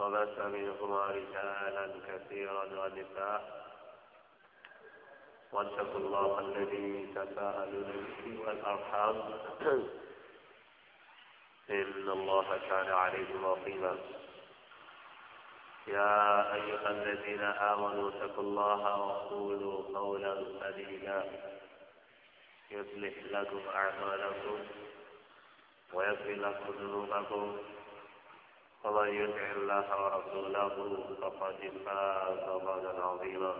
وبس منهما رجالا كثيرا ونساء واتقوا الله الذي تساءلون به والارحام ان الله كان عليكم رقيبا يا ايها الذين امنوا اتقوا الله وقولوا قولا سديدا يصلح لكم اعمالكم ويغفر لكم ذنوبكم ومن يطع الله ورسوله فقد فاز فوزا عظيما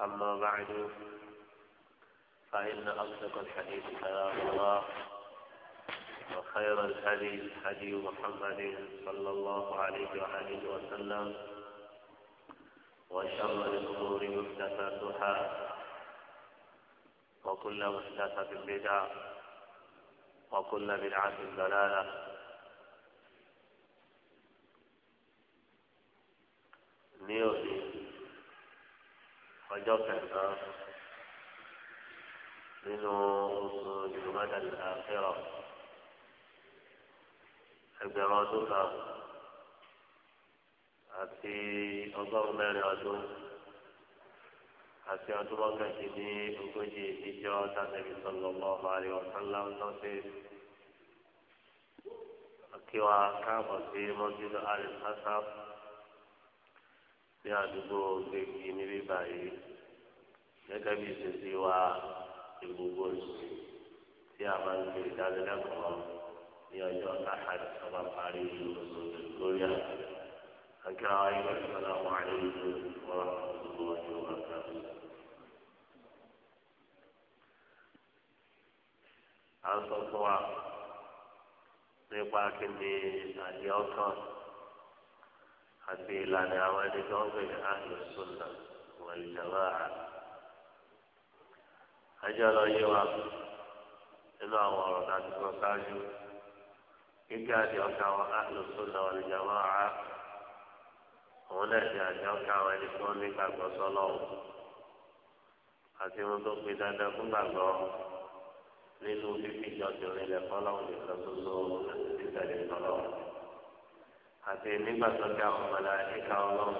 اما بعد فان اصدق الحديث كلام الله وخير الهدي هدي محمد صلى الله عليه واله وسلم وشر الامور محدثاتها وكل محدثه بدعه وكل بدعه ضلاله ní òní ọjọ́ kẹsàn-án nínú oṣù ìdùnnàdà àfẹ́rọ̀ ẹgbẹ̀rún ọdún kan àti ọgọ́rùn mẹ́rin ọdún àti ọdún mọ́kàndín ní ogójì ìdíjọ́ tàbí sallallahu alaihi wasallam lọ́sẹ̀ akíwa káàbọ̀ sí mọ́jú àlùfáàsá. ní àdúgbò kéèkì níbí báyìí gẹ́gẹ́ bí ìṣesí wa ìgbogbo ìṣe tí a máa ń gbé ìdánilẹ́kọ̀ọ́ ní ọjọ́ láhàdì tó bá parí oṣù victoria akẹ́kọ̀ọ́ ayé ìṣẹ̀lẹ̀ àwọn àlejò wọn àdúgbò ọjọ́ àgbàdo. à ń sọ fún wa nípa kí ni àti ìlànà àwọn ẹni tó ń pè ní àlù sùnà wal jamaa. ajá lọ yé wa nínú àwọn ọ̀rọ̀ láti sọ sáájú kíkẹ́ àti ọ̀gá wọn àlù sùnà wal jamaa náà ti àjọ ká àwọn ẹni tó ní gbàgbọ́ sọ́lọ́ àti ohun tó pe dandan fún gbàgbọ́ nínú fífi ìjọ tó rinlẹ̀ fọ́lọ́hùn nìkan tó lò ó àti títẹ̀lé fọ́lọ́hùn àti nígbà tó ti àwọn màláíkà ọlọ́run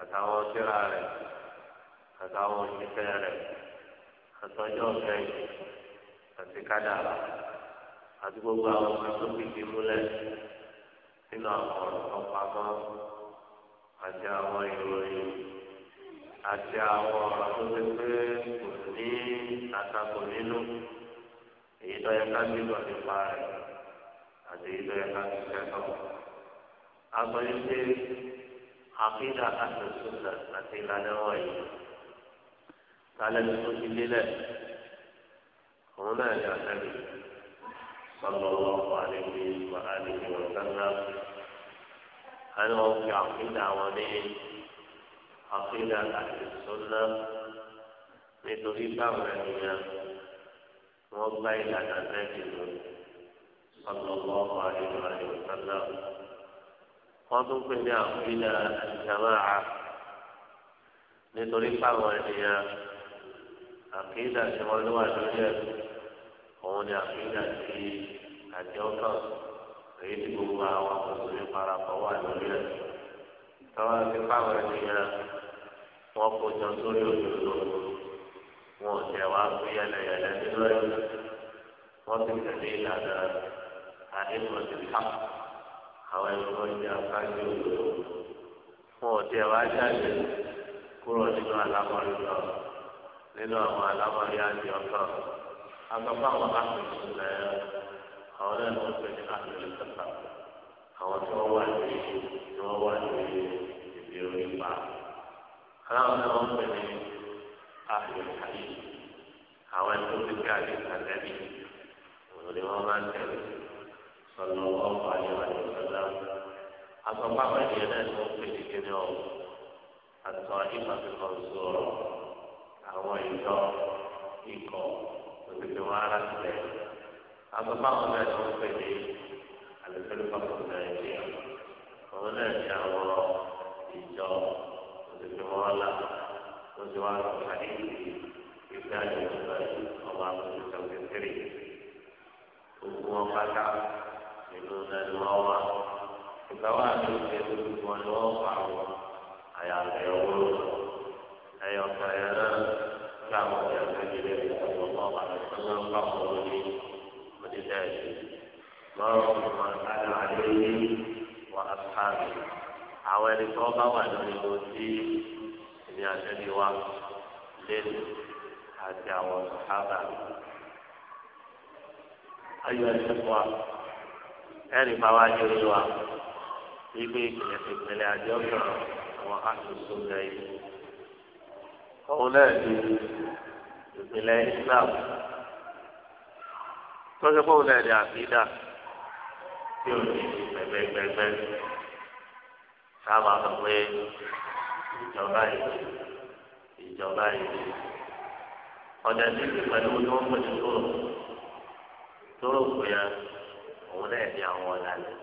àtàwọn síra rẹ̀ àtàwọn òṣìṣẹ́ rẹ̀ àtọ́jọ́ ọ̀fẹ́ àti kádàrà àti gbogbo àwọn ọmọ tó fi di múlẹ̀ nínú àwọn ọ̀rọ̀ kan pamọ́ àti àwọn ìròyìn àti àwọn ọ̀rọ̀ tó ti pé kò ní àtakò nínú èyí tó yẹ ká nílò nípa rẹ̀ àti èyí tó yẹ ká ti kẹ́kọ̀ọ́ àmọ́ yìí pé àfihàn àtẹ̀sùnà àti ìlànà wọ̀nyí kálẹ̀ tó ti lélẹ̀ òun náà ní àtẹ̀lẹ̀ sallallahu alaihi wa alihi wa sallam àwọn òfin àfihàn àwọn ní àfihàn àtẹ̀sùnà nítorí báwọn ènìyàn wọ́n gbá ìlànà tẹ́tì lọ sallallahu alaihi wa sallam wọ́n tún pè ní àfihàn àjàmáà nítorí fáwọn ènìyàn àkídà tí wọ́n lé wà lórí ẹ̀ òun ni àkídà tí àjọkàn èyí tí gbogbo àwọn mùsùlùmí parapọ̀ wà lórí ẹ̀ táwọn ti fáwọn ènìyàn wọ́n kó jọ sórí òdodo wọn ò tẹ̀ wá fún yẹlẹyẹlẹ nínú ẹ̀ wọ́n ti tẹ̀lé ìlànà àdéhùn ti ká àwọn ẹ̀kọ́ ìjà kájú òdòdó fún ọ̀tí ẹ̀wá jáde kúrò nínú alámọ̀rí lọ nínú àwọn alámọ̀rí àti ọkọ̀ agbọ́pọ̀ àwọn akẹ́kọ̀ọ́ náà àwọn náà wọ́n pè ní àgbẹ̀lẹ̀ kẹta àwọn tí wọ́n wà ní tí wọ́n wà ní ìdí orí pa àwọn náà wọ́n pè ní àgbẹ̀lẹ̀ kàyé àwọn ẹ̀kọ́ ti gbé àgbẹ̀lẹ̀ kàlẹ́bí òun ni máa ń tẹ̀lé sọlọ ọkọ àyẹwò sọlá asọpá pẹ̀lú ẹdá ẹsẹ òkèlè kéde ọ àtọ ìfàsíkọ sọ̀rọ̀ àwọn ìjọ ikọ òtítì wọn ara sílẹ̀ asọpá wọn náà ẹsẹ òkèlè àlùfẹlẹ pàtó nàìjíríà wọn náà ti àwọn ìjọ òtítì wọn là wọn ti wá lọ sáré ìgbé àjọyọ̀ ọba àti ìjọba kékeré gbogbo wọn pátá. ìlú ni wọ́n wà ìgbà wà ní ìgbà tó wọn ni wọ́n pa wọn àyàgbẹ́ owó ẹ̀yọ kẹrẹ náà kí àwọn ọ̀gá ìgbàgbé rẹ̀ ti sọ wọn wọn lórí àwọn ẹni tó bá wà lórí mo ti àtẹ́bí wa lẹ́nu àti àwọn sábà. ayọ̀ wa. ẹ̀rì máa wá ní ojú wa wípé ìpìlẹ̀ ìpìlẹ̀ àjọ kan àwọn aṣojú lẹ́yìn. òun náà di ìpìlẹ̀ Islam tọ́jú pé òun náà di àfídà tí ò ní gbẹgbẹgbẹgbẹ sábà sọ pé ìjọba yìí ìjọba yìí ọ̀dà tí ìpìlẹ̀ pẹ̀lú ojú wọn pẹ̀lú tóró tóró kò yẹ. òun náà ní àwọn ọ̀làlẹ̀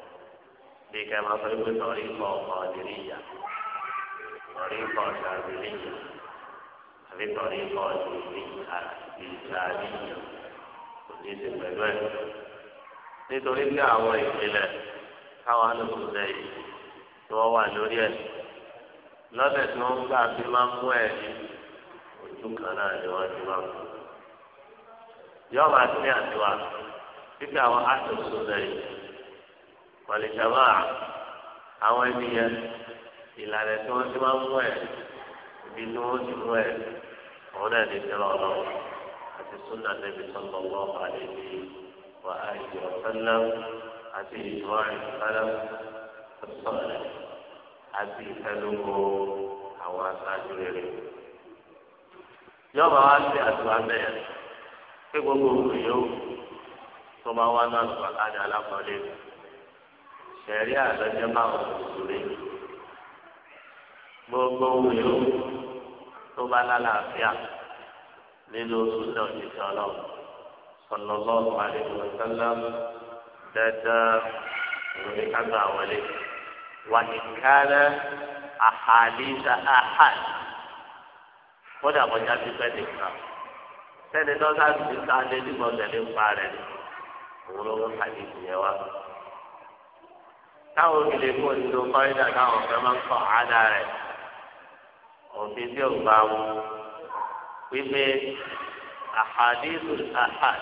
bí ká máa fẹ́ wípé sọ̀rí kọ́ ọkọ̀ ọ̀dìrí ìyá sọ̀rí kọ́ ọ̀dìrí ìyá àbí sọ̀rí kọ́ ọ̀dìrí àti ìyá kò ní í pẹ̀lú ẹ̀ nítorí pé àwọn ìpìlẹ̀ káwọn alùpùpù lẹ́yìn tí wọ́n wà lórí ẹ̀ lọ́dẹ̀ tí wọ́n gbà máa mú ẹ̀ ojú kan náà ni wọ́n ti títí àwọn aṣojú lẹ́yìn pàlìjàmá àwọn ènìyàn ìlànà tí wọ́n ti máa ń mú ẹ̀ ibi ni wọ́n ti mú ẹ̀ òun náà lè fi rọ̀ lọ́wọ́ àti súnà níbi tó ń lọ wọ́n pàdé ní wà á yọ sẹ́lẹ̀ àti ìjọ àìsàn sọ̀rọ̀ àti ìfẹ́lógo àwọn aṣáájú rere. yọ̀ọ̀ bá wá sí àtúwá pé gbogbo òkú yóò tọ́ba wa náà lọ́ba káàdì alákọ̀ọ́lẹ̀ sẹ̀rí àlọ́jọ́ bá wọn lòsùrè gbogbo wíwò tọ́ba lálàáfíà nínú oṣù náà ti sọ lọ sọlọ́lọ́ àdìgbò sọlá dandan òní kágbà wọlé wà ní kálá àhàlísà àhàl kódà kọjá pípẹ́ nìkan sẹ́ni lọ́sàbí ti ká lé nígbà tẹ̀lé ń pa rẹ̀ òun ló ń hàdí ìyẹn wa. táwọn òkèlè kó nínú kọ́rídà táwọn ọ̀fẹ́ máa ń kọ́ àádá rẹ̀ òfin tí ò bá wù wípé àhàdíìsù àhàd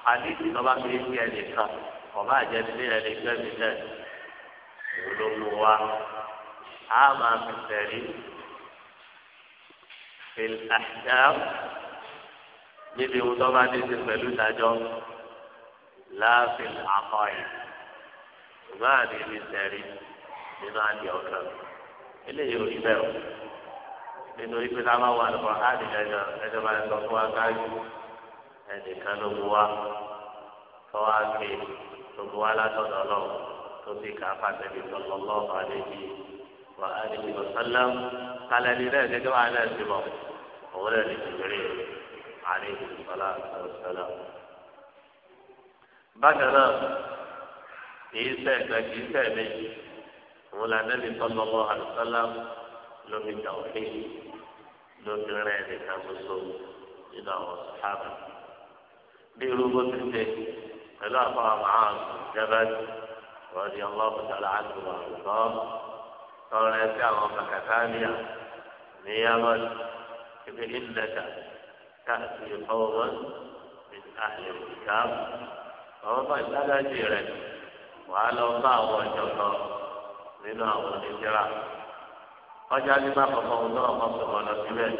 àhàdíìsù lọ́ba fi ń fi ẹnì kan ọba àjẹni ẹni gbẹ́mí náà wa á máa fi tẹ̀lé fil ahkam níbi ohun tó bá dé sí pẹ̀lú ìdájọ́ láàfin àkọyè ṣùgbọ́n àti ibi sẹ́rí nínú àdìẹ ọ̀kan eléyìí ò rí bẹ́ẹ̀ o nínú ibi tá a bá wà lọ́wọ́ àdìẹ ẹ̀jọ̀ ẹ̀jọ̀ bá sọ fún wa káàkiri ẹnìkan ló bu wa tọ́wọ́ àgbè ló bu wa látọ̀dọ̀ lọ́wọ́ tó sì kà á fàtẹ́bí sallallahu alaihi wa alihi wa sallam kálẹ̀ ní náà gẹ́gẹ́ bá a náà ti bọ̀ òun náà ní ìbéèrè àlejò sọlá sọlá bákan náà kìí sẹ́ẹ̀kan kìí sẹ́ẹ̀mejì òun là nẹ́bí sọ́lọ́lọ́ àlùsálà lómi tàwé lómi rẹ̀ nìkan gbogbo nínú àwọn sàhábà. bí irúgbó ti ṣe pẹ̀lú àfọwọ́ àwọn jẹ́bẹ́tì rọ́ọ̀dì ọlọ́ọ̀bù tàlà àdùnnà àlùkọ́ tọrọ ẹsẹ àwọn kàkàtàmíà ní yamọ́n ibi ìlẹ̀kà káàkiri ọ̀wọ́n àyẹ̀wò ìdáàbò àwọn bá ìdádájì rẹ wàá lọ bá àwọn ìjọba nínú àwọn onídìrá ọjà nígbà kọ̀ọ̀kan ọ̀hún náà kọ́ sọ̀rọ̀ lọ síbẹ̀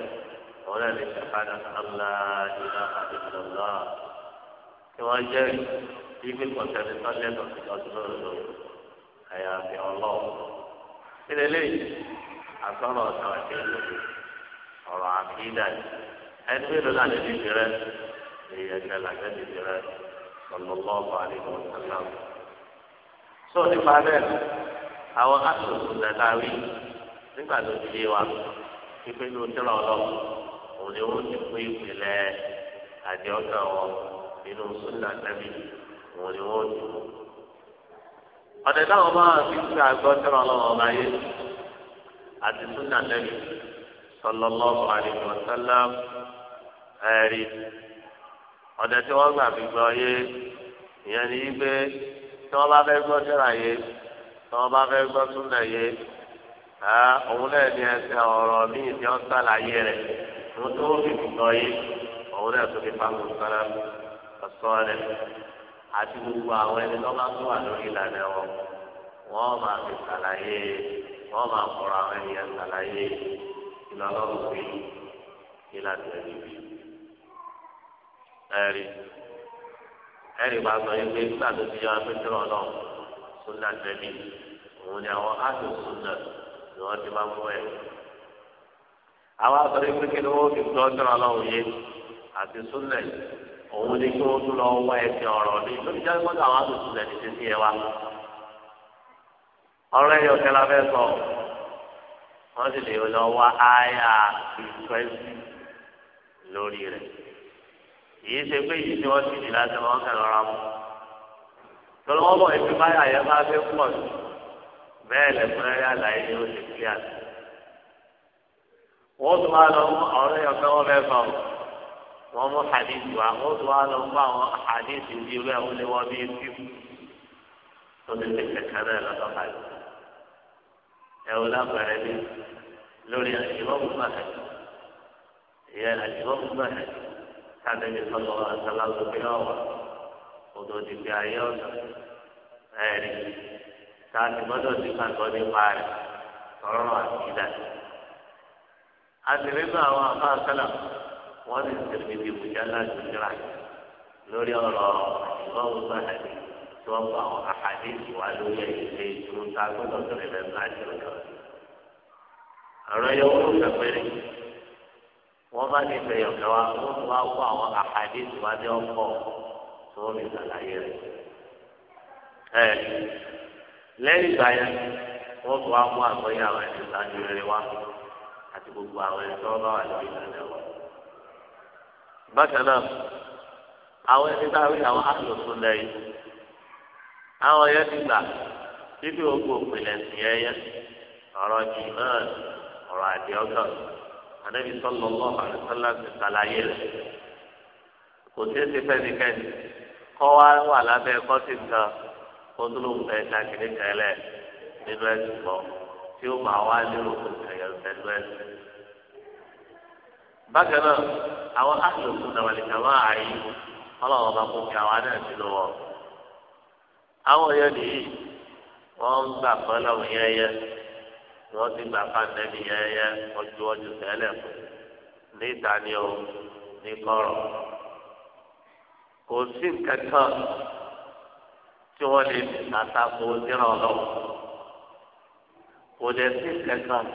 òun náà lè ṣàkádà sábà ìlà àdìgbòlá kí wọ́n jẹ́ ibi kọ̀tẹ́ni sọ́lẹ̀ lọ́sọ̀rọ̀ lọ àyàfi ọlọ́wọ́ kílẹ̀ lẹ́yìn àtọ́rọ̀ ọ̀sán àti ìlú ọ̀rọ̀ àkídà ẹni pé lọ́la lè dìbì rẹ èyí ẹ̀jẹ̀ làjẹ́ dìbì rẹ. sallallahu alaihi wasallam so nípa bẹ́ẹ̀ àwọn asòsò dàdáwì nígbà tó ti wa pípé ló tẹ́lọ̀ ọlọ́run òun ni wọ́n ti pín ìpìlẹ̀ àdéhùn wọn nínú sunna nàbí òun ni wọ́n ti mú. táwọn yé àti ọ̀dẹ tí wọ́n gbà fi gbọ́ yé ìyẹn ni pé tí wọ́n bá fẹ́ gbọ́ sẹ́ra yé tí wọ́n bá fẹ́ gbọ́ súnà yé òun náà ní míì tí tó fi yé òun náà tó fi pàmò àti gbogbo àwọn ẹni tó bá tó wà lórí ìlànà wọn máa fi máa àwọn ènìyàn ìlànà ìlànà ẹ̀rí ẹ̀rí wa sọ yìí pé nígbà tó ti yọ apẹ́tẹ́rọ̀ náà sunna nẹ́bí òun ni àwọn àti sunna ni wọ́n ti máa mú ẹ̀. àwọn àtọ̀rọ̀ yìí pé kí ni fi gbọ́ ọjọ́ ọlọ́run yé àti sunna òun ni kí wọ́n tún lọ wá ẹ̀sìn ọ̀rọ̀ ní lórí jáde gbọ́dọ̀ àwọn àti sunna ní títí ẹ wa. sọ wọ́n sì lè lọ wá lórí rẹ̀. èyí ṣe pé yìí ni wọ́n ti dì láti wọ́n kẹ̀ lọ́ra mu tọ́lọ́ wọ́n bọ̀ ibi báyà yẹn bá fẹ́ pọ̀ sí bẹ́ẹ̀ lẹ́kùnrin àlàyé ni ó ṣe kílíà sí. wọ́n tún wá lọ mú ọ̀rẹ́ ọ̀fẹ́ wọn fẹ́ fà wọ́n mú hadith wa wọ́n tún wá lọ mú àwọn hadith bí irú ẹ̀ wọ́n wọ́n bí etí tó ti fi kẹ̀kẹ́ náà lọ́tọ̀ báyìí. ẹ wò lábẹ́rẹ́ mi lórí àjẹmọ́ mú mú bàtà sáde mi sọlọ ọsàlá lóbi ọwà odò ti fi ayé ọsàn ẹrí sáàtì gbọ́dọ̀ ti kàtọ́ nípa rẹ̀ ọ̀rọ̀ àti ìdá àtìrínú àwọn afá sálà wọn ti tẹ̀lé ibi ìbùjá láti jìrà lórí ọ̀rọ̀ ìgbọ́wọ́ sáàtì tí wọ́n gba àwọn àhàdé ìwà lórí ẹ̀yẹ ìṣòro gbọ́dọ̀ tẹ̀lé lẹ́nu láti ọjọ́ ọ̀rọ̀ yẹn wọ́n fẹ́ pẹ́rẹ́. wọ́n bá lè fẹ̀yọ̀ kẹwàá wọ́n tún wá kó àwọn àhàdé ìwádìí ọkọ̀ tó lè ṣàlàyé rẹ̀. ẹ lẹ́yìn ìgbà yẹn wọ́n tún wá wá àti gbogbo àwọn tó bá wà lórí ìlànà wọn. bákan náà àwọn ẹni rí àwọn lẹ́yìn àwọn yẹn ti gbà ànábi sọlọ lọ àlùfáà ti sàlàyé rẹ kò sí ẹsẹ fẹnikẹni kọ wá wà lábẹ́ kọsí kan kó tó ló ń bẹ ẹka kìíní kẹlẹ nínú ẹsùn bọ tí ó máa wá lérò kó kẹyọ pẹ̀lú ẹsùn. bákan náà àwọn aṣòfin náà wàlẹ̀ kàmá àyè ọlọ́run bá kó kí àwọn náà sínú wọn. àwọn yẹn nìyí wọ́n ń gbà pẹ́ lọ́wọ́ yẹn yẹn. wọ́n ti gbà ká nẹ́bi yẹ́yẹ́ ọjọ́ ọjọ́ tẹ́lẹ̀ fún ní ìtàní o ní kò sí nǹkan tí wọ́n lè fi àtakò síra kò dẹ̀ sí nǹkan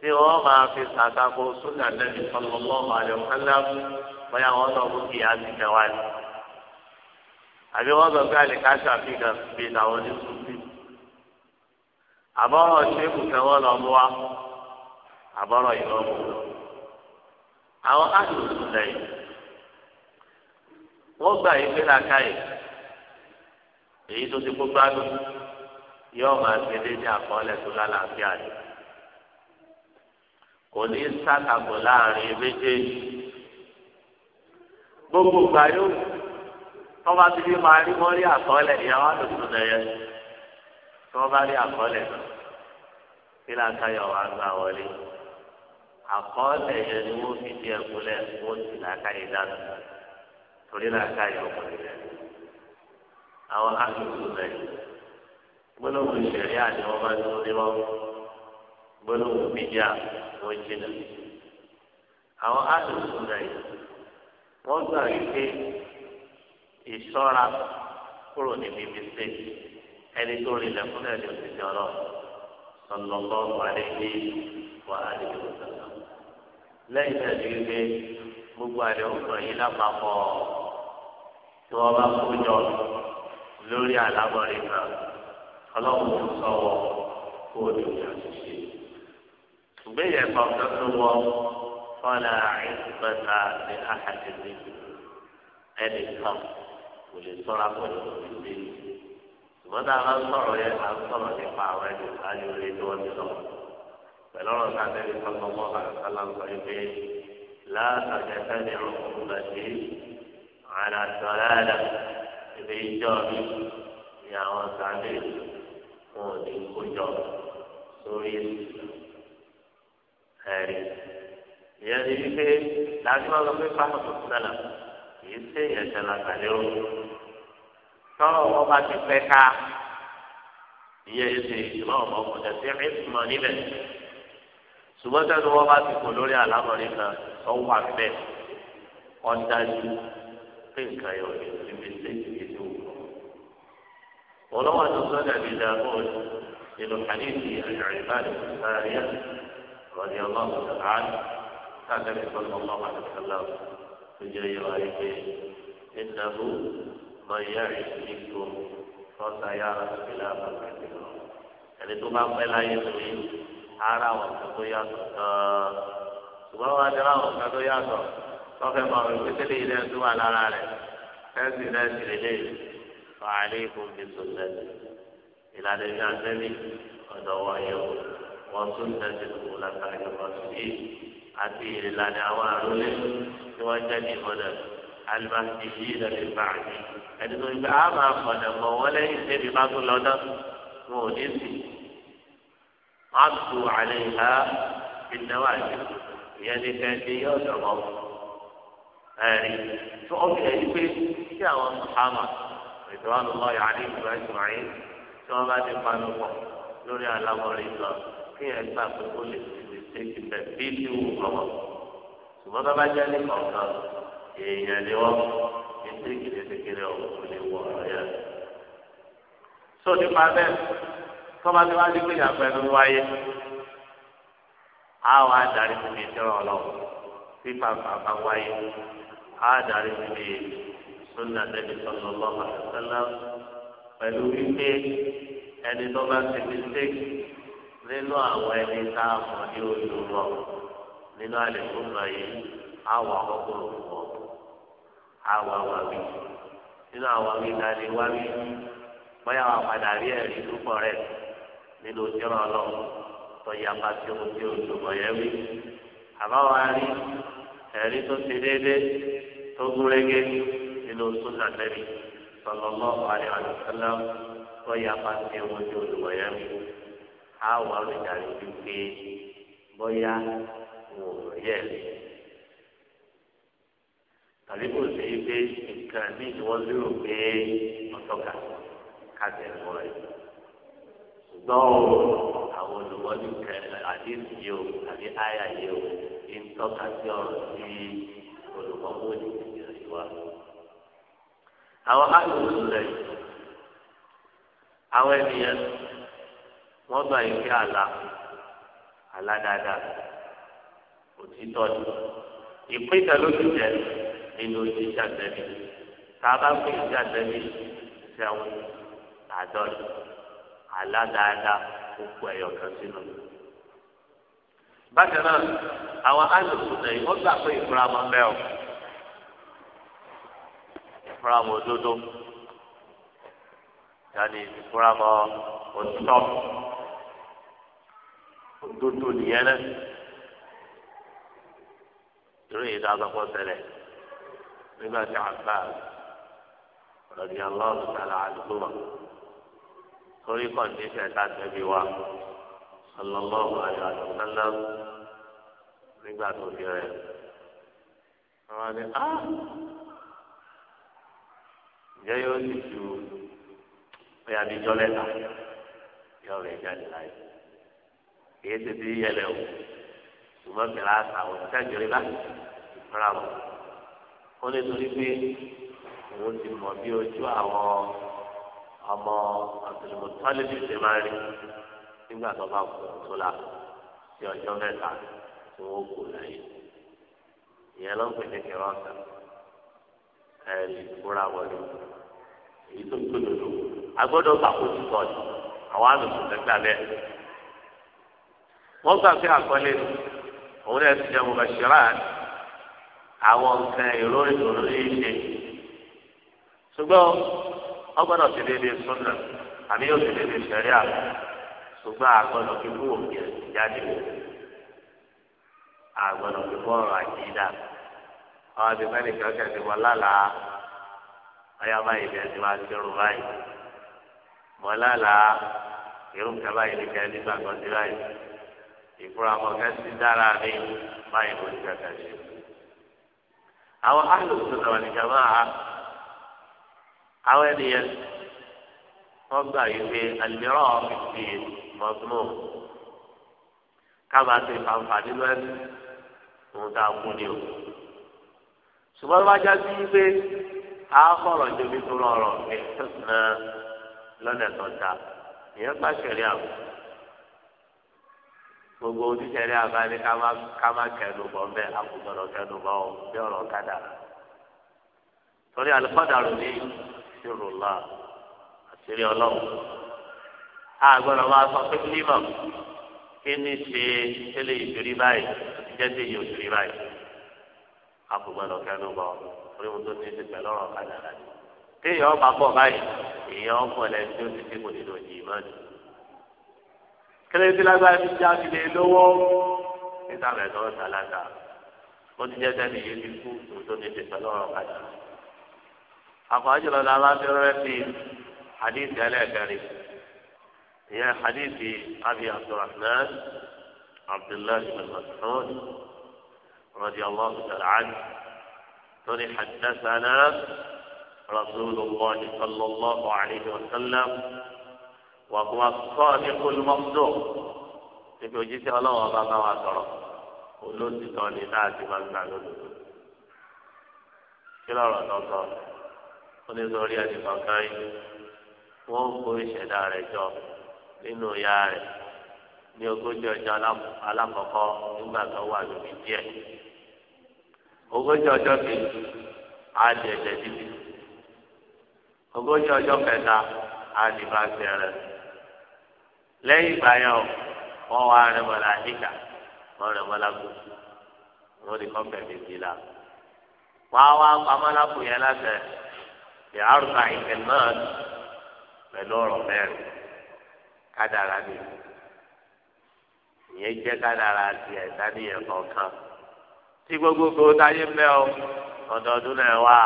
tí wọ́n máa fi àtakò sódà nẹ́bi sallallahu alaihi wasallam bóyá wọ́n sọ fún kìí àti kẹwàá ni àbí wọ́n sọ pé àlè ká àbọ̀rọ̀ ṣéèkù kẹwọ́n lọ mú wa àbọ̀rọ̀ ìlọ mú wa. àwọn àdùnnú lẹ́yìn wọ́n gbà yí pé làákàyè èyí tó ti kó gbádùn yóò máa ṣe déédéé àkọọ́lẹ̀ tó lálàáfíà ni kò ní sàkàbọ̀ láàrin méjèèjì gbogbo ìgbà tọ́ba ti fi máa rí mọ́rí àkọọ́lẹ̀ ìyàwó àdùnnú lẹ́yìn tí wọ́n bá rí àkọọ́lẹ̀ náà kí làákàyọ̀ wá gbà wọlé àkọọ́lẹ̀ yẹn ni wọ́n fi di ẹ̀kúnlẹ̀ wọ́n sì làákàyè dànù torí làákàyè ọkùnrin rẹ̀ àwọn akéwì rẹ̀ gbólóhùn ìṣẹ̀rí àti wọ́n bá tó níwọ́ gbólóhùn bíjà wọ́n jìnà àwọn akéwì rẹ̀ wọ́n gbà wípé ìṣọ́ra kúrò níbi mistake ẹni tó rí lẹ́kún náà ni òsì ọlọ́ sọlọ́lọ́ àdéhìí wà àdéhìí òsàlọ́. lẹ́yìn náà ni wípé gbogbo àdéhùn kan yìí lápapọ̀ tí wọ́n bá kó jọ lórí àlábọ̀rẹ́ kan ọlọ́run tó sọ̀wọ́ kó o lè yà ṣiṣẹ́. ìgbéyẹ̀ kọ̀ọ̀kan tó wọ fọ́nà àìsíkọ́ta ní àhàdìmí ẹnìkan kò lè sọ́ra pẹ̀lú òṣèlú ṣùgbọ́n tá a bá ń sọ̀rọ̀ yẹn à ń sọ̀rọ̀ nípa àwọn ẹni ìsáájú rẹ tí wọ́n ti lọ. pẹ̀lú ọ̀rọ̀ sáfẹ́ ní sọ́kọ́mọ́ àkàlà ń sọ pé látàjẹ́ sẹ́ni ọkùnrin lọ́sí àrà sọ̀rọ̀ ibi ìjọ mi ni àwọn sáfẹ́ wọn ò ní kó jọ sórí ẹ̀rí. ìyẹn ni wípé làásìmọ́ lọ pé pàtàkì sọ̀rọ̀ kì í sí ìyẹn tọrọ wọn bá ti fẹ ká ìyẹn ṣe ìmọ̀ ọmọ ọmọdé sí ìtumọ̀ níbẹ̀ ṣùgbọ́n tẹ́lẹ̀ wọn bá ti kò lórí àlámọ̀rí kan ọwọ́ àfẹ́ ọ̀dájú pé nǹkan yọ̀ ní ibi tí èyí tó wù. ولو أن صلى بداود من حديث العباد السارية رضي الله تعالى عنه كان النبي صلى الله عليه وسلم من يعش منكم فسيرى اختلافا كثيرا ẹni tó bá pẹ́ láyé lórí ara àwọn kan tó yàtọ̀ gan-an ṣùgbọ́n wọn ti ráwọn kan tó yàtọ̀ tọ́fẹ́ mọ̀ rẹ̀ pétélé ilé tó wà lára rẹ̀ fẹ́ǹsì rẹ̀ sì lélẹ̀ fàálẹ́ ìkún bí sọ̀tẹ́ ìlànà ìgbà sẹ́mi ọ̀dọ̀ wọ̀nyẹ o wọ́n tún tẹ̀sí kù látàrí ọ̀sùn yìí àti ìlànà àwọn àrólé tí wọ́n jẹ́ ní ìmọ̀lẹ́sùn. المهديين من بعد ẹnìkan ìgbà á máa fọ̀nà mọ̀ wọ́n lẹ́yìn tẹ́bi bá tún lọ náà wọn ò ní sí wọn tu àlẹ́ ìhà ìnáwó àjò ìyẹn ní kẹ́ńtì yóò dọ̀mọ́ ẹ̀rí tó ó bìrẹ̀ yí pé kí àwọn sàhámà ètò wọn lọ yà ní ìlú ẹ̀sùmáyé tí wọ́n bá ti panu pọ̀ lórí alámọ̀rin lọ kí ẹ̀ gbà pé ó lè ti lè ṣe ìbẹ̀ bí ìlú ọmọ ṣùgbọ́n bá bá jẹ́ ní kọ̀ọ̀kan. èèyàn ni wọ́n ètò ìkéde kékeré ọ̀hún lè wọ ọ̀rọ̀ sọ nípa bẹ́ẹ̀ tọ́ba tí wọ́n á dín pé ìyàgbẹ́ ló wáyé á wà á darí fún mi tẹ́rọ ọlọ́run tí bàbá bá wáyé á darí fún mi pẹ̀lú wípé ẹni tó bá ti nínú àwọn ẹni tá a mọ̀ ní olùwọ̀ nínú àwa wà wí nínú àwa wí ta lè wá wí bóyá wà padà rí ẹ̀rí púpọ̀ rẹ̀ nínú ìjọba ọlọ́run tọ́yà bá tí o tí o tó mọ̀ yẹn wí àbáwá rí ẹ̀rí tó ti déédéé tó gúnrégé nínú súnà lẹ́bi sallallahu alaihi wasallam tọ́yà bá tí o tí o tó mọ̀ yẹn wí àwa rí dàrí wípé bóyá wò yẹ̀ lé tàbí kò sí pé nǹkan ní ìwọ́n lérò pé ọ̀tọ́ka kájẹ̀ ń wọlé ṣùgbọ́n àwọn olùwọ́dì kẹ àdéhùn yìí o àbí àyà yìí o kí ń tọ́ka sí ọ̀rọ̀ sí olùkọ́kọ́ òdìdí ìwà. àwọn àdéhùn rẹ̀ àwọn ènìyàn wọ́n gbà yín pé àlá àlá dáadáa òtítọ́ ni ìpínlẹ̀ ló ti jẹ́ nínú iṣẹ́ àtẹ̀mí tá a bá pè iṣẹ́ àtẹ̀mí sẹ́wọ̀n àádọ́rin aládáadáa gbogbo ẹ̀yọ̀ kan sínú. bákan náà àwọn alùpùpù náà wọ́n gbà pé ìfúramọ́ ń bẹ́ ọ ìfúramọ́ òdodo yàní ìfúramọ́ òtítọ́ òdodo nìyẹn náà ìròyìn ìdájọ́ pọ̀ sẹlẹ̀ nígbà tí Abbas lọ́dí aláwọ̀ sàlà àdúgbò torí kọ̀ǹdíṣẹ̀ tàbí wa sallallahu alaihi wa sallam nígbà tó di rẹ̀ àwọn ni á ah, ǹjẹ́ yóò sì ju bóyá bí jọ́lẹ́ta yóò rẹ̀ jáde láyé kìí ṣe ti yẹlẹ o ṣùgbọ́n kìlá àtàwọn ìṣẹ́jú rí bá rà wọ́n ó lè torí pé òun ti mọ̀ bí ojú àwọn ọmọ àtìlùmọ̀tálẹ́bí ṣe máa rí nígbà tó bá kú tó la sí ọjọ́ mẹ́ta tí wọ́n kú láyé ìyẹn ló ń pè ní kẹrọ́ọ̀tà ẹ̀ẹ́dì fúra wọlé èyí tó gbé lòlò agbọ́dọ̀ gbà kó àwọn àlùkùn lẹ́gbàá bẹ́ẹ̀. wọ́n gbà pé àkọlé òun náà ti jẹ́ bá ṣe ráàdì àwọn nǹkan èrò ìṣòro lè ṣe ṣùgbọ́n ọgbọ́dọ̀ ti lè lè súnà àbí yóò ti lè lè ṣẹ̀rí àná ṣùgbọ́n àgbọ̀dọ̀ fi kú òkè jáde wò àgbọ̀dọ̀ fi kọ́ ọ̀rọ̀ àjídà àwọn àbíkọ́ nìkan kẹ̀sì wọn lálàá ọyá báyìí bí ẹni máa ti rún báyìí wọn lálàá irúgbà báyìí ní kẹ́ẹ́ nígbà kan sí báyìí ìfúramọ́ kẹ́sì dára ní báyìí mo ti kẹ́kẹ́ àwọn alùpùpù náà ní jàmá a àwọn ènìyàn wọn gbà yìí pé àlùmíràn ọ̀fíìsì mọ̀túnmù kábàá ti fàǹfà nínú ẹni òun tá a kú ni o ṣùgbọ́n wọ́n já sí pé tó rọrọ̀ ní ṣọ́ọ̀tún náà lọ́nà tó ta ìyẹn gbogbo oníṣẹ́rí àbáni ká má kẹnu bọ̀ mbẹ́ àkùgbọ̀nà kẹnu bọ̀ ọ́ bí ọ̀rọ̀ kádà. torí àlùfáàdà rò ní ìṣirò ńlá àṣírí ọlọ́run. a gbọ́dọ̀ máa sọ pé mímọ̀ kí ní ṣe tẹ́lẹ̀ ìṣirí báyìí jẹ́ tí yóò ṣirí báyìí. àkùgbọ̀nà kẹnu bọ̀ orí ohun tó ní ti pẹ̀lú ọ̀rọ̀ kádà rà ní. téèyàn bá bọ̀ báyìí èèyàn bọ̀ lẹ́ni tó ti dé kílẹ̀ tí lágbára ti já fi lè lówó nígbà mẹ́tọ́ sàlátà ó ti jẹ́ sẹ́ni yìí ti kú tòótọ́ ní ìfẹ́ lọ́rọ̀ kájà. àkọ́jọ́ lọ́la bá fi rẹ́ sí hadith ẹlẹ́ẹ̀kẹrin ìyẹn hadith abi abdulrahman abdullahi bin mas'ud radiyallahu ta'ala anhu tóní haddathana rasulullah sallallahu alayhi wa sallam wàkùnmá sọ ní kólúmọ́tò níbi òjíṣẹ́ ọlọ́wọ́ bá bá wa sọ̀rọ̀ olóòtítọ́ ni náà ti máa ń gbà lódodo kí lọ́rọ̀ tó sọ ó ní sórí ẹni kankan yìí wọ́n kó ìṣẹ̀dá rẹ̀ jọ nínú ìyá rẹ̀ ní ogójì ọjọ́ alákọ̀ọ́kọ́ nígbà tó wà lórí díẹ̀ ogójì ọjọ́ kejì á di ẹ̀jẹ̀ dídì ogójì ọjọ́ kẹta á di bá gbẹrẹ lẹ́yìn ìgbà yẹn o wọ́n wá rẹ̀ wọ́n la níkà wọ́n rẹ̀ wọ́n la gùn wọ́n lè kọ́fẹ́ mi bí la wọ́n á wá pamọ́ lápò yẹn lásẹ̀ bí àrùn àìsàn náà pẹ̀lú ọ̀rọ̀ mẹ́rin kádàrá ni ìyẹn jẹ́ kádàrá ti ẹ̀dá nìyẹn kọ̀ọ̀kan tí gbogbogbò táyé mẹ́ o ọ̀dọ̀ọdún náà wà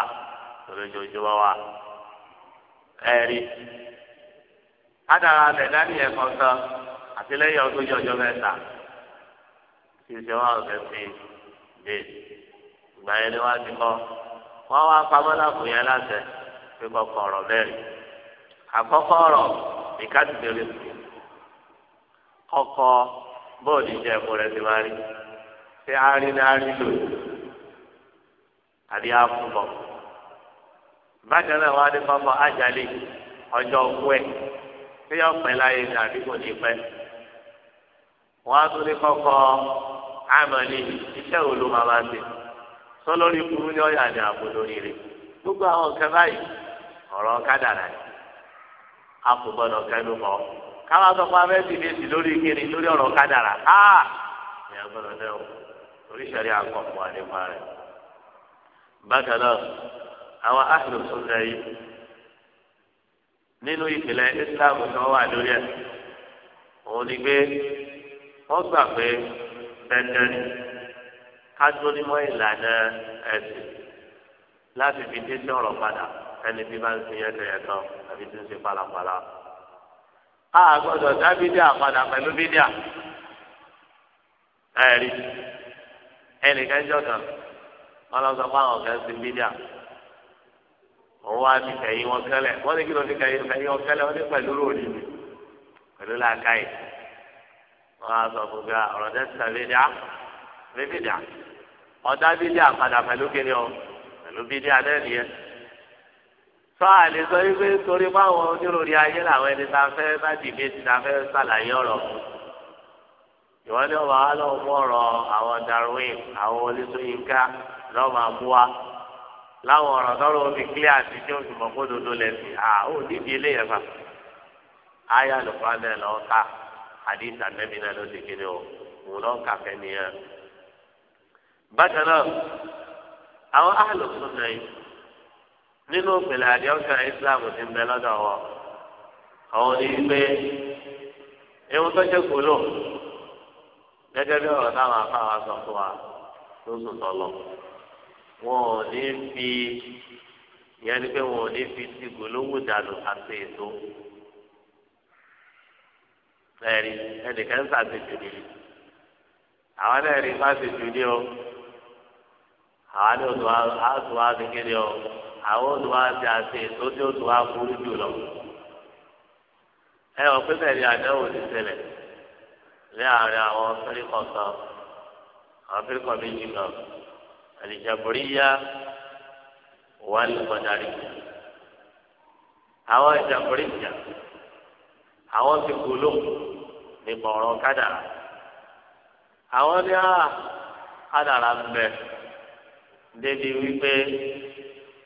lójoojúmọ́ wà ẹ̀rí. adara lẹ dání yẹn kọ sọ ọdún jọjọ mẹ́ta tí ìṣe wa ọ̀sẹ̀ fi dé ìgbà yẹn ni wọn ti kọ wọn wá pamọ́ láàbù yẹn láṣẹ pé kọkọ ìkàtí kọkọ jẹ rẹ ti máa rí ṣé arí ni arí lò àbí bákan náà bí yọ pẹ́ láyé tàbí kò ní pẹ́ wọ́n á tún ní kọkọ àmọ́lé iṣẹ́ wo ló máa máa ṣe sọ lórí ní ọ̀yà ní àbò lórí rẹ̀ gbogbo àwọn nǹkan báyìí ọ̀rọ̀ kádàrà ni a kò gbọ́dọ̀ kẹnu mọ́ káwá sọ fún abẹ́sì méjì lórí kiri nínú ìpìlẹ̀ islam tó wà lórí ẹ̀ òun ni pé wọ́n gbà pé dandan kájọ́nímọ̀ ìlànà ẹ̀sìn láti fi dé sí ọ̀rọ̀ padà ẹni bí bá ń sin yẹ́tẹ̀yẹ̀tọ̀ àbí tí ń ṣe pàlàpàlà. a gbọ́dọ̀ dá bídíà padà pẹ̀lú bídíà ẹ̀rí ẹnìkan jọ̀kan wọn lọ sọ fún àwọn kan sí bídíà òun wá fi kẹ̀yìn wọn kẹ́lẹ̀ wọ́n ní kí ló fi kẹ̀yìn kẹ̀yìn wọn kẹ́lẹ̀ wọ́n ní pẹ̀lú ròdì mi pẹ̀lú làákàyè wọ́n á sọ fún mi ah, ọ̀rọ̀ dẹ́sítà bídíà bídíà ọ̀dà bídíà padà pẹ̀lú kíni o pẹ̀lú bídíà lẹ́nu yẹn sọ àlè sọ wípé torí báwọn onírúurú ayé làwọn ẹni tá a fẹ́ bá dìbè tí a fẹ́ sàlàyé ọ̀rọ̀ ìwọ́n ní ọ̀rọ̀ àwọn ọmọ Darwin àwọn oníṣòyínká lọ́ọ́ máa mú láwọn ọ̀rọ̀ sọ́rọ̀ omi kílíà sí tí ó mọ̀ dodo lẹ́sìn à ó nídìí eléyẹ̀ fà áyà lùkọ́ náà lọ́ ká àdìsá nẹ́bí náà ló ti kéde o mò lọ́ ká fẹ́ nìyẹn. bákan náà àwọn yìí nínú àdéhùnsá Islam ti ń bẹ lọ́dọ̀ wọn àwọn ní pé tó jẹ́ gẹ́gẹ́ bí ọ̀rọ̀ táwọn afáwọn lọ. wọn ò ní fi ìyẹn ni pé wọn ò ní fi ti gbólóhùn dànù àti ètò ẹ̀rí ẹnìkan ń sàṣejù ni àwọn náà rí fásitì ni o àwọn ní òtún àtún àtúnkiri o àwọn òtún àti àti ètò tí òtún àkúrú jù lọ ẹ wọ pé bẹ́ẹ̀ ni àdáwò ti ṣẹlẹ̀ ní àárín àwọn fíríkọ̀ kan àwọn fíríkọ̀ méjì kan. الجبرية والقدرية àwọn ìjàmbríjà àwọn ti gbòòlò nípa ọ̀rọ̀ kádàrà àwọn ní á ah, kádàrà ń bẹ débi wípé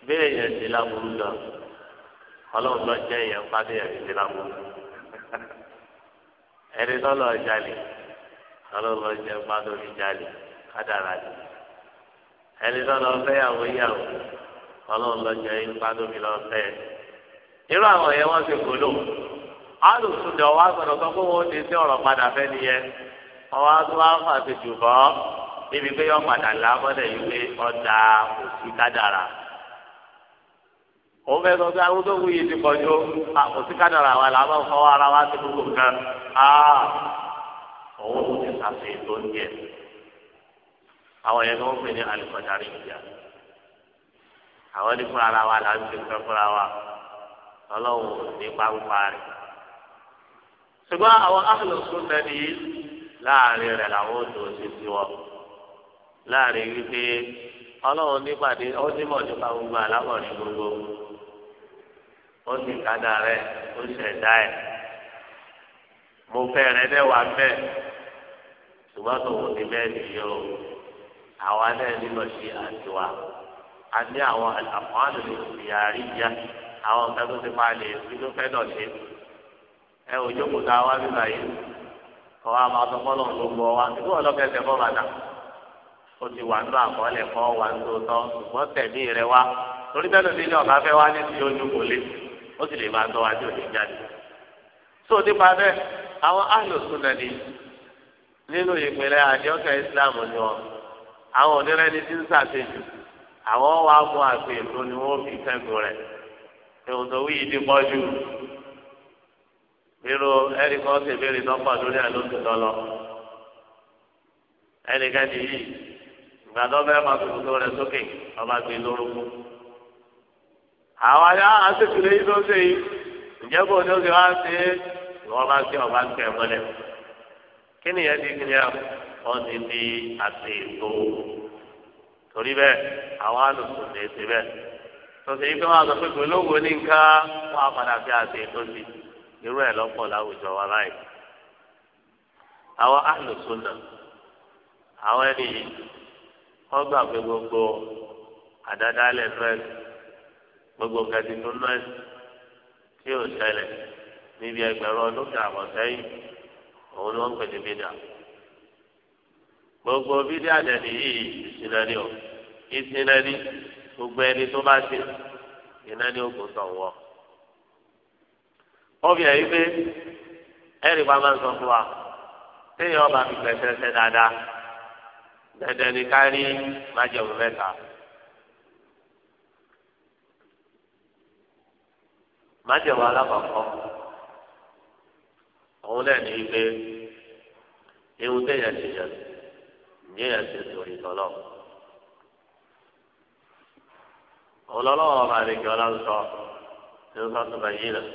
bẹ́ẹ̀ yẹn ti láburú lọ ọlọ́run lọ jẹ́ yẹn pàdé yẹn ti láburú ẹni tó lọ jalè ọlọ́run lọ jẹ́ pàdé oníjalè kádàrà ẹni tó lọ fẹ́ ya yàwó ọlọ́run lọ́jọ́ yín mi lọ fẹ́ irú àwọn yẹn wọ́n ti gbòdò na dẹ̀ wá gbọ́dọ̀ sọ pé wọ́n ti sí ọ̀rọ̀ padà fẹ́ nìyẹn ọwọ́ tó wá fà ti níbi pé yọ padà lábọ́dẹ̀ yìí pé ọjà òsì kádàrà òun fẹ́ sọ pé àwọn tó ti òsì kádàrà wà àwọn yẹn ni wọ́n pè ní alikọ̀dárí ìjà àwọn ní fúnra wa là ń ti fẹ́ fúnra wa ọlọ́run ní pàǹpà rẹ̀ ṣùgbọ́n àwọn ahlùsùn náà nìyí láàrin rẹ̀ làwọn ò tó ti ti wọ́n láàrin wípé ọlọ́run nípàdé ó nímọ̀ nípa gbogbo alámọ̀rin gbogbo ó sì kádà rẹ̀ ó ṣẹ̀dá ẹ̀ mo fẹ́ rẹ̀ dẹ́wà mẹ́ ṣùgbọ́n tòun ti bẹ́ẹ̀ nìyí o. àwa náà nílò si àtiwá a ní àwọn àfọwọ́nù ìyàrí yá àwọn nǹkan tó ti pa lè fi tó fẹ́ dọ̀ ṣe ẹ ò jókòó tá a wá bí báyìí kọ́ wa máa tọ́ fọ́lọ́ gbogbo wa fọ́ bàtà ti wà nínú àkọọ́lẹ̀ kọ́ tọ́ ṣùgbọ́n tẹ̀mí rẹ wá torí bẹ́ẹ̀ lóde ilé ọ̀gá fẹ́ wá ní ti ojú lé ó sì lè máa tọ́ wa tí ò ní jáde. tó àwọn onírẹ́ ni ti ń ṣàṣejù àwọn wa mú àpè ètò ni wọ́n fi kẹ́gùn rẹ̀ ètò tó wíyí ti pọ̀ jù irú ẹni kan ṣe béèrè lọ́pọ̀ lórí àlóṣù lọ́lọ́ ẹnikẹ́ni yìí ìgbà tó fẹ́ máa tuntun tó rẹ̀ sókè ọba gbé lórúkú àwọn ayé àṣekùnrin yìí ló ṣe yìí ǹjẹ́ kò ní oṣù wa ṣe é ìwọ́n bá ṣe ọba gbẹ̀ kí nìyẹn ti kí ni wọ́n ti ní àti ètò torí bẹ́ẹ̀ àwọn alùpùpù lè ṣe bẹ́ẹ̀ tọ́sí yìí pé wọ́n sọ pé gbólóhùn ní nǹkan wọ́n á padà fi àti ètò sí irú ẹ̀ lọ́pọ̀ láwùjọ wa láì àwọn alùpùpù náà àwọn ẹni yìí wọ́n gbà pé gbogbo àdádálẹ̀ nọ́ẹ̀sì gbogbo kẹsì nọ́ẹ̀sì tí ò ṣẹlẹ̀ níbi ẹgbẹ̀rún ọdún sẹ́yìn òun pè ní bídà. gbogbo bídí àjẹlì yìí ìsinadi o ìsinadi gbogbo ẹni tó bá ṣe ìsinadi ogun tọ̀ wọ́. ọbẹ̀ yìí pé ẹ̀rì máa ń sọ fún wa téèyàn ọba fi dáadáa dẹ̀dẹ̀ ní kárí mẹ́ta. alákọ̀ọ́kọ́ òun ní ẹsẹ̀ torí tọ́lọ̀. ọlọ́lọ́wọ́ ọba àdìgẹ ọlọ́sọ tí ó sọ́tún báyìí rẹ̀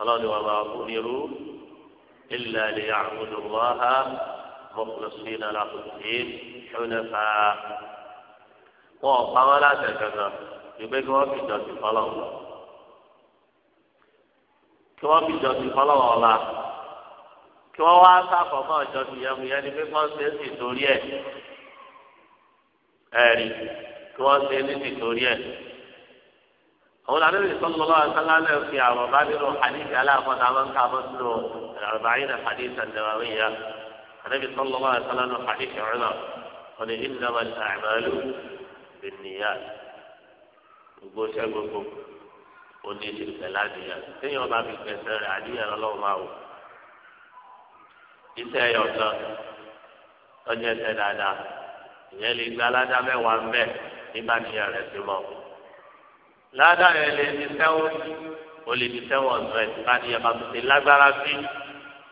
ọlọ́ni wọn bá kú nírú ilẹ̀ ilẹ̀ àkùdù wọ́há mọ̀kùlùsí náà làkùdì ṣúnẹ́fà. wọn ò pa wọn láti kankan ìgbé kí wọ́n fi jọ̀sìn fọlọ́ kí wọ́n fi jọ̀sìn fọlọ́ wọn la kí wọ́n wá sáfọ̀mọ́ ọjọ́ tìyẹ̀mùyẹ́ ni pé kọ́ ṣe é sì torí ẹ̀ ẹ̀rí kí wọ́n ṣe é ní sì torí ẹ̀. àwọn àdébìí sọ́kùnrin lọ́wọ́ sálálẹ̀ fi àwọn bá nínú hadith aláàfọ́nà àwọn ká bọ́ sínú àrùbáyìn hadith àdàwáwíyá àdébìí sọ́kùnrin lọ́wọ́ sálálẹ̀ hadith ọ̀rẹ́nà ọ̀nà ìdílọ́wọ́ àmàlú bìnnìyà gbogbo ṣẹ́ gbogbo ó iṣẹ́ ẹ̀yọ̀ kan tọ́jú ẹsẹ̀ dáadáa ìyẹn lè gba aládá mẹ́wàá ń bẹ̀ nígbà níyà rẹ̀ sí mọ́. ládà yẹn lè ti sẹ́wọ́n o lè ti sẹ́wọ́n ọ̀sán ẹ̀ nígbà níyà bá tó ti lágbára sí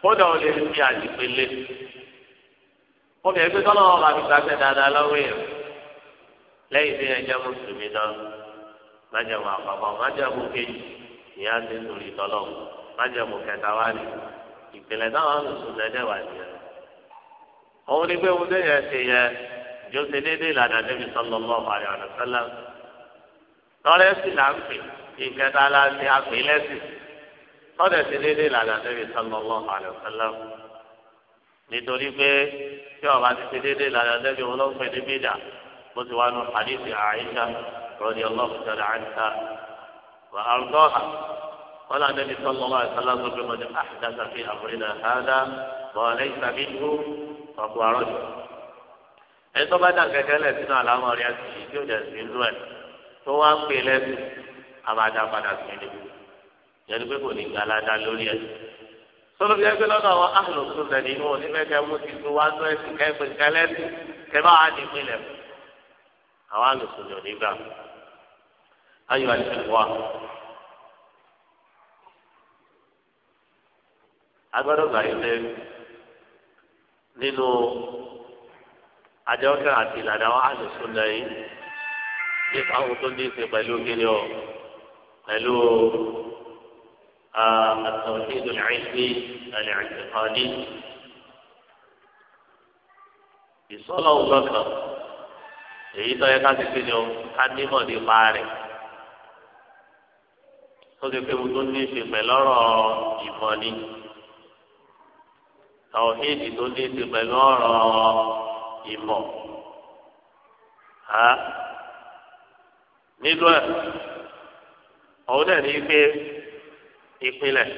kódà o lè fi àdìpele. obìnrin pé tọ́lọ́ wọn bá fi gbàgbé dáadáa lọ́wọ́ yẹn lẹ́yìn tí yẹn mùsùlùmí náà májàmú àpapọ̀ májàmú kejì ìyá ti sùn ìtọ́lọ́ májàmú kẹta wá nìyí ìpìlẹ̀ táwọn alùsùn lẹ́dẹ̀ wà ní ẹ̀. òun ni pé ohun tó yẹ ṣe yẹ jọ́sẹ̀ déédéé ìlànà níbi sallallahu alaihi wa sallam. lọ́rẹ́ sì là ń pè ìkẹta la ṣe àpè lẹ́sìn lọ́dẹ̀ sí déédéé ìlànà níbi sallallahu alaihi wa sallam. nítorí pé tí ọba ti ṣe déédéé ìlànà níbi olóńgbẹ̀ níbí dà bó ti wá nù hadithi Aisha radiyallahu ta'ala قال النبي صلى الله عليه وسلم من أحدث في أمرنا هذا ما ليس منه فهو رجل ẹni tó bá dàgbẹ́ tẹ́lẹ̀ sínú àlámọ́ rí àti tí ó jẹ́ sí inú ẹ̀ tó wá ń pè lẹ́sìn àbàdà padà sí ni yẹn pé kò ní gba aládá lórí ẹ̀. sọ́dọ̀ bí ẹgbẹ́ lọ́dọ̀ àwọn àlòkù rẹ̀ nínú onífẹ́kẹ́ mú ti tó wá tó ẹ̀sìn kẹ́gbẹ́ kẹ́lẹ́sìn kẹ́bá wà ní ìpínlẹ̀ àwọn àlòkù rẹ̀ nígbà. ayọ̀ àti ìwà agbọ́dọ̀ gbà yín lé nínú àjọkẹ́ àti ìlànà àwọn àlùsùn náà yìí nípa ohun tó ní í ṣe pẹ̀lú kíni ọ pẹ̀lú التوحيد العلمي الاعتقادي ìsọ́lọ̀ ọ̀gbọ́kàn èyí tó yẹ ká ti fi ni ọ ká tó ti pé mo tó ní í ṣe pẹ̀lú ọ̀rọ̀ ìmọ̀ tàwọ́hídì tó ní ti pẹ̀lú ọ̀rọ̀ ìmọ̀ nínú ẹ̀ òun náà ní pé ìpìlẹ̀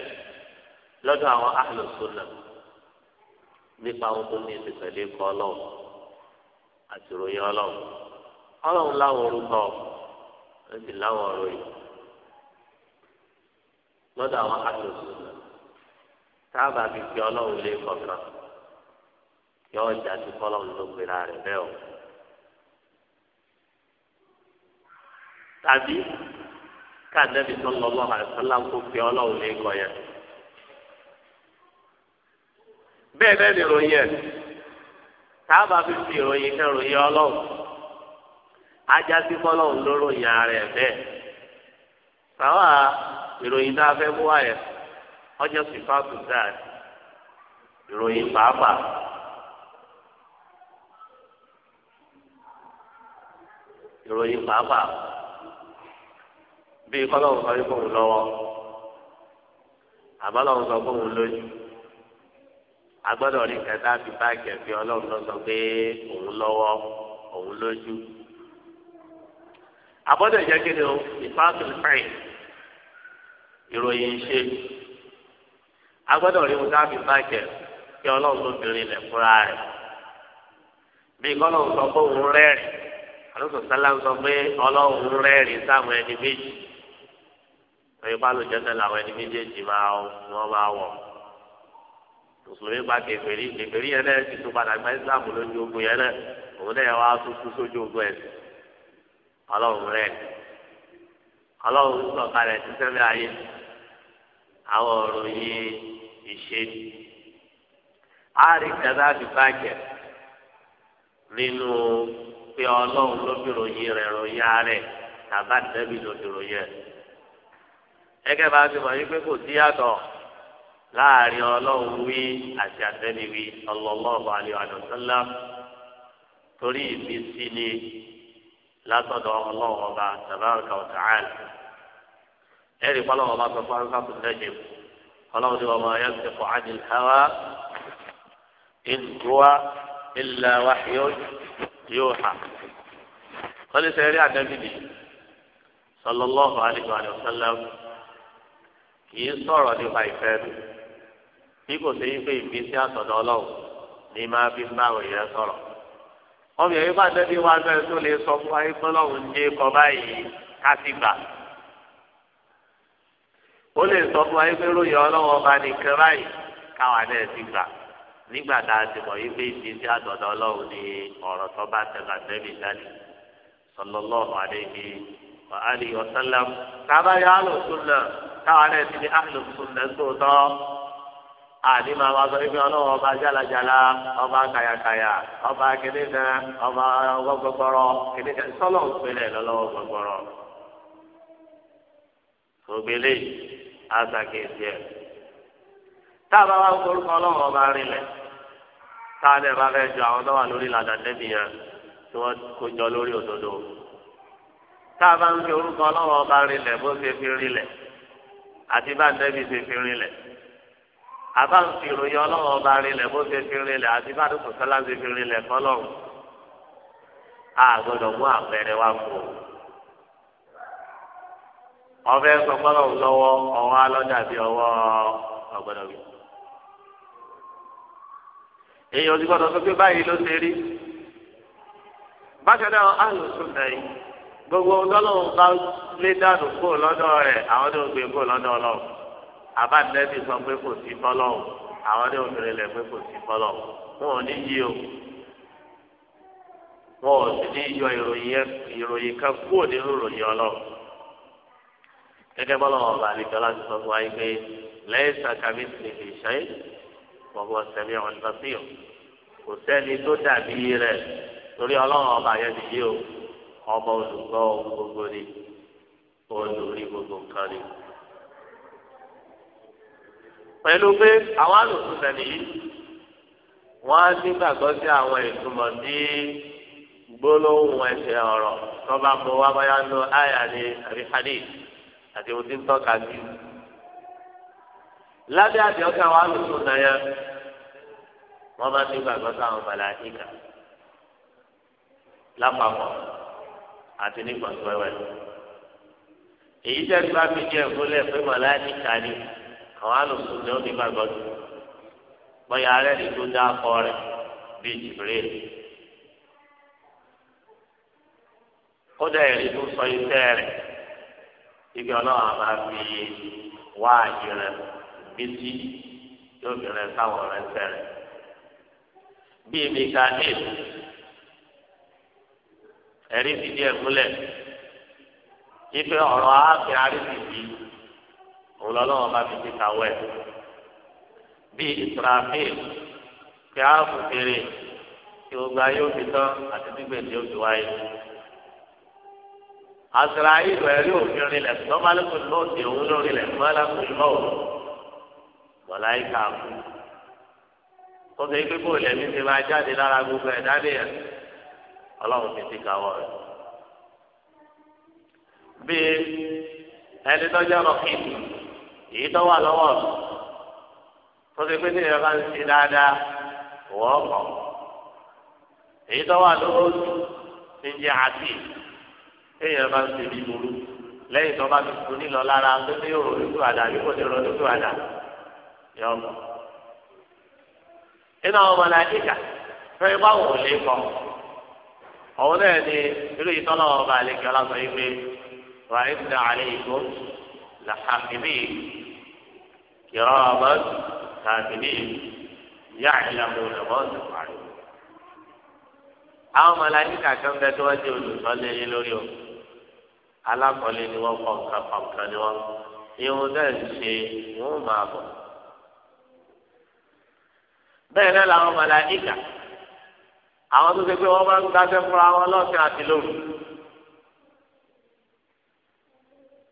lọ́dọ̀ àwọn ahlùsùnà nípa ohun tó ní ti sábà fi fi ọlọ́run lé kọ̀ọ̀kan yọ ọjà tó kọ́lọ́run ló gbéra rẹ̀ bẹ́ẹ̀ o. tàbí káàdẹ́bí sallallahu alaihi wasallam kó fi ọlọ́run lé kọ̀ yẹn. bẹ́ẹ̀ bẹ́ẹ̀ ni ròyìn ẹ̀ sábà fi fi ìròyìn kan ròyìn ọlọ́run ajá sí kọ́lọ́run ló ròyìn ara bẹ́ẹ̀. ìròyìn tá a fẹ́ mú ọjọ́ sífàtù dáad ìròyìn pàápàá. ìròyìn pàápàá bíi kọ́lọ́hún sọ fún òun lọ́wọ́ àbálọ́hún sọ fún òun lójú agbọ́dọ̀ rí kẹta fi báàgì ẹ̀fẹ́ ọlọ́run lọ sọ pé òun lọ́wọ́ òun lójú. àbọ̀dọ̀ ìjẹ́kẹ́ni o ìròyìn ṣe agbọ́dọ̀ rí wọn dábì bàjẹ́ kí ọlọ́run tó bèrè lẹ̀ fúnra rẹ̀ bí kọ́lọ́run sọ pé òun rẹ́rìn àlùsọ sálá ń sọ pé ọlọ́run rẹ́rìn sáwọn ẹni méjì lórí pálọ̀ jẹ́sẹ̀ làwọn ẹni méjèèjì máa wọ́n máa wọ̀ mùsùlùmí pa kèfèrí kèfèrí yẹn náà ti tún padà gba islam lójú ogun yẹn náà òun náà wá tún sójú ogun ẹ̀sìn ọlọ́run rẹ̀ ọlọ́run sọ̀kalẹ̀ ti sẹ́mi ayé àwọn ọ̀rọ̀ yìí ìṣe ni a rí kẹta ti bàjẹ́ nínú pé ọlọ́run ló fi ròyìn rẹ̀ ròyìn ààrẹ tàbá tẹ́bí ló fi ròyìn ẹ̀. gẹ́gẹ́ bá ti mọ̀ wípé kò sí yàtọ̀ láàrin ọlọ́run wí àti àtẹ́bí wí sallallahu alaihi wa sallam torí ìbí sí ni látọ̀dọ̀ ọlọ́run ọba tabaraka wa ta'ala ẹ̀rí pálọ̀ ọba sọ fún arúgbó àtúntẹ́jẹ̀ fún ọlọ́run ní ọmọ ayé ti kọ́ àdìl hawa ìdúwà ilà wáyé yóò hà wọ́n ní sẹ́rí àdẹ́bìlì sọlọ́lọ́hù àdìgbò àdìgbò sálámù kì í sọ̀rọ̀ nípa ìfẹ́ rẹ̀ bí kò sí pé ìgbésí àtọ̀dọ̀ ọlọ́run ní máa fi ń báwọn èèyàn sọ̀rọ̀ ọmọ yẹn bá dẹ́bí wá bẹ́ẹ̀ tó lè sọ fún ayé pé ọlọ́run ní kọ báyìí ká sì gbà. ó lè sọ fún wa yìí pé ròyìn ọlọ́wọ́ ọba nìkan báyìí káwa náà ti gbà nígbà tá a ti mọ̀ yìí pé ìdí sí àtọ̀dọ̀ ọlọ́run ni ọ̀rọ̀ tó bá tẹ̀lé àtẹ́bí jáde sallallahu alayhi wa alihi wa sallam tábà yà á lò káwa náà ti sóòtọ́ máa wá sọ ọba jálajàla ọba kàyàkàyà ọba kìnìkà ọba gbọgbọrọ kìnìkà sọlọ́ọ̀ àtàkèsí ẹ̀. tá a bá wá orúkọ ọlọ́run ọba rinlẹ̀ tá a dẹ̀ bá fẹ́ jọ àwọn tó wà lórí ìlànà débi yẹn tí wọ́n kó jọ lórí òdodo. tá a bá ń fi orúkọ ọlọ́run ọba rinlẹ̀ bó ṣe fi rinlẹ̀ àti bá débi ṣe fi rinlẹ̀. àbá ń fi ìròyìn ọlọ́run ọba rinlẹ̀ bó ṣe fi rinlẹ̀ àti bá dùkú sọ́lá ṣe fi rinlẹ̀ fọlọ́run. a gbọ́dọ̀ mú àpẹẹrẹ wá fún un. ọbẹ̀ sọ̀kọ́lọ̀ lọ́wọ́ ọwọ alọ́jà bí ọwọ́ ọ̀gbọ́dọ̀ bí. èyí ojú gbọ́dọ̀ sọ báyìí ló ṣe rí. yìí gbogbo ọlọ́run bá lé dànù kó lọ́dọ̀ rẹ̀ àwọn ní ògbé kó lọ́dọ̀ ọlọ́run sọ pé kò sí àwọn lẹ̀ pé kò sí wọn ò ní o wọn ò sì ní yọ ìròyìn kan kúrò nínú gẹ́gẹ́ bọ́lá wọn bá àlejò láti sọ fún wa yìí pé lẹ́yìn sàkàmì ti fi ṣe gbogbo sẹ́mi ọ̀hún lọ sí o kò sẹ́ni tó dàbí rẹ̀ torí ọlọ́run ọba yẹn ti yé o ọba olùgbọ́ ohun gbogbo ni olùrí gbogbo nǹkan ni. pẹ̀lú pé àwọn àlùkò sẹ́ni yìí wọ́n á nígbàgbọ́ sí àwọn ìtumọ̀ ní gbólóhùn ẹsẹ̀ ọ̀rọ̀ tó bá mú wá báyá lọ àyà ni àbí hadith àti ohun tí ń tọ́ka sí. lábẹ́ àti ọkàn wa ló tún náà yá wọ́n máa ń gbàgbọ́ sáwọn màláíkà lápapọ̀ àti ní gbàgbọ́wẹ́. èyí tẹ́ ti bá fi jẹ́ ìfúnlẹ̀ pé màláíkà ni àwọn alùpùpù ni ó ní gbàgbọ́ tó bóyá alẹ́ ni tó dá akọ rẹ̀ bíi jìbìrì. kódà ẹ̀rí tó sọ iṣẹ́ rẹ̀. ibi ọlọ́run àbá fi wá àjẹrẹ bísí yóò fi sáwọn rẹ sẹrẹ bíi mikael ẹ̀rí fìdí ẹ̀ múlẹ̀ ife ọ̀rọ̀ ààfin arísìkì òun bá fi ti kàwé bíi israfil kí a fò fèrè kí gbogbo tán Azrael ẹ̀rí òfin rinlẹ̀ tọ́málẹ́kù náà ti òun lórí rẹ̀ mọ́lákù náà mọ̀láyíkà kú. Tọ́jú ikú kò lẹ́mí ti máa jáde lára gbogbo ẹ̀dá nìyẹn. Ọlọ́run ti ti kàwọ́ rẹ̀. Bí ẹni tọ́jú ọ̀rọ̀ kìíní, èyí tó wà lọ́wọ́ rẹ̀. Tọ́jú ikú tí ìyẹn bá ń ṣe dáadáa, wọ́n mọ̀. Èyí tó wà lọ́wọ́ rẹ̀ ti ń jẹ́ àtìyí téèyàn bá ń ṣe bí burú lẹ́yìn tó bá ti fún nílọ lára tó ní òrò lójú àdá bí kò ní òrò lójú àdá yọ mọ. nínú àwọn mọ̀láyíkà fẹ́ báwo ò lè kọ́ ọ̀hún náà ni irú ìtọ́lọ́ ọba àlejò aláṣọ yìí pé wà á ṣe àlẹ́ ìgbó làkàkìmí kìrọ̀ ọmọ kàkìmí yá ìlànà òlùmọ́ ọ̀sẹ̀ pàrọ̀. àwọn mọ̀láyíkà kan bẹ tó wọ́n ti olùsọ́lé yín lórí o alákọ̀ọ́lẹ̀ ni wọ́n kọ̀ọ̀kan kọ̀ọ̀kan ni wọ́n irun náà ń ṣe wọ́n máa bọ̀. bẹ́ẹ̀ náà làwọn màláíkà àwọn tó ṣe pé wọ́n máa ń gbáṣẹ́ fúnra wọn lọ́sẹ̀ àti lóru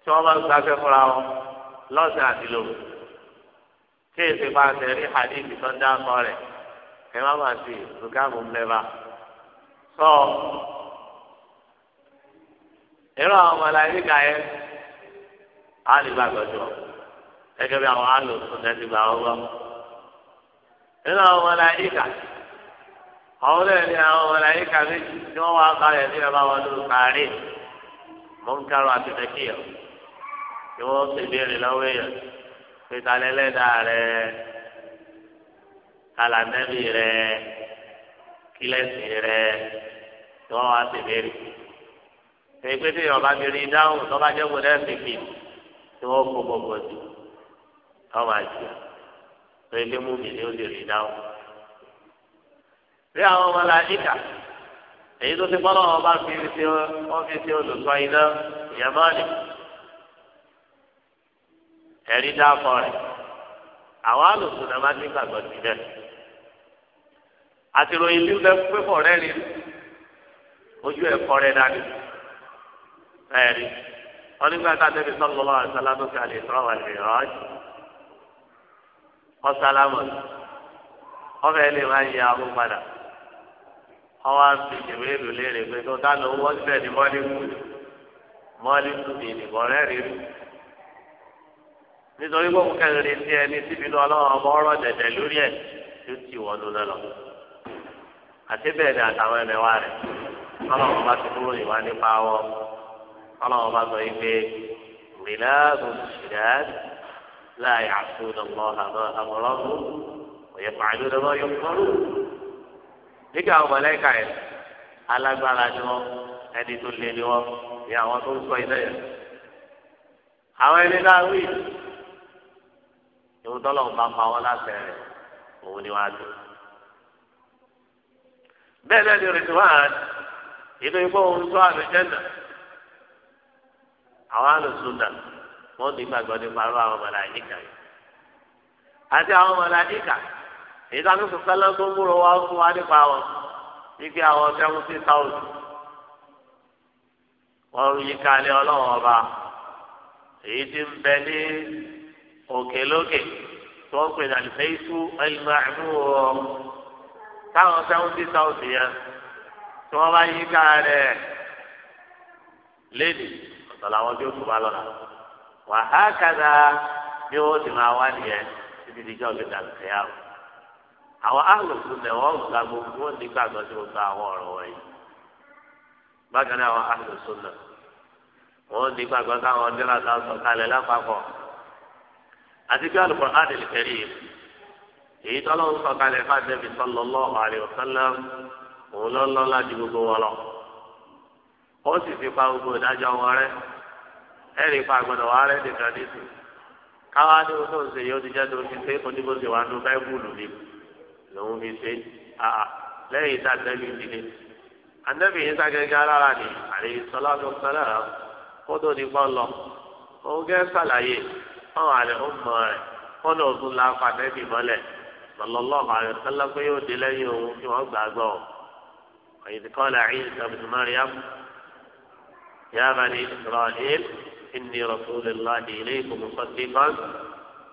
tí wọ́n máa ń gbáṣẹ́ fúnra wọn lọ́sẹ̀ àti lóru tí èsì máa tẹ̀lé hadith tó ń dá sọ rẹ̀ ẹ má máa ti ìtúkàmù mẹ́fà sọ irú àwọn mọ̀láyé káyẹ́ á lè bá gbọ́dọ̀ gẹ́gẹ́ bí àwọn alòsùn náà ti gbà ọ́ gbọ́. nínú àwọn mọ̀láyé kà àwọn náà ní àwọn mọ̀láyé kà méjì tí wọ́n wá kalẹ̀ sí ẹ̀ bá wọn lóru kárí mọ̀nkárọ̀ àti nàkíyọ̀ tí wọ́n sì béèrè lọ́wọ́ èèyàn pé kalẹ̀ lẹ́dàá rẹ̀ kalẹ̀ kílẹ̀sì rẹ̀ tí wọ́n wá sì béèrè pèpè tí ọba mi rí dáhùn tọ́ba jẹ́ wọlé ẹ̀fìkì tí wọ́n kó gbogbo jù ọba jù pèpè mú mi ní ó lè rí dáhùn. rí àwọn ọmọ làjíkà èyí tó ti bọ́lá ọba fi ṣe ọ́fíìsì olùsọ iná yamani ẹ̀rí dáàbọ̀ rẹ̀ àwọn alùpùpù náà máa ń gbàgbọ́ sí bẹ́ẹ̀ àti ìròyìn bí wọ́n fẹ́ rẹ́ rí ojú ẹ̀kọ́ rẹ̀ dání. ẹ̀rí wọn nígbà tá a débi sọ́kùnrin lọ́wọ́ àṣàlámù kí a lè tọ́ wà lè rọ́ ọ̀ṣàlámù ọbẹ̀ lè máa yẹ àwọn padà ọwọ́ àti ìjìnlẹ̀ èlò léèrè pé tó dáná owó ṣẹ̀ ní ní ìdìbò rẹ̀ rí rí nítorí sí ẹni síbi ní ọmọ ọ̀rọ̀ dẹ̀dẹ̀ lórí ẹ̀ tó ti àti ni àtàwọn bá ti kúrò ìwà nípa wọn. ọlọ́run bá sọ yìí pé rìláàbù ṣìdáàdì láàyè àtúndà lọ́hà àmọ́rọ́mù òye pàdé lọ́wọ́ yóò kọ́rù. nígbà àwọn mọ̀lẹ́kà yẹn alágbára ni wọ́n ẹni tó lé ni wọ́n ní àwọn tó ń sọ iná yẹn. àwọn ẹni náà wí ìwọ tọ́lọ́run bá pa wọn láti rẹ̀ òun ni wọ́n á dùn. bẹ́ẹ̀ náà ni rìdíwáàn inú igbó sọ àbẹ̀jẹ̀ náà. àwọn alùsùnà wọn ní gbàgbọ́ nípa irú àwọn màláíkà yìí àti àwọn màláíkà èyí ká lóṣù sálá tó múrò wá fún wa nípa wọn wípé àwọn seventy thousand wọn yí kalẹ̀ ọlọ́wọ́n ọba èyí tí ń bẹ ní òkè lókè tí wọ́n pè ní àlùfẹ́yìsú ẹlẹ́màánú ọ̀ táwọn seventy thousand yẹn tí wọ́n bá yí lọ́la wọn tí ó tún bá lọ́la wà á kàdà bí wọ́n ti máa wá nìyẹn títí di ìjọ́ gbẹ̀dà lẹ́yà o àwọn àlùkù nẹ̀ wọ́n gba gbogbo wọn nígbà tó ti gba àwọn ọ̀rọ̀ wọ̀nyí bákan náà àwọn àlùkù nẹ̀ wọ́n nígbà tó káwọn ọdún láti sọ kalẹ̀ lápapọ̀ àti bí àlùkù àdìlì kẹrì èyí tọ́lọ́ ń sọ kalẹ̀ fún àdébìsọ́ lọ́lọ́ àlè ó sì fi pa gbogbo ìdájọ́ wọn rẹ ẹ̀rí pa àgbọ̀dọ̀ wa rẹ nìkan nìkan káwá ní o tó ń ṣe yóò ti jẹ́ tó ti ṣe oníbó ṣe wà nù báíbùlù mi lòun fi ṣe àà lẹ́yìn ìta tẹ́lẹ̀ ìdílé anábì yìí ságẹ́gẹ́ alára ni àlè sọlá tó sọlá rẹ kó tó ní pọ́n lọ òun gẹ́ sàlàyé fáwọn àlè ó mọ rẹ kó ní òtún la pa nẹ́bì mọ́lẹ̀ lọ́lọ́lọ́ọ̀ àlè sọlá pé yóò dé lẹ́yìn òun kí wọ́n gbàgbọ́ ọ̀yìn يا بني إسرائيل إني رسول الله إليكم مصدقا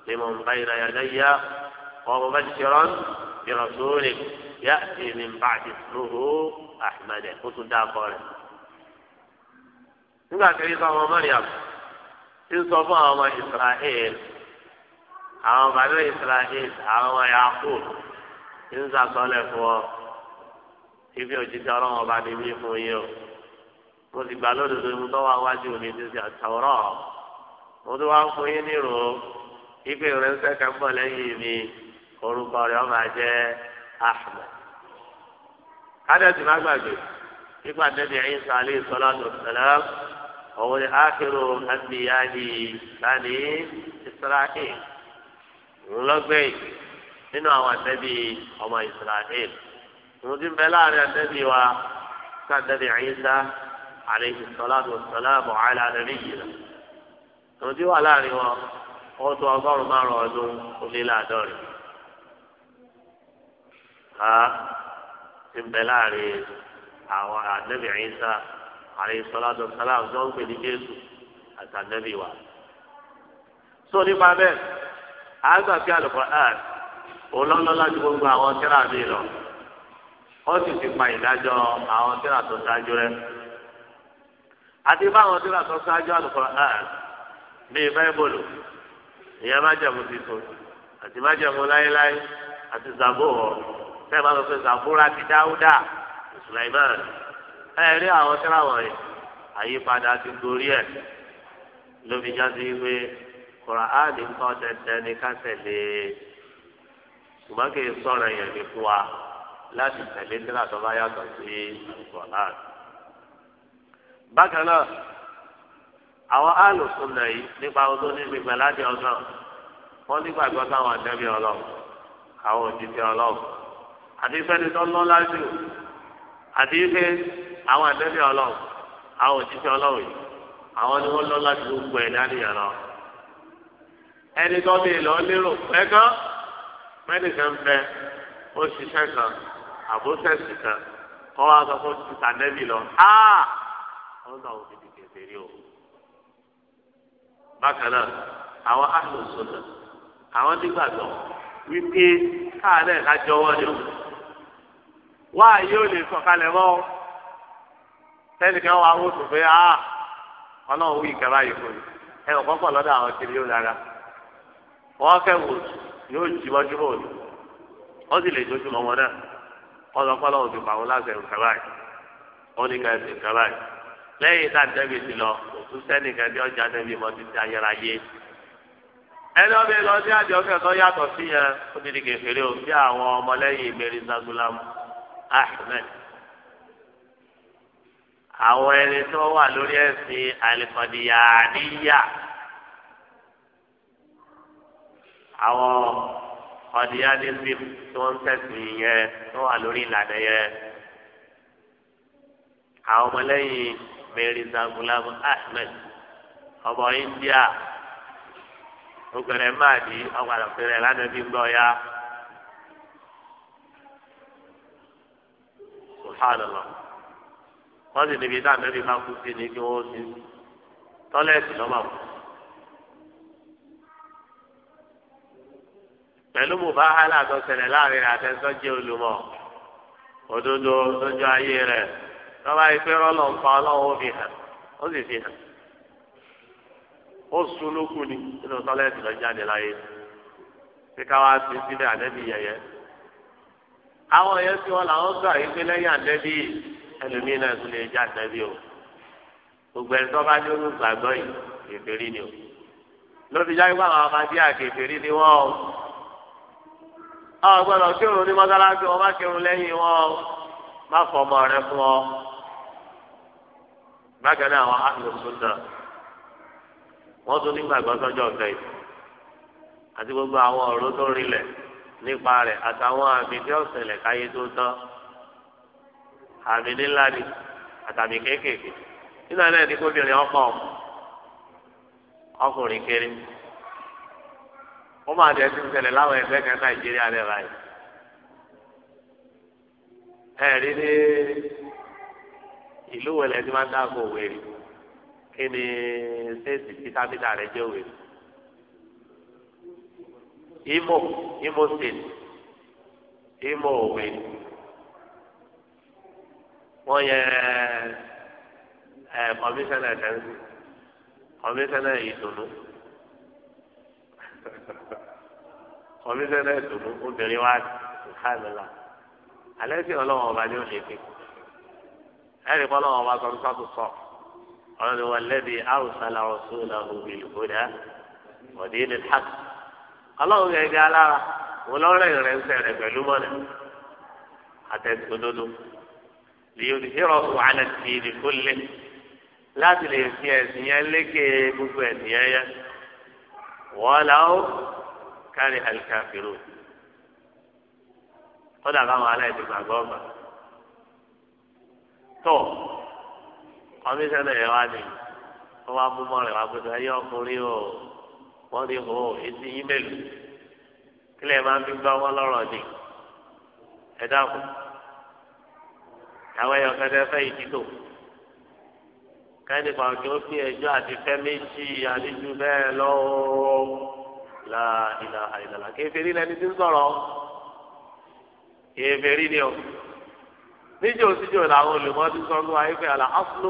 لمن بين يدي ومبشرا برسول يأتي من بعد اسمه أحمد قلت داقوله nígbà tí ìsọ ọmọ Mariam ti sọ fún àwọn ọmọ Israel àwọn bàbá Israel àwọn ọmọ Yakub ti ń sàkọlẹ̀ fún ọ ibi òjijì ọlọ́wọ́n bá ní bí fún yín o. mo sì gbà lódodo ìmú tó wà wájú òní ti ṣe àtàwọ̀rọ̀ mo tún wá ń fún yín nírò ife ìrẹsẹ̀ kan bọ̀ lẹ́yìn mi orúkọ rẹ̀ ọmọ àjẹ́ ahmed kádẹ́tì má gbàgbé nípa nẹ́bí ẹ̀yìn sàlẹ̀ ìsọlá tó ni ákérò sani israel nínú israel ti láàrin àtẹ́bí wa ká ẹ̀yìn sá. عليه الصلاة والسلام على نبينا نودي على روا قلت أمر ما رأيتم قل لا داري ها تنبلاري على النبي عيسى عليه الصلاة والسلام زوج في جيسو àti anabi wa so nípa bẹ́ẹ̀ àgbà fi al لا olólọ́lá ما هو àwọn tírà mi lọ ó sì ti pa ìdájọ́ àwọn àti fáwọn tí wàá sọ sáájú àlùkòrò hàn bíi báíbòlù ìyẹn májàmú titun àti májàmú láéláé àti zàbóhọ tẹ́ ẹ bá sọ pé zàbúrà ti dáúdà Sulaiman ẹ rí àwọn tí wàá wọ̀nyí àyípadà ti gorí ẹ̀ lóbi jáde pé kòràhánì ń kọ́ tẹ̀tẹ̀ ní kásẹ̀lé ṣùgbọ́n kì í sọ̀rọ̀ yẹn ní fún wa láti tẹ̀lé tí wàá bá yàtọ̀ sí àlùkòrò hàn bákan náà àwọn alùsùn náà yìí nípa ọdún ní gbígbà láti ọsàn wọn nígbàgbọ́ táwọn àtẹ́bí ọlọ́run àwọn òjijì ọlọ́run àti ìfẹ́ni tó lọ́ lájú àti ìfẹ́ àwọn àtẹ́bí ọlọ́run àwọn òjijì ọlọ́run yìí àwọn ni wọ́n lọ́ lájú gbogbo ẹ̀ dání ọ̀rọ̀ ẹni tó lè lọ lérò pẹ́kọ́ mẹ́nìkan bẹ ó ṣiṣẹ́ kan àbóṣẹ́sì kan kọ́ wa sọ fún tìtànẹ́bì lọ àwọn náà wọ́n ti di kèfèrí o. bákan náà àwọn àlùsọ̀nà àwọn nígbàgbọ́ wípé káàdẹ̀ kájọwọ́ ni o. wá lè sọ̀kalẹ̀ mọ́ wà wọ́n sùn pé a wí fún mi ẹ ò kọ́kọ́ lọ́dọ̀ àwọn dára fẹ́ wò yóò jí sì lè mọ́ wọn náà wọ́n lọ kọ́ lọ́wọ́ ti pàwọn láti ẹ̀ ń kàrà lẹ́yìn tá àtẹ́bí ti lọ òtún ní ọjà ti ẹni ọbẹ̀ lọ sí àjọ yàtọ̀ sí yẹn di o sí àwọn ọmọlẹ́yìn Mirza Ghulam Ahmed. àwọn ẹni tó wà lórí ẹ̀sìn àlìfọ̀dìyà àwọn ọ̀dìyà níbi ń tẹ̀sìn yẹn tó wà lórí ìlànà yẹn àwọn ọmọlẹ́yìn. Mirza Ghulam Ahmed ọmọ India ogbẹrẹ máàdì ọgbàdàn pẹrẹ lánàbí ń bọ ya subhanallah wọn sì níbi táwọn ẹbí máa kú sí ni kí wọn sì tọ́lẹ̀tì lọ́mọ kù. tó ṣẹlẹ̀ láàrin òdodo lójú ayé tọ́ba yìí pé rọ́lọ̀ ń pa ọlọ́run ó fi hàn ó sì fi hàn ó sun lókù ni nínú tọ́lẹ́tì lọ jáde láyé tí káwá sí sílẹ̀ àdẹ́bí yẹyẹ. àwọn yẹn tí wọn làwọn gbà yìí pé lẹ́yìn àdẹ́bí ẹlòmíín náà tún lè já àdẹ́bí o gbogbo ẹni tọ́ba ní olú yìí kèfèrí ni o lóbi jáde pé àwọn amadé àkèfèrí ni wọ́n ọ gbọ́dọ̀ kírun ní mọ́sálásí wọn má kírun lẹ́yìn wọn má fọmọ rẹ fún ọ. bákan náà àwọn ahlùsúnà wọn tún nígbàgbọ́ sọ́jọ́ ọ̀fẹ́ yìí àti gbogbo àwọn ọ̀rọ̀ tó rinlẹ̀ nípa rẹ̀ àtàwọn àmì tí ọ̀sẹ̀lẹ̀ káyé tó tán àmì ni àtàmì kéékèèké nínú alẹ́ ní kóbìnrin ọkùnrin máa dẹ̀ láwọn ẹgbẹ́ kan Nàìjíríà rẹ̀ báyìí ìlú wẹlẹ tí máa ń dáàbò wèrè kí ni ṣéèsì tí kápítà rẹ jẹ wèrè Imo Imo state Imo wèrè wọn yẹ ẹ kọmíṣánná ẹsẹǹsì kọmíṣánná ìdùnnú kọmíṣánná ìdùnnú obìnrin wa kánìlá alẹ́ sí ọlọ́wọ́n ọba ni ó lè fi kù ẹ̀rí kọ́ lọ́wọ́ wa sọ̀rọ̀ sọ́tù sọ ọ̀rọ̀ ni wọ́n lẹ́bi àrùsálà rọ̀ṣúlà òbí ìlúkọ̀dá ọ̀dí ní tàkì ọlọ́run gẹ́gẹ́ alára wọn lọ́rẹ́ rẹ̀ ń sẹ̀rẹ̀ pẹ̀lú mọ́nà àtẹ̀sọ́dodo lèyìn ìṣirò wàhálà tì í nìkúlẹ̀ láti lè fi ẹ̀sìn yẹn lékè gbogbo ẹ̀sìn yẹn yẹn wọ́n làwọn kárí àlìkàfẹ́rù kódà káwọn aláìsí gbàgbọ́ gbàgbọ́ tọ̀ kọmíṣánná yẹn wá ní wọ́n wá mú mọ́rẹ̀ wá gbọ́dọ̀ ẹ̀yẹ ọkùnrin o wọ́n ní o etí yín mélòó kílẹ̀ máa fi gbọ́ wọn lọ́rọ̀ ni ẹ dákun àwọn ẹ̀yọ̀ kẹ́tẹ́ fẹ́ yìí kẹ́ni kan kí ó fi ẹjọ́ àti fẹ́ méjì àdíjú bẹ́ẹ̀ lọ́wọ́ la ìlà àìlàlà kéferì lẹni tí ń sọ̀rọ̀ kéferì ni o níjó síjó làwọn olùmọ́tò sọ fún wa yìí pé àlà áfúlù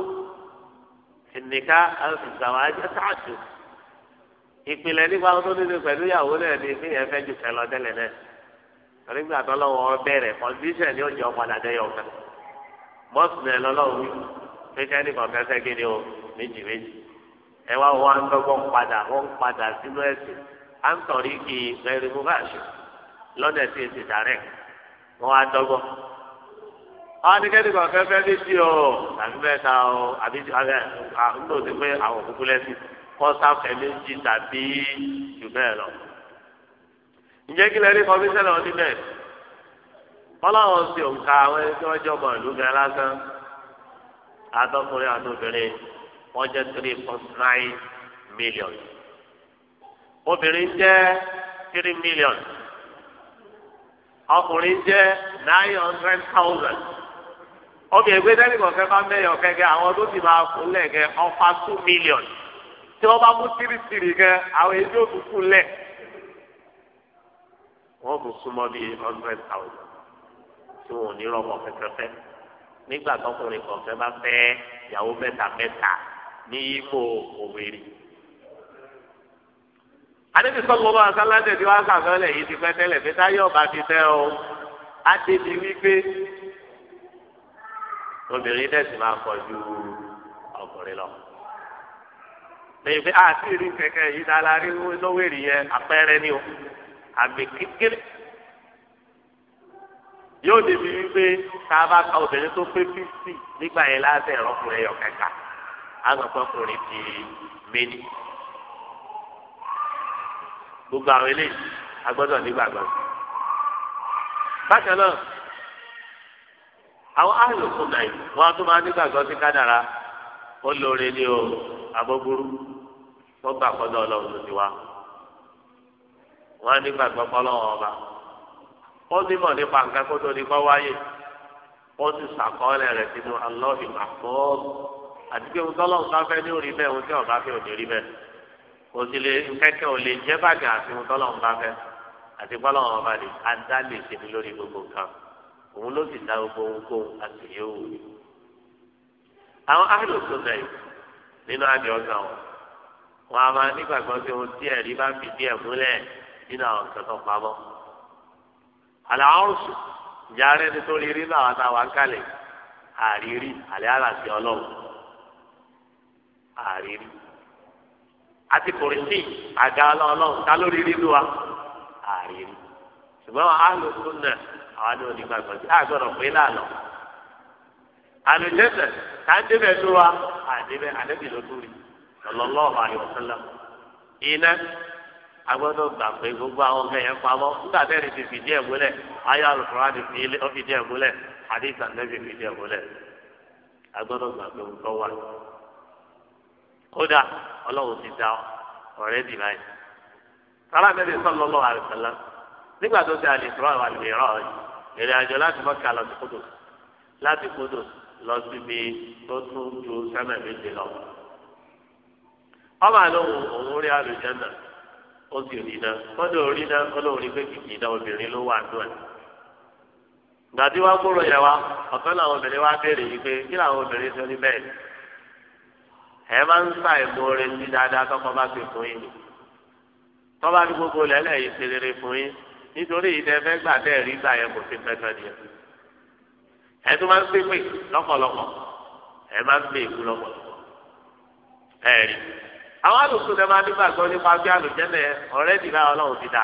ìnìká àfìsàwọn ajá sáàjù ìpìlẹ̀ nípa tó nílé pẹ̀lú ìyàwó náà ni mí yẹn fẹ́ ju kẹlọ tẹ́lẹ̀ náà torí gbà tó lọ́wọ́ bẹ̀rẹ̀ kọ́ndíṣẹ̀ ni ó jẹ́ ọ̀padà dẹ́yọ̀ kan bọ́sùn ẹ̀ lọ́lọ́wọ́ wí pé kẹ́ni kan fẹ́ fẹ́ kíni o méjì méjì ẹ wá wọn ń dọ́gbọ́n padà wọ́n ń padà sínú ẹ̀sìn à ń tọ̀rí kì í fẹ́ẹ́ rí mú báṣọ lọ́dẹ̀ sí èsì dàrẹ́ wọ́n á dọ́gbọ́n àwọn akẹ́kẹ́ kan fẹ́fẹ́ bí sí ọ tàbí mẹ́ta ọ àbí àbúrò ti pé àwọn òkúkú lẹ́sìn kọ́ sáfẹ́ méjì tàbí jù bẹ́ẹ̀ lọ. ǹjẹ́ kí lẹ́rìí kọmíṣánná oníbẹ̀ ọlọ́run sì ń ka àwọn ẹni tí wọ́n jẹ́ ọmọ ìlú gan lásán àtọkùnrin àti obìnrin wọ́n jẹ́ three point nine million obìnrin jẹ́ three million ọkùnrin jẹ́ nine hundred thousand obìnrin pé sẹ́ni kọ̀ọ̀kẹ́ bá mẹ́yọ̀ kẹ́kẹ́ àwọn tó ti máa fún lẹ̀ kẹ́ ọ̀fà two million tí wọ́n bá mú tìrìtìrì kẹ́ àwọn èdè òkùnkùn lẹ̀ wọ́n kò súnmọ́ bíi hundred thousand tí wọn ò ní rọ́pò fẹ́fẹ́fẹ́ nígbà tọkùnrin kọ̀ọ̀kẹ́ bá fẹ́ ìyàwó mẹ́ta mẹ́ta ní ipò òwèrè. adébí sọ́kùn bá sáládẹ̀ tí wọ́n á sàkọ́lẹ̀ yìí ti pẹ́ tẹ́lẹ̀ fi táyọ̀ bá o á obìnrin dẹ́sì máa pọ̀ ju ọkùnrin lọ. lẹ́yìn pé àti ah, ìrìn kẹ̀kẹ́ yìí dára rí lówó èrì yẹn ni o àgbè kékeré. yóò débi wípé tá a bá ka obìnrin tó pé fífì nígbà yẹn láti ẹ̀rọ ọkùnrin ẹ̀yọ̀ kẹta àgbàpọ̀ ọkùnrin ti méjì. gbogbo àwọn eléyìí a nígbàgbọ́. bákan náà. àwọn àlò fún náà wọn tún máa nígbàgbọ́ sí kádàrá ó lóore ní o lori tó gbà kọ́dọ̀ ọlọ́run tó ti wá wọn nígbàgbọ́ pọ́lọ́wọ́n ọba ó nímọ̀ nípa nǹkan kó tó ní kọ́ wáyé ó sì sàkọọ́lẹ̀ rẹ̀ sínú alọ́ọ̀hìn àti pé tọ́lọ́run fẹ́ ní orí bẹ́ẹ̀ tí rí bẹ́ẹ̀ kò sì lè kẹ́kẹ́ ò lè jẹ́ àti òun ló sì ta gbogbo ohunkóhun àtìyẹwò àwọn áhìlò tó dà yìí nínú àdìẹ ọ̀sán wọn wọn a máa nígbàgbọ́ sí ohun tí ẹ̀rí bá fi díẹ̀ múlẹ̀ nínú àwọn nǹkan tó pamọ́ àlàáhùnsù ìyáre nítorí rí náà àtàwọn àǹkálẹ̀ àrírí àlẹ́ àlàsì ọlọ́run àrírí àti kòrìsì àga ọlọ́run ta lórí rí lu wa àrírí ṣùgbọ́n àhìlò tó dà àwọn ní onígbàgbọ́ tí a pé lànà àlùjẹsẹ kàdébẹ tó wa àdébẹ àdébẹ ló tó rí lọlọlọrọ àyọkọlá iná agbọ́dọ̀ gbà pé gbogbo àwọn ọmọ yẹn pamọ́ nígbà tẹ́lẹ̀ ti fìdí ẹ̀ múlẹ̀ ayé alùpùpù ti fìdí ẹ̀ múlẹ̀ àdìsàn lẹ́bi fìdí ẹ̀ múlẹ̀ agbọ́dọ̀ gbà pé nǹkan wà kódà Ọlọ́run ti da ọ̀rẹ́ dì báyìí. nígbà tó ti àlè àwọn àlè mìíràn ìrìn àjò láti mọ́kà lọ sí kódò láti kódò lọ síbi tó tún ju sẹ́mẹ̀ méje lọ. ọmọ àlọ́ òun rí àlùjànnà ó sì rí iná kọ́dọ̀ orí iná ọlọ́run pé kìkì iná obìnrin ló wà nù ẹ̀. gbàdí wá gbúrò yẹn wa ọ̀kan làwọn obìnrin wá béèrè yìí pé kí làwọn obìnrin sọ ní bẹ́ẹ̀ ẹ máa ń sa ìmoore sí dáadáa tọkọ bá fi fún yín tọ́ba ní gbogbo lẹ́lẹ́ yìí ṣe rere fún yín nítorí ìdẹ́fẹ́ gbà bẹ́ẹ̀ rí gbà yẹn kò sí pẹ́pẹ́ ni ẹ tó máa ń gbé pè lọ́kọ̀lọ́kọ̀ ẹ máa ń gbé ìlú lọ́kọ̀lọ́kọ̀ ẹ rí àwọn alùpùpù náà máa nígbà gbọ́ nípa bí alùjẹ́nẹ̀ ọ̀rẹ́ dì ọlọ́run ti dà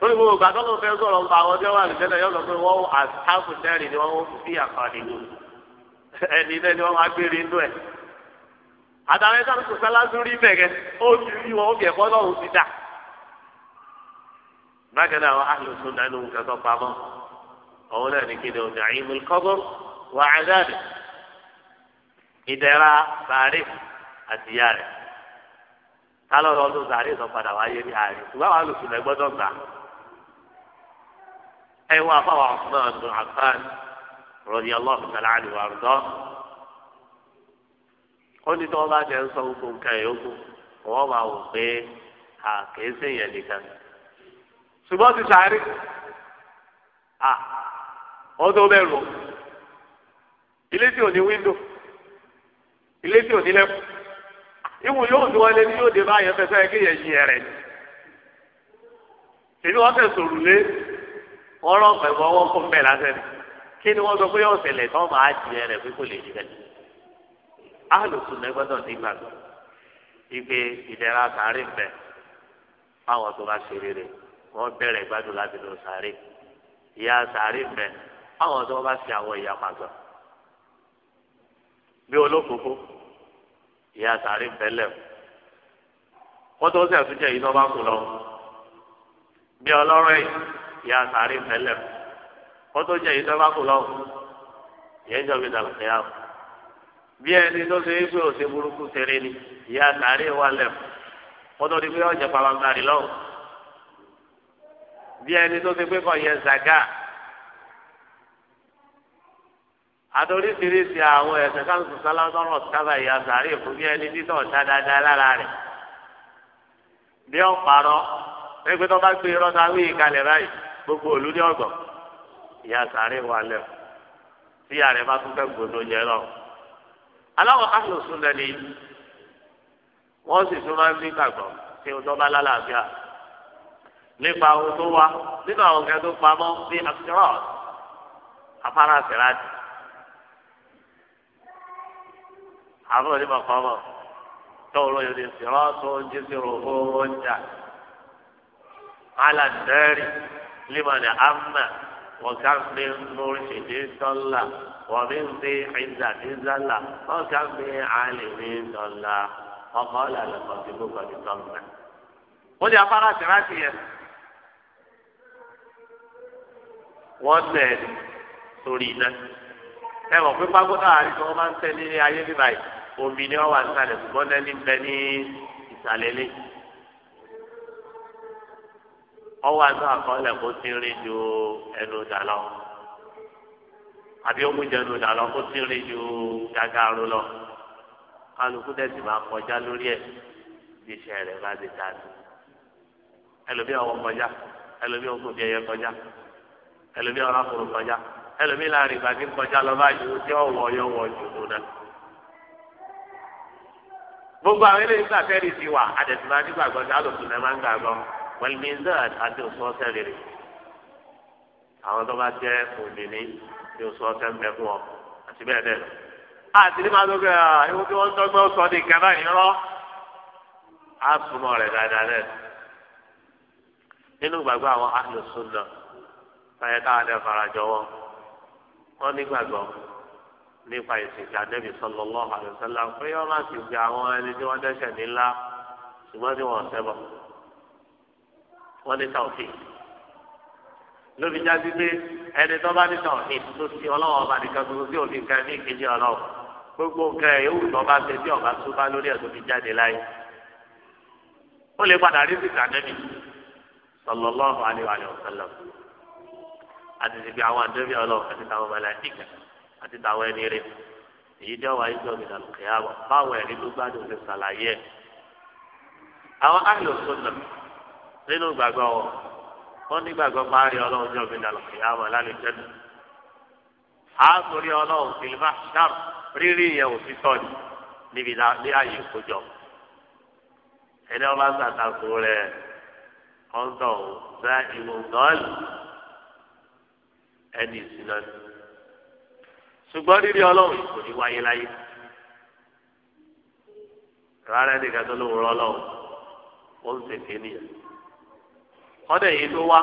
lórí gbogbo ìgbà tọ́lọ́ fẹ́ sọ̀rọ̀ ń pa àwọn tí wọ́n alùjẹ́nẹ̀ yọ̀ lọ pé wọ́n ni wọ́n fi àkàdé lò ẹni náà ni wọ́n máa gbére inú ẹ̀ àtàwọn ẹ̀ka tó sọ bákan náà àwọn ahlùsùn dání wọn kẹtọ pamọ́ òun náà ní kíni ọjà ìmú kọbọ wà á dáàdì ìdẹ̀ra sàárè àti ìyá rẹ̀ kálọ̀ lọ́dún sàárè sọ padà wáyé ní àárẹ̀ ṣùgbọ́n àwọn ahlùsùn náà gbọ́dọ̀ gbà ẹ wá fáwọn ọ̀sán ọ̀sán àfáàn rọ̀dí ọlọ́ọ̀sán tẹ̀lé àdìwọ̀ àrùtọ́ ó ní tí wọ́n bá jẹ́ ń sọ gbogbo nǹkan yòókù wọ́n máa wò pé àkèésè yẹn nìkan ṣùgbọ́n ti sàárì à wọ́n tó bẹ́ẹ̀ lọ ilé tí ò ní wíńdò ilé tí ò ní lẹ́kùn ìwù yóò ní wọlé ní yóò dé báyẹn fẹsẹ̀ kéèyàn yí ẹ̀rẹ̀ ni èmi wọ́n fẹ̀ sòrù lé wọ́n rọ̀ pẹ̀lú ọwọ́ kó ń bẹ̀ lásẹ̀ ni kí ni wọ́n sọ pé yóò ṣẹlẹ̀ tó máa jẹ ẹ̀rẹ̀ pé kò lè rí bẹ́ẹ̀ alùpùpù náà gbọ́dọ̀ nígbàgbọ́ ìgbé ìdẹ́ra sàárì ń bẹ̀ fáwọn tó bá ṣe rere wọ́n bẹ̀rẹ̀ gbádùn láti lọ sàárè ìyá sàárè fẹ́ àwọn tó bá fi àwọn ìyá pàtó bí olókòókò ìyá sàárè fẹ́ lẹ̀ wọ́n tó sẹ̀ tún jẹ́ yìí tó bá kù lọ bí ọlọ́rọ̀ yìí ìyá sàárè fẹ́ lẹ̀ wọ́n tó jẹ́ yìí tó bá kù lọ ìyẹn ìjọba ìdàgbàsẹ̀ yà bí ẹni tó ṣe é pé òṣèlú burúkú ni ìyá sàárè wà lẹ̀ wọ́n tó di pé ọ̀jẹ̀ pàmò bí ẹni tó ti pé kọ yẹ zaga adoríṣiríṣi àwọn ẹsẹ káńsù sálátọrọ sábà ìyá sàárè fún bí ẹni títọ ọtá dáadáa lára rẹ bí ọparọ pẹpẹ tó bá gbé irọ́ náà wí ìkalẹ̀ báyìí gbogbo òlú ní ọgbọ̀n ìyá sàárè wà lẹ tí ìyá rẹ bá tún fẹ́ gbòdo yẹ lọ. aláwọ̀ káfíńsù lẹ́ni wọ́n sì tún máa ń ní gbàgbọ́ tí ó dọ́bá lálàáfíà nípa ohun tó wá nínú àwọn nǹkan tó pamọ́ sí asirọ́ọ̀t afárá sẹ́láàtì. àwọn onímọ̀ kan mọ̀ tọ́wọ́ yóò di sirọ́ọ̀tù oúnjẹ sí rògbò oúnjẹ. alàdẹ́rì limani amma wọ́n mi múrṣìdì sọ́là wọ́n mi ń fi ìdàdí sọ́là wọ́n mi àlèmí sọ́là ọkọ̀ ọ̀là lọ́kọ̀ tí mo kọ̀ ní sọ́là. ó ní afárá sẹ́láàtì yẹn. wọ́n tẹ̀ sórí iná ẹ mọ̀ pé pákótà àríkọ wọn máa ń tẹ nílé ayé bíbá yìí omi ni wọ́n wà nísàlẹ̀ ṣùgbọ́n lẹ́ni ń bẹ ní ìsàlẹ̀ lé ọwọ́ àti àkọọ́lẹ̀ kó ti rí ju ẹnu dà lọ àbí ó mú jẹnu dà lọ kó ti rí ju gàgàrú lọ kálukú dẹ́sì máa kọjá lórí ẹ̀ bí iṣẹ́ rẹ̀ bá ti dà ẹlòmíràn wọ́n kọjá ẹlòmíràn kò fi ẹyẹ kọjá ẹlòmí ọ̀rọ̀ àkùrù kọjá ẹlòmí láàrin ìgbà tí ń kọjá lọ báyìí ó jẹ́ ọ̀wọ́ ọyọ́wọ́ ìṣòro náà. gbogbo àwọn eléyìí gbà fẹ́ẹ́ rí ti wà àdẹ̀tìmá nígbàgbọ́ ní alòsùn náà máa ń gbàgbọ́ pẹ̀lú mizan àti oṣù ọ̀sẹ̀ rere. àwọn tó bá jẹ́ òdìní tí oṣù ọ̀sẹ̀ ń bẹ fún ọ àti bẹ́ẹ̀ bẹ́ẹ̀ lọ. àti ní máa lókè ewu kí wọ́n tọ́gbọ́n sọ ní ìkàbá ìrọ́ á súnmọ́ rẹ̀ dáadáa náà nínú gbàgbọ́ àwọn alòsùn náà táyẹ táwọn ẹ farajọ wọn wọn nígbàgbọ́ nípa ìsìnkú ànábì sallallahu alaihi wasallam pé wọn máa ti gbé àwọn ẹni tí wọn dẹ́ṣẹ̀ nílá ṣùgbọ́n tí wọn ṣẹbọ wọn ní tàwùfì lóbi jáde pé ẹni tó bá ní tàwùfì tó ti ọlọ́wọ́ ọba nìkan tó ti òfin kan ní ìkejì ọlọ́wọ́ gbogbo nǹkan ẹ̀ yóò tó bá ṣe bí ọba tó bá lórí ẹ̀ tó fi jáde láyé ó lè padà rí sí tànẹ́bì sallallahu alaihi wasallam àti ti fi àwọn àdébí ọlọ́run àti tàwọn màláíkà àti tàwọn ẹni rẹ èyí jẹ́ wàá ìjọ mi nàlùkè àbọ̀ báwọn ẹ̀rí ló gbádùn ṣe ṣàlàyé ẹ̀. àwọn àlò sọ̀nà nínú gbàgbọ́ wọn wọ́n ní gbàgbọ́ parí ọlọ́run jọ mi nàlùkè àbọ̀ lálejò nù. àtòrí ọlọ́run fìlímà ṣáà rírí ìyẹn òtítọ́ ni níbi ní ààyè ìkójọ. ẹni ọba ń ẹni ìsinmi ṣùgbọ́n rírí ọlọ́run kò ní wáyé láyé rárá ẹnìkan tó ló wúrọ ọlọ́run ó ń tètè nìyẹn kọ́dẹ̀ yìí ló wá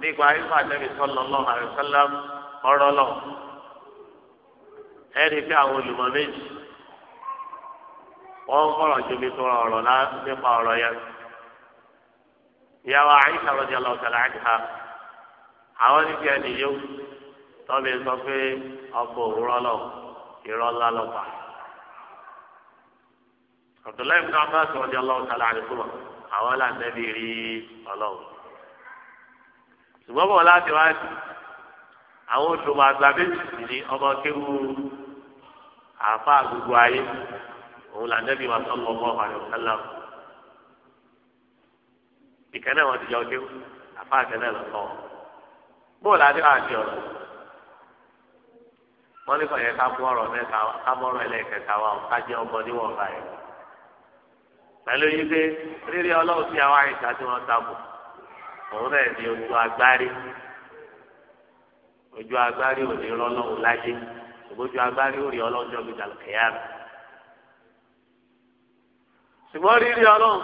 nípa ifá nẹ́bí sallallahu alaihi wasallam ọ̀rọ̀ lọ ẹni pé àwọn olùmọ̀ méjì wọ́n ń kọ́rọ̀ ju mi tó nípa ọ̀rọ̀ yẹn ìyá wa àyíṣà radiyallahu ta'ala anha àwọn níbi ẹnìyó tọ́lẹ̀ sọ pé ọkọ̀ òwúrọ̀ lọ irọ́ ńlá lọ́pàá. Abdullahi bin Abbas ọdí ọlọ́run tala àdìgbò àwọn làǹdẹ́bí rí ọlọ́run. ṣùgbọ́n bọ̀ láti wá sí àwọn olùmọ̀ àgbà méjì sì ni ọmọ kéwu àáfàá gbogbo ayé òun làǹdẹ́bí wa sọ́nù ọmọ ọ̀hún sálà. ìkẹ́nẹ̀ wọn ti jọ kéwu àáfàá kẹ́nẹ̀ lọ́kọ̀ọ́ bóòlù àti àti ọ̀rọ̀ wọ́n ní kọ̀yẹ́ ká bọ́ ọ̀rọ̀ mẹ́ta ká bọ́ ọ̀rọ̀ ẹlẹ́kẹta wa ká jẹ́ ọmọ níwọ̀n báyìí pẹ̀lú yìí pé rírí ọlọ́run sí àwọn àyíká tí wọ́n sábò òun náà ní ojú agbárí ojú agbárí ò ní rọlọ́run láyé ojú agbárí ò rí ọlọ́run jọ bí dàlùkẹ́yà rẹ̀ ṣùgbọ́n rírí ọlọ́run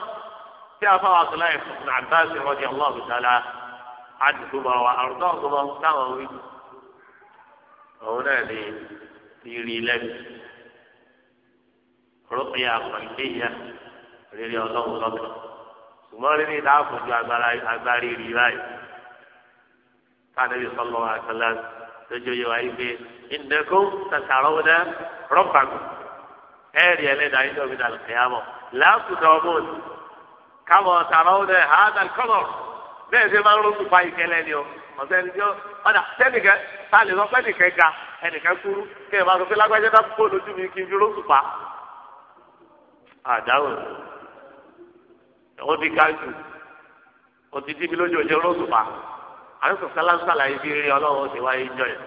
tí a fáwọn àtúnláyè fún àgbáṣe rọ́jà ọlọ́run sálá àdìgbòmọ wa àrùtọ ọgbọmọ táwọn wí òun náà ní rírí lẹ́nu rúkìá pàǹkéyà rírí ọlọ́run lọ́kàn ṣùgbọ́n rírí ìdáàbòjú agbárí rí báyìí káàdébí sọlọ àkàlà lójú yìí wáyé pé ìdẹ́kùn tàṣàrọ̀ wọn náà rọ́pàgùn ẹ̀rí ẹlẹ́dàá yìí tó fi dàlùkẹ́yàmọ̀ láàkùtà ọmọ òní káwọn tààrọ̀ wọn náà hàdà bẹ́ẹ̀ ṣe máa ń rọ́ọ̀tù pa ìkẹlẹ́ ni o ọ̀sẹ̀ ẹni tí ó padà sẹ́nìkẹ́ tá a lè sọ pé ẹnìkẹ́ ga ẹnìkẹ́ kúrú kí ẹ máa sọ pé lágbájá dá púpọ̀ lójú mi kí n fi rọ́ọ̀tù pa. àdáwò ó ti ga jù ó ti dí mi lójú òjò rọ́ọ̀tù pa àwọn sọ̀tà lásàlà yìí fi rí ọlọ́run ti wáyé jọ yẹn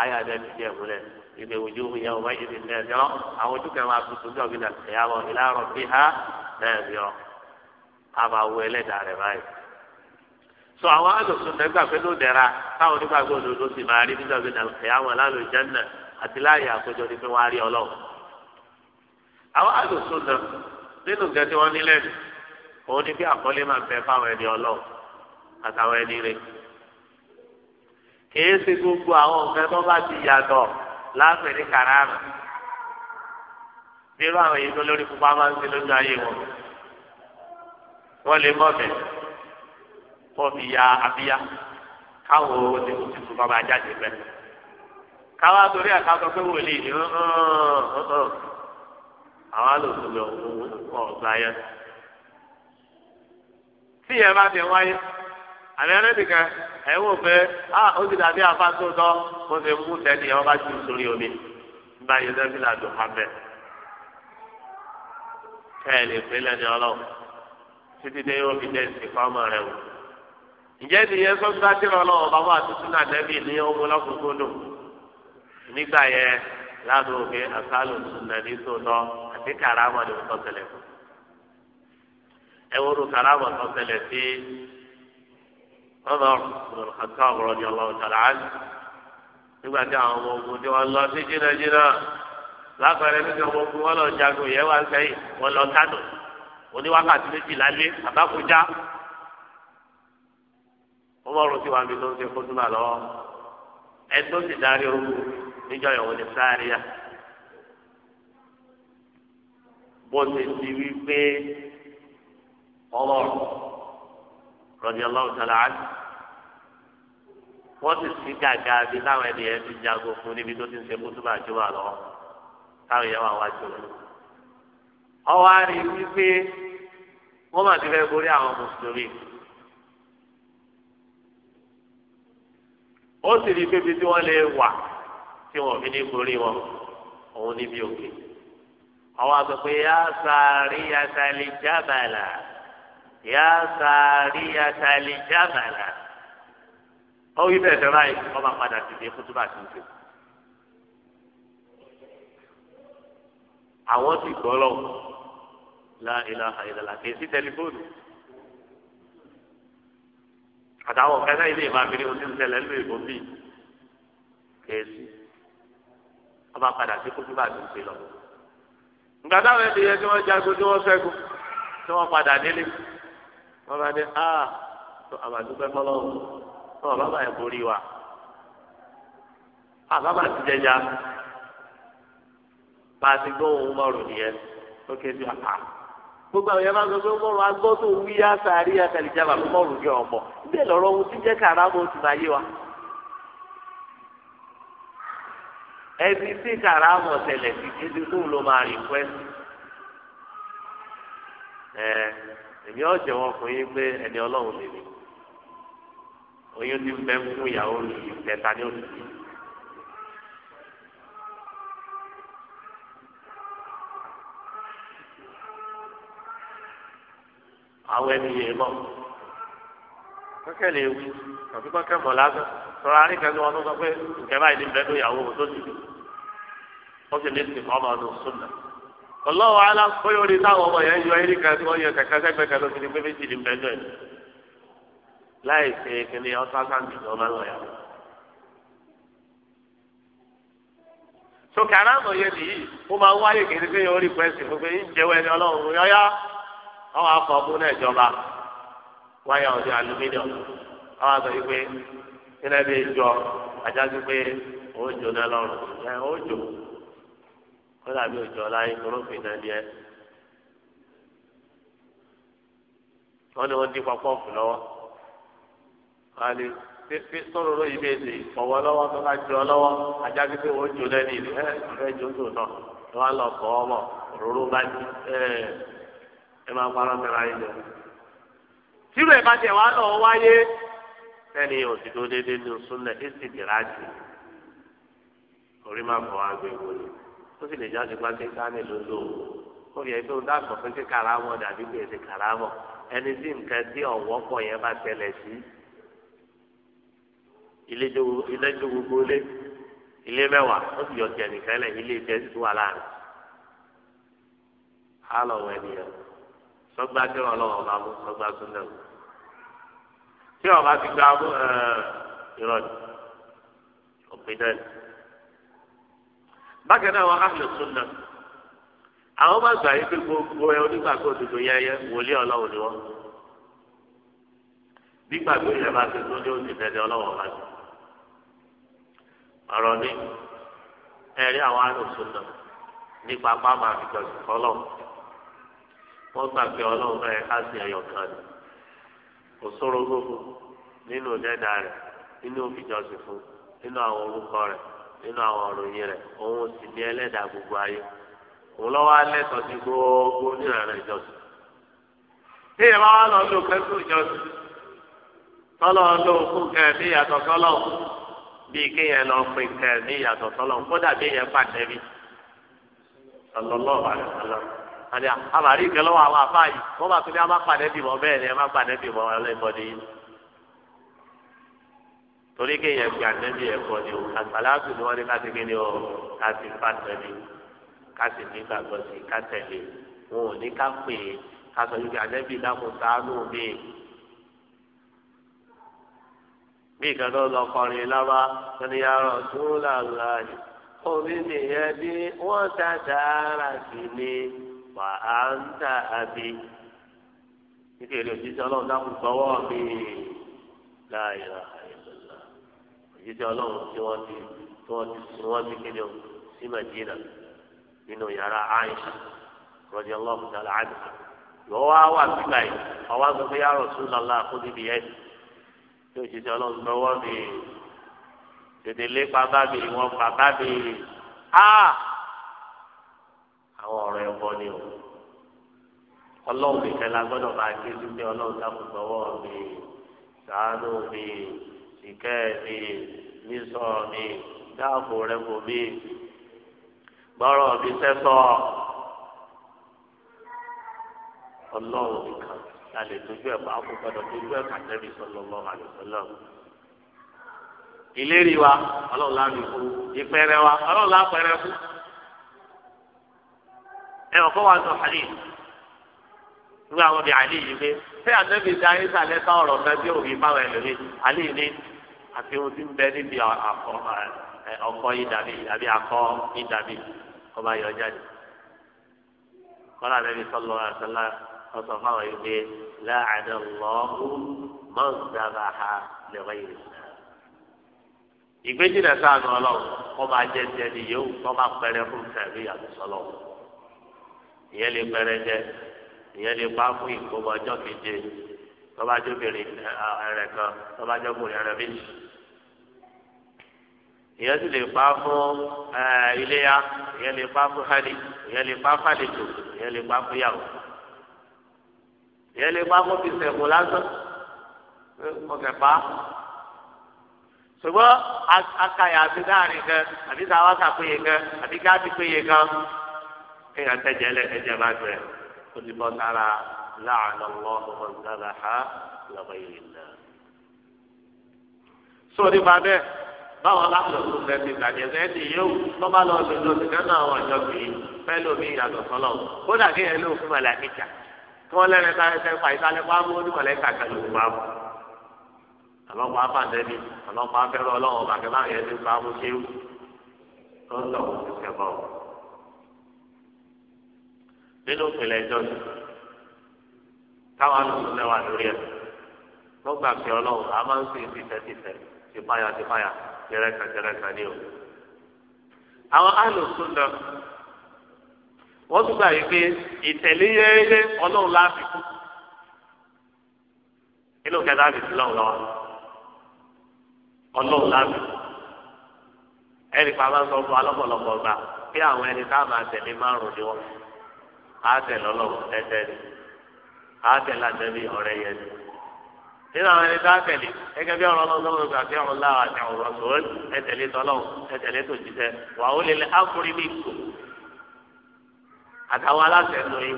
ayé adé ti jẹ ìmúlẹ̀ ìdè ojú ojú kẹwàá àtúntò ní ọ̀gbìn àti báyìí sọ àwọn àdùnsùn nẹgbà pé ló dẹra táwọn onígbàgbọ́ òdodo sì máa rí nígbà pé nàìjíríà wọn lálẹ́ ìjánná àti láàyè àkójọ ni pé wọ́n á rí ọlọ́run. àwọn àdùnsùn náà nínú nǹkan tí wọ́n nílẹ̀ nù òun ni bí àkọlé máa bẹ fáwọn ẹni ọlọ́run àtàwọn ẹni rẹ̀. kìí ṣe gbogbo àwọn nǹkan tó bá ti yàtọ̀ láàfin ní kàràmù nínú àwọn èyí tó lórí pupa máa ń ṣe lójú ayé wọn wọ́n lè mọ̀ bẹ́ẹ̀ kó ya abíyá káwọn oṣù tuntun kọ́ jáde bẹ́ẹ̀. káwọn torí ẹ̀ka sọ pé wòlíì ni àwọn alòsùnlẹ̀ ọ̀gbà yẹn. tí yẹn bá ti wáyé àmì ẹlẹ́dì kan ẹ̀ wò pé a ó ti dàbí afásótọ́ mo ti mú sẹ́ni ẹ̀ wọ́n bá ti sórí omi nígbà yẹn sẹ́ni làdùn abẹ́. kẹ́ ẹ̀ lè pé lẹ́ni ọlọ́run títí dé yóò fi dé ìsìnkú ọmọ rẹ̀ wò. ǹjẹ́ ìdíyẹ sọ́gbà tí ìrọ̀lọ́ bàbá àtúntò náà dẹ́bí ní ọmọ lọ́kùnkún nígbà yẹn láàbò òkè àti ní ọ̀tọ̀tẹ̀lẹ̀ fún. ọ̀tọ̀tẹ̀lẹ̀ sí ọ̀nà àti ọ̀rọ̀ ni ọlọ́run tàlà á nígbà tí àwọn ọmọ ogun tí wọ́n lọ sí jìnnàjìnnà lápẹẹrẹ nígbà ọmọ ogun wọn lọ jagun yẹn wá sẹ́yìn wọn lọ kánò oníwákàtí méjìlá lé àbákújá wọ́n bá rún sí wa mi tó ń ṣe kó túmọ̀ lọ́wọ́ ẹ tó sì darí ogun níjọ́ ìwọ̀n ní sáríà bó ṣe ti wí pé ọlọ́run rọ̀dí ọlọ́run tẹ̀lé àti wọ́n sì sí gàgà bí táwọn ẹni yẹn ti jago fún níbi tó ti ń ṣe kó túmọ̀ àjọwà lọ́wọ́ táwọn yẹn wà wá jù lọ. ọwọ́ á rí wípé wọ́n mà ti fẹ́ borí àwọn mùsùlùmí. ó sì rí pé tí wọ́n lè wà tí wọ́n fi ní borí wọn òun níbi òkè àwọn àgbẹ̀pẹ̀ yá sàárì àtàlì jábàlà yá sàárì àtàlì jábàlà ó wí bẹ́ẹ̀ tẹ́lá yìí wọ́n máa padà sí ilé kútúbà tó ń tẹ̀. àwọn ti gbọ́ lọ́wọ́ la ilaha illallah kì í sí tẹlifóònù. àtàwọn ọ̀kẹ́ náà ilé ìmáfìlẹ̀ oṣù tẹ̀lẹ̀ ló èbó bíi kéésì ọba padà sí bá ti ṣe lọ. ìgbà táwọn ẹni yẹn tí wọ́n jagun tí wọ́n ṣẹ́gun tí wọ́n padà wọ́n bá dé a tó àbàdúgbẹ́ tó borí wa ah, gbogbo àwọn yẹn gbogbo sọ pé mọ̀rún agbọ́dọ̀ wí àtàrí àtàlìjàmbá fún mọ̀rún jẹ ọmọ bẹ́ẹ̀ lọ́rọ́ ohun tí jẹ́ kàràmù ti máa yé wa. ẹni tí kàràmù ọ̀sẹ̀lẹ̀ ti ti ti fún ló máa rìn pẹ́. ẹ èmi ọ̀ jẹ́wọ́ pé ẹni lè mi àwọn ẹni yẹn mọ̀ kọ́kẹ́ tàbí kọ́kẹ́ mọ̀ lásán sọ̀rọ̀ ni wọ́n tó sọ pé nkẹ́ báyìí ní bẹ́ẹ̀ ló yàwó tó ti dùn wọ́n sì lè sìn kọ́ ọmọ ọdún sùn náà ọlọ́wọ́ alá bóyá orí táwọn ọmọ yẹn yọ eríkẹ́ tí wọ́n yọ kẹ̀kẹ́ sẹ́gbẹ̀kẹ́ ló fi ní pé méjì ní bẹ́ẹ̀ lọ́ẹ̀ láì ṣe kíní ọ̀sán sáǹdì ni wọ́n máa ń lọ yàwó. sọ̀kẹ́ aráàmọ̀ yẹn nìyí ó máa ń wáyé kìnnìkan yẹn ó rí pẹ́ẹ́sì fún pé ń jẹ́wọ́ ẹni ọlọ́run yọ́yá ọwọ́ afọ ọdún náà jọba wáyà ọdún alumíníọ̀mù ọwọ́ àgbà yìí pé nílẹ̀ bí jọ àjáde pé òjò náà lọ́rùn ẹ̀ òjò ó dàbí òjò ẹ. wọ́n ní dị dín pọ́pọ́ọ̀fù ẹ máa parọ́ tẹ̀ra yín lọ. tírò ẹ̀ bá tẹ̀ wá lọ wáyé sẹ́ni òsìkò déédéé ní súnlẹ̀ èsì dìrájì orí máa fọ àgbẹ̀ wọlé ó sì lè jáde pa kéka ní lólo ó yẹ kí o dàgbọ́ pé kí karamọ̀ dàbí kí èsì karamọ̀ ẹni tí nǹkan tí ọ̀wọ́ pọ̀ yẹn bá tẹ̀lẹ̀ sí ilé jó gbogbo lé ilé mẹ́wàá ó sì yọ tẹ̀ nìkan lẹ̀ ilé ìtẹ́sí tó wà láàrin. á lọ sọgbà tí wọn lọ́wọ́ bá mú sọgbà súnlẹ̀ wò tí wọn bá ti gba mú ìrọ̀lẹ́ òpinlẹ̀ bákan náà wọn áhùn súnlẹ̀ àwọn bá gbà yí pé gbogbo ẹ onígbàgbọ́ òdodo yẹyẹ wòlíì ọlọ́run ni wọn nígbàgbọ́ yẹn bá ti lóde òsì tẹ̀lé ọlọ́wọ́ bá ti ọ̀rọ̀ ni ẹ̀rí àwọn àlùsùn náà nípa pàmò àfikọ̀sì fọlọ́wọ́. wọ́n gbà pé ọlọ́run náà ẹ̀ka sí ẹyọ kan ni nínú dẹ́dà rẹ̀ nínú òfìjọsìn fún nínú àwọn orúkọ rẹ̀ nínú àwọn òròyìn rẹ̀ òun sì ní gbogbo ayé òun lọ́wọ́ alẹ́tọ̀ọ́ sí gbogbo nírànà ìjọsìn. tí bá wà lọ lò ìjọsìn lò fún kẹ̀mí ìyàtọ̀ kéèyàn lọ pè kẹ̀mí àti àmàrí ìkẹlọ́wọ́ àwọn afá yìí wọ́n bá tún ní a má pàdé bìmọ̀ bẹ́ẹ̀ ni ẹ má pàdé bìmọ̀ ọlọ́mọdé yìí. torí kéèyàn fi àtẹ́bí ẹ̀kọ́ ni o àgbàlagbà ni wọ́n ní káti kí ni o káti pàtẹ́bí káti nígbàgbọ́ sí kátẹ́lẹ̀ e. wọn ò ní ká pè é kásọ yìí kí àtẹ́bí dákun sáánù mi. bí ìkànnì ọlọ́kọrin lábá sọ́niyàrá tó làlàyé omi nìyẹn bí wọ́n ṣàṣàrà sí ni wà á ń tà àbí nítorí òjíṣẹ́ ọlọ́run dákun gbọ́wọ́ mi láàyè àìlọ́lá òjíṣẹ́ ọlọ́run tí wọ́n ti tí wọ́n ti sùn wọ́n ti kéde o sí Madina nínú yàrá Aisha rọ̀jẹ̀ ọlọ́run tààlà àdìsá lọ́wọ́ á wà síbà yìí ọwọ́ á sọ pé yàrá lọ́la kó níbi yẹn tí òjíṣẹ́ ọlọ́run gbọ́wọ́ mi tètè lépa bá mi ìwọ̀n bàbá mi ah! àwọn ọ̀rọ̀ ẹ̀kọ́ ni o ọlọ́run nìkan la gbọ́dọ̀ máa ké sí pé ọlọ́run dákun gbọ́wọ́ mi ṣàánú mi ìkẹ́ mi nísọ mi dáàbò rẹ bò mí gbọ́rọ̀ mi sẹ́sọ̀ ọlọ́run nìkan la lè tójú ẹ̀ pa kó gbọ́dọ̀ tójú ẹ̀ kàtẹ́bí sallallahu alaihi wasallam ìlérí wa ọlọ́run láàbì fún ìpẹrẹ wa ọlọ́run láàpẹrẹ fún ẹ ọ̀kọ́ wa sọ hali nígbà wọn bí ali yìí pé ṣé ànábì dá ayéṣà lẹ́ka ọ̀rọ̀ kan tí òbí báwọn ẹlòmíì ali ní àti ohun tí ń bẹ níbi àkọ ọkọ ìdàbí àbí akọ ìdàbí ọba yọ jáde kọ́lá ànábì sọlọ àṣàlá ọsọ fáwọn yìí pé láàánú lọ́ọ́hù mọ́ǹdàbà ha lẹ́wọ́ yìí ìgbéjìnà sáà nù ọlọ́run kọ́ máa jẹ́ ti ẹni yòówù kọ́ máa pẹrẹ fún kẹrì àti sọlọ́run ìyẹn lè pẹrẹ jẹ ìyẹn lè pa fún ìkómọ ọjọ́ keje tọbajọ obìnrin ẹrẹ kan tọbajọ obìnrin ẹrẹ méjì ìyẹn sì lè pa fún iléyà ìyẹn lè pa fún hali ìyẹn lè pa fún àlejò ìyẹn lè pa fún yàwó ìyẹn lè pa fún bisẹ̀kù lásán ọkẹ̀ pa ṣùgbọ́n akayà àti dáàrin kan àbí sáwá sàpéye kan àbí gáàbí péye kan kéèyàn tẹ̀jẹ̀ lẹ̀ ẹ̀jẹ̀ bá gbẹ ó ti bọ́ sára láàánú wọn ọmọ ìdára ha lọ́wọ́ yìí nà. sórí ma bẹ́ẹ̀ báwọn lápò tó fẹ́ ti gbàjẹ́ fẹ́ ti yóò lọ́ba lọ sí lọ sí kánú àwọn ọjọ́ bíi fẹ́ lómi ìyàtọ̀ sọ́lọ̀ ó dà kéèyàn ló fún mọ̀lẹ́ àkíkà tí wọ́n lẹ́rẹ̀ẹ́ ká ẹsẹ̀ fà ìsàlẹ̀ pa mú ní mọ̀lẹ́ kàkà ló fún wa mú. ọlọ́pàá fàdẹ́bí ọlọ́pàá fẹ́ràn ọlọ́wọ́ bàkẹ́ báyẹn ti pa mú ṣéwù tó ń lọ nínú ìpìlẹ̀ ẹjọ́ yìí táwọn alùpùpù náà lórí ẹ̀ tó gbà pé ọlọ́run a máa ń sìn tìtẹ̀tìtẹ̀ tìpáyà tìpáyà jẹrẹkà jẹrẹkà o. àwọn alùpùpù náà wọ́n tún gbà yìí ìtẹ̀lé yẹ́yẹ́ ọlọ́run láàfin kú nínú kẹta àbí sí lọ́wọ́ lọ́wọ́ ọlọ́run láàfin ẹ̀rí pa máa ń sọ fún alọ́pọ̀lọpọ̀ gbà pé àwọn ẹni tá a máa tẹ̀lé àtẹ lọlọ tẹtẹ ni àtẹ lànàbí ọrẹ yẹn ni nínú àwọn ẹni tó àtẹlẹ gẹ́gẹ́ bí ọ̀rọ̀ Ọlọ́run lọ́wọ́ gbàgbé ọ̀rọ̀ láwà àti ọ̀rọ̀ sọọl ẹtẹlẹ tọlọ ẹtẹlẹ tó jíṣẹ wà ó lélẹ áfúrí mi kù àtàwọn aláṣẹ tó yìí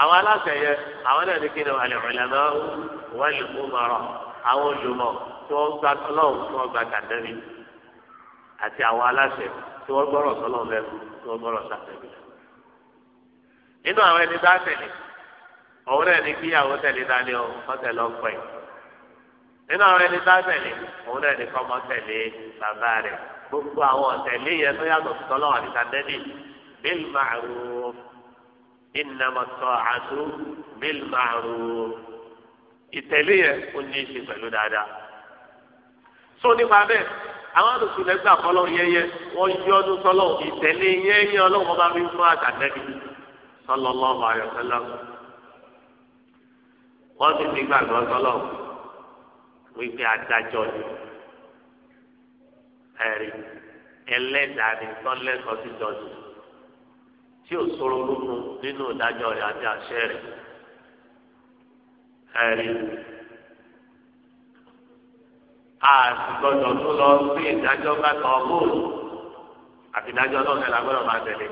àwọn aláṣẹ yẹ àwọn ẹni kí ni wà lè rìn lọ wọn lè kú mọrọ àwọn olùmọ tí wọn gbà tọlọ tí wọn gbà kàdébí àti àwọn aláṣẹ tí wọn gbọ́rọ̀ tọlọ mẹfù tí wọn gbọ́rọ̀ sàtẹbí lọ nínú àwọn ẹni bá tẹ̀lé òun náà ní kíyàwó tẹ̀lé dání o kọ́tẹ̀ lọ pẹ̀ nínú àwọn ẹni bá tẹ̀lé òun náà ní kọ́mọ tẹ̀lé bàbá rẹ̀ gbogbo àwọn ọ̀tẹ̀lé yẹn tó yàtọ̀ sọ́lọ́ àti sàdẹ́bì bil ma'ruf innama ta'atu bil ma'ruf ìtẹ̀lé yẹn ó ní í ṣe pẹ̀lú dáadáa tó nípa bẹ́ẹ̀ àwọn àdùsùn lẹ́gbàá fọlọ́ yẹ́yẹ́ wọ́n yí ọdún sọ́lọ́ ìtẹ̀lé صلى الله عليه وسلم ti fi gbàgbọ́ sọ́lọ̀ wípé adájọ́ ni ẹ̀rí ẹlẹ́dàá ni tọ́lẹ́kọ̀ọ́ sí jọ́jú tí ò sọ̀rọ̀ lókun nínú ìdájọ́ rẹ̀ àti àṣẹ rẹ̀ ẹ̀rí àtìgbọ́dọ̀ tó lọ sí ìdájọ́ bá tọ́ bóòlù àti ìdájọ́ náà ní alágbọ́dọ̀ máa tẹ̀lé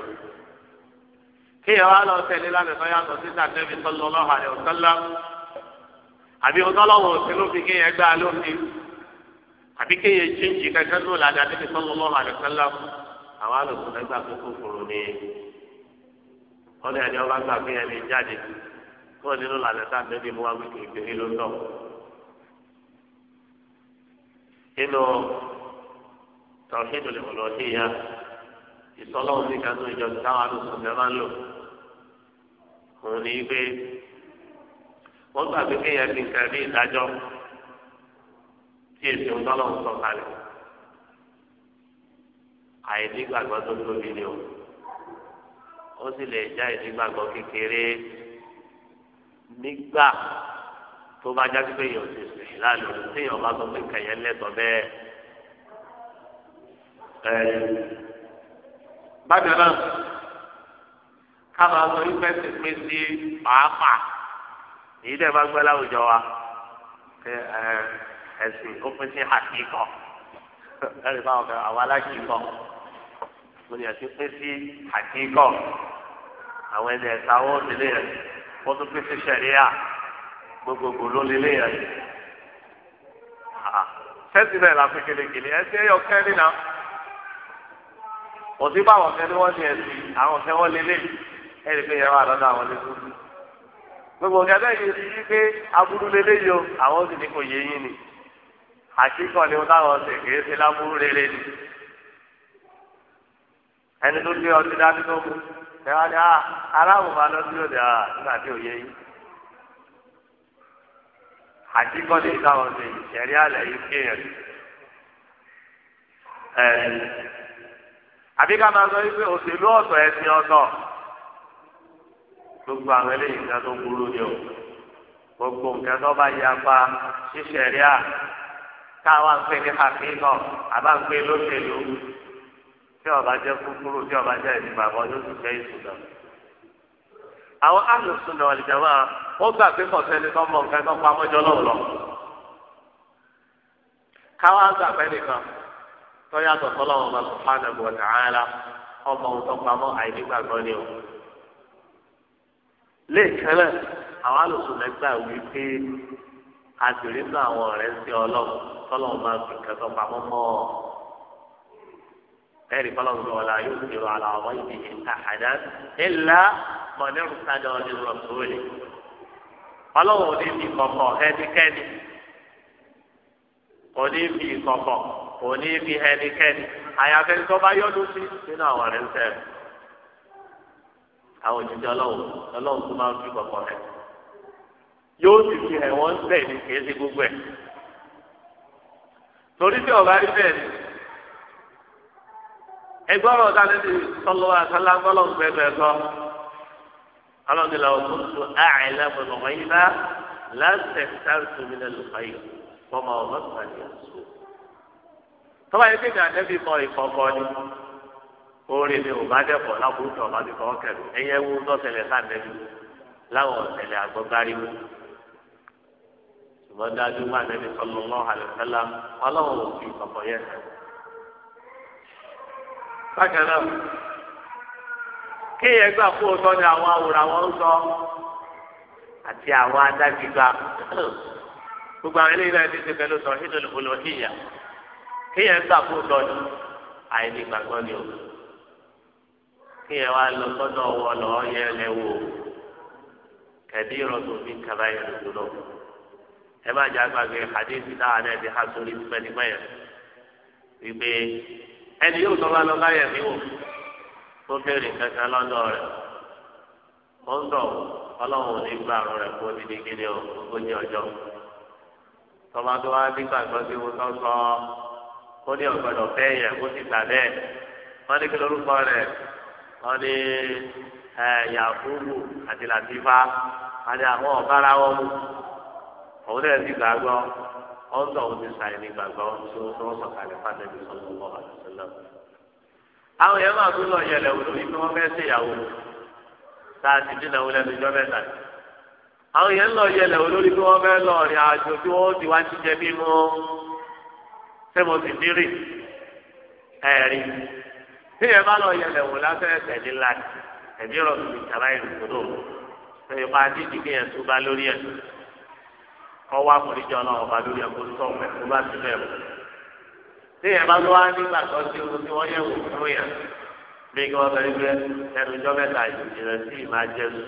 kéèyàn wá lọ tẹ̀lé lánàá tó yàtọ̀ sí sàtẹ́bí sọ́lọ́ lọ́hà rẹ̀ ọ̀tọ́lá àbí ọ̀tọ́lọ́wọ̀ òsín ló fi kéèyàn gbá lófin àbí kéèyàn jíjì kankan ló là dá débi sọ́lọ́ lọ́hà rẹ̀ ọ̀tọ́lá àwọn àlòkù lẹ́gbà tó kó fòrò ní wọ́n ní ẹni ọba gbà kéèyàn lè jáde kó o nílò lànà sàtẹ́bí mú wáwí kékeré ló tọ̀ nínú tọ̀hídùn ìmọ̀lọ́ọ̀dé yá ìsọlọ́wọ́ òun ní pé wọ́n gbà pé kéèyàn ti ń kẹ́ bí ìdájọ́ tí èsì ń sọ kalẹ̀ àìdígbàgbọ́ tó tóbi ni o ó sì lè já ìdígbàgbọ́ kékeré nígbà tó bá já pé èèyàn káma sọ wípé ti pín sí pàápàá èyí dẹ̀ bá gbẹ́ láwùjọ wa ẹ̀sìn ó pín sí àkíkọ̀ ẹ̀rì báwọn kan àwọn alákìíkọ̀ mo ní ẹ̀sìn pín sí àkíkọ̀ àwọn ẹni ẹ̀ka wọn ò délé yẹn wọ́n tún pín sí sẹ̀ríà gbogbogbò ló lélé yẹn sẹ́sì bẹ́ẹ̀ la fi kelekele ẹsẹ̀ yọ kẹ́rin náà òsínbàwọ̀ kẹ́rin wọ́n ní ẹ̀sìn àwọn kẹ́ wọ́n lélẹ̀ yìí. ẹni pé yẹn wà lọ́dọ̀ àwọn lẹ́kọ̀ọ́ gbogbo ọ̀gá bẹ́ẹ̀ ni ti pé aburú lélẹ́ yìí o àwọn sì ní kò yé yín ni àṣìkọ́ ni wọ́n táwọn ṣe kìí ṣe lélẹ́ ni ẹni tó gbé ọtí dání tó mú ẹwà ni ah, aláwọ̀ máa lọ sí òde ah, nígbà tí ò yé yín ni táwọn ṣe ìṣẹ̀rí àlẹ́ yìí kéèyàn gbogbo àwọn eléyìí nǹkan tó burú ni o gbogbo nǹkan tó bá ya pa ṣíṣẹ̀rí à káwa ń pè ní àfihàn àbá lóṣèlú tí ọba jẹ kúkúrú tí ọba jẹ ìdìbàbọ yóò sì jẹ ìṣúná. àwọn àlùsùn náà lè jẹun àwọn ó gbà pé kọ̀sẹ́ni tó mọ nǹkan tó pamọ́ jọ lọ́wọ́ lọ. káwa gbà pé nìkan tó yàtọ̀ sọ́lọ́wọ́ ọmọ sùpánà bọ̀ tààlà ọmọ òun tó pamọ́ àìdígbàgbọ́ ni o lẹ́ẹ̀kan náà àwọn alùsùn lẹ́gbà wí pé àtìrí nù àwọn ọ̀rẹ́ sí ọlọ́run tọ́lọ́run máa fi kẹtọ́ pamọ́ mọ́ ọ. ẹ̀rí fọlọ́run lọ́wọ́ la yóò fi wàhálà ọmọ ìdí àhàdá ńlá mọ̀nẹ́rù sájà ọdún rọ̀tòlì. ọlọ́run ò ní fi kọ̀kọ̀ ẹnikẹ́ni kò ní fi kọ̀kọ̀ kò ní fi ẹnikẹ́ni àyàfẹ́ tó bá yọ́dún sí nínú àwọn ọ̀rẹ́ sẹ́ẹ̀ àwọn òjijì ọlọ́run ọlọ́run tó máa ń fi kọ̀kọ̀ rẹ̀ yóò sì fi hẹ̀ wọ́n sẹ̀ ní kìí ṣe gbogbo ẹ̀ torí tí ọ̀gá rí bẹ́ẹ̀ ni ẹgbọ́rọ̀ dáná ti sọlọ́wọ́ àtàlágbọ́lọ́ gbẹgbẹ sọ alọ́nìlà ọ̀kúntu àìlẹ́ mọ̀lọ́mọ́ yìí bá láǹtẹ̀ sáǹtù mi lẹ́nu fàyè fọmọ ọ̀gá tó bá yẹ kó. tọ́ba yẹ kéde àtẹ́bí mọ ìkọ̀kọ̀ ni. orí mi ò bá dẹ̀pọ̀ lábúrúkú ọ̀bá ti fọwọ́ kẹ̀lú ẹ̀yẹ wú lọ́sẹ̀lẹ̀ sáńdẹ̀lú láwọn ọ̀sẹ̀lẹ̀ àgbọ̀gbáríwú. ṣùgbọ́n dájú nẹ́ni ò fi bákan náà kéèyàn gbà fún ni àwọn àwọn ń sọ àti àwọn adágbígba gbogbo àwọn eléyìí náà ti ṣe pẹ̀lú hídùn kéèyàn gbà fún kí ẹ wá lọ sọ́dọ̀ wọ lọ́ọ́ yẹ lẹ wò kẹ̀dí ìrọ̀tò mi kaba yẹn lọ́dọ̀ ẹ má jẹ́ àgbàgbé hadith náà náà ti hàn sórí pẹ́ẹ́nìpẹ́ẹ́ wípé ẹni yóò tọ́ bá lọ báyẹ̀ mí wò tó béèrè kankan lọ́dọ̀ rẹ̀ ó ń dọ̀ ọlọ́run ní gbà àrùn rẹ̀ kó ní dígídé ogójì ọjọ́ tọ́ba tó wá nígbàgbọ́ sí wọn tó sọ ó ní ọ̀gbọ́dọ̀ fẹ́ yẹ kó sì gbà bẹ́ẹ̀ wọ́n ní kí lórúkọ rẹ̀ wọn ní yakubu àti latifa àti àwọn ọ̀bára wọn mú òun náà ti gbàgbọ́ wọn tó àwọn ti sàyẹn ní gbàgbọ́ tí tó wọn sọ kalẹ̀ fàtẹ́bí sọ́nù ọmọ àtúnṣe àwọn yẹn máa gbé lọ yẹlẹ wò lórí pé wọn fẹẹ ṣèyàwó sáà ti dín wọlé ẹnu ìjọba ẹ̀ta àwọn yẹn lọ yẹlẹ olórí tí wọn fẹ́ lọ rìn àjò tí wọn ti wá jíjẹ mímú sẹmọsì mírì ẹẹrin tí yẹn bá lọ yẹlẹ̀ wò lásán ẹsẹ̀ nílá ẹ̀mí rọ̀ mi kàrá ìrùkúrò ẹ̀yìn máa dídì kí yẹn túbá lórí ẹ̀ kọ́ wá foríjọ náà ọba lórí ẹ̀ kó tọ̀ ẹ̀ kó bá ti bẹ̀rù. tí yẹn bá lọ́wọ́ nígbà tó ti wo tí wọ́n yẹ̀ wò fún yẹn bí kí wọ́n sọ wípé ẹnu ìjọ mẹ́ta ìjìnlẹ̀ sí ì máa jẹ́ su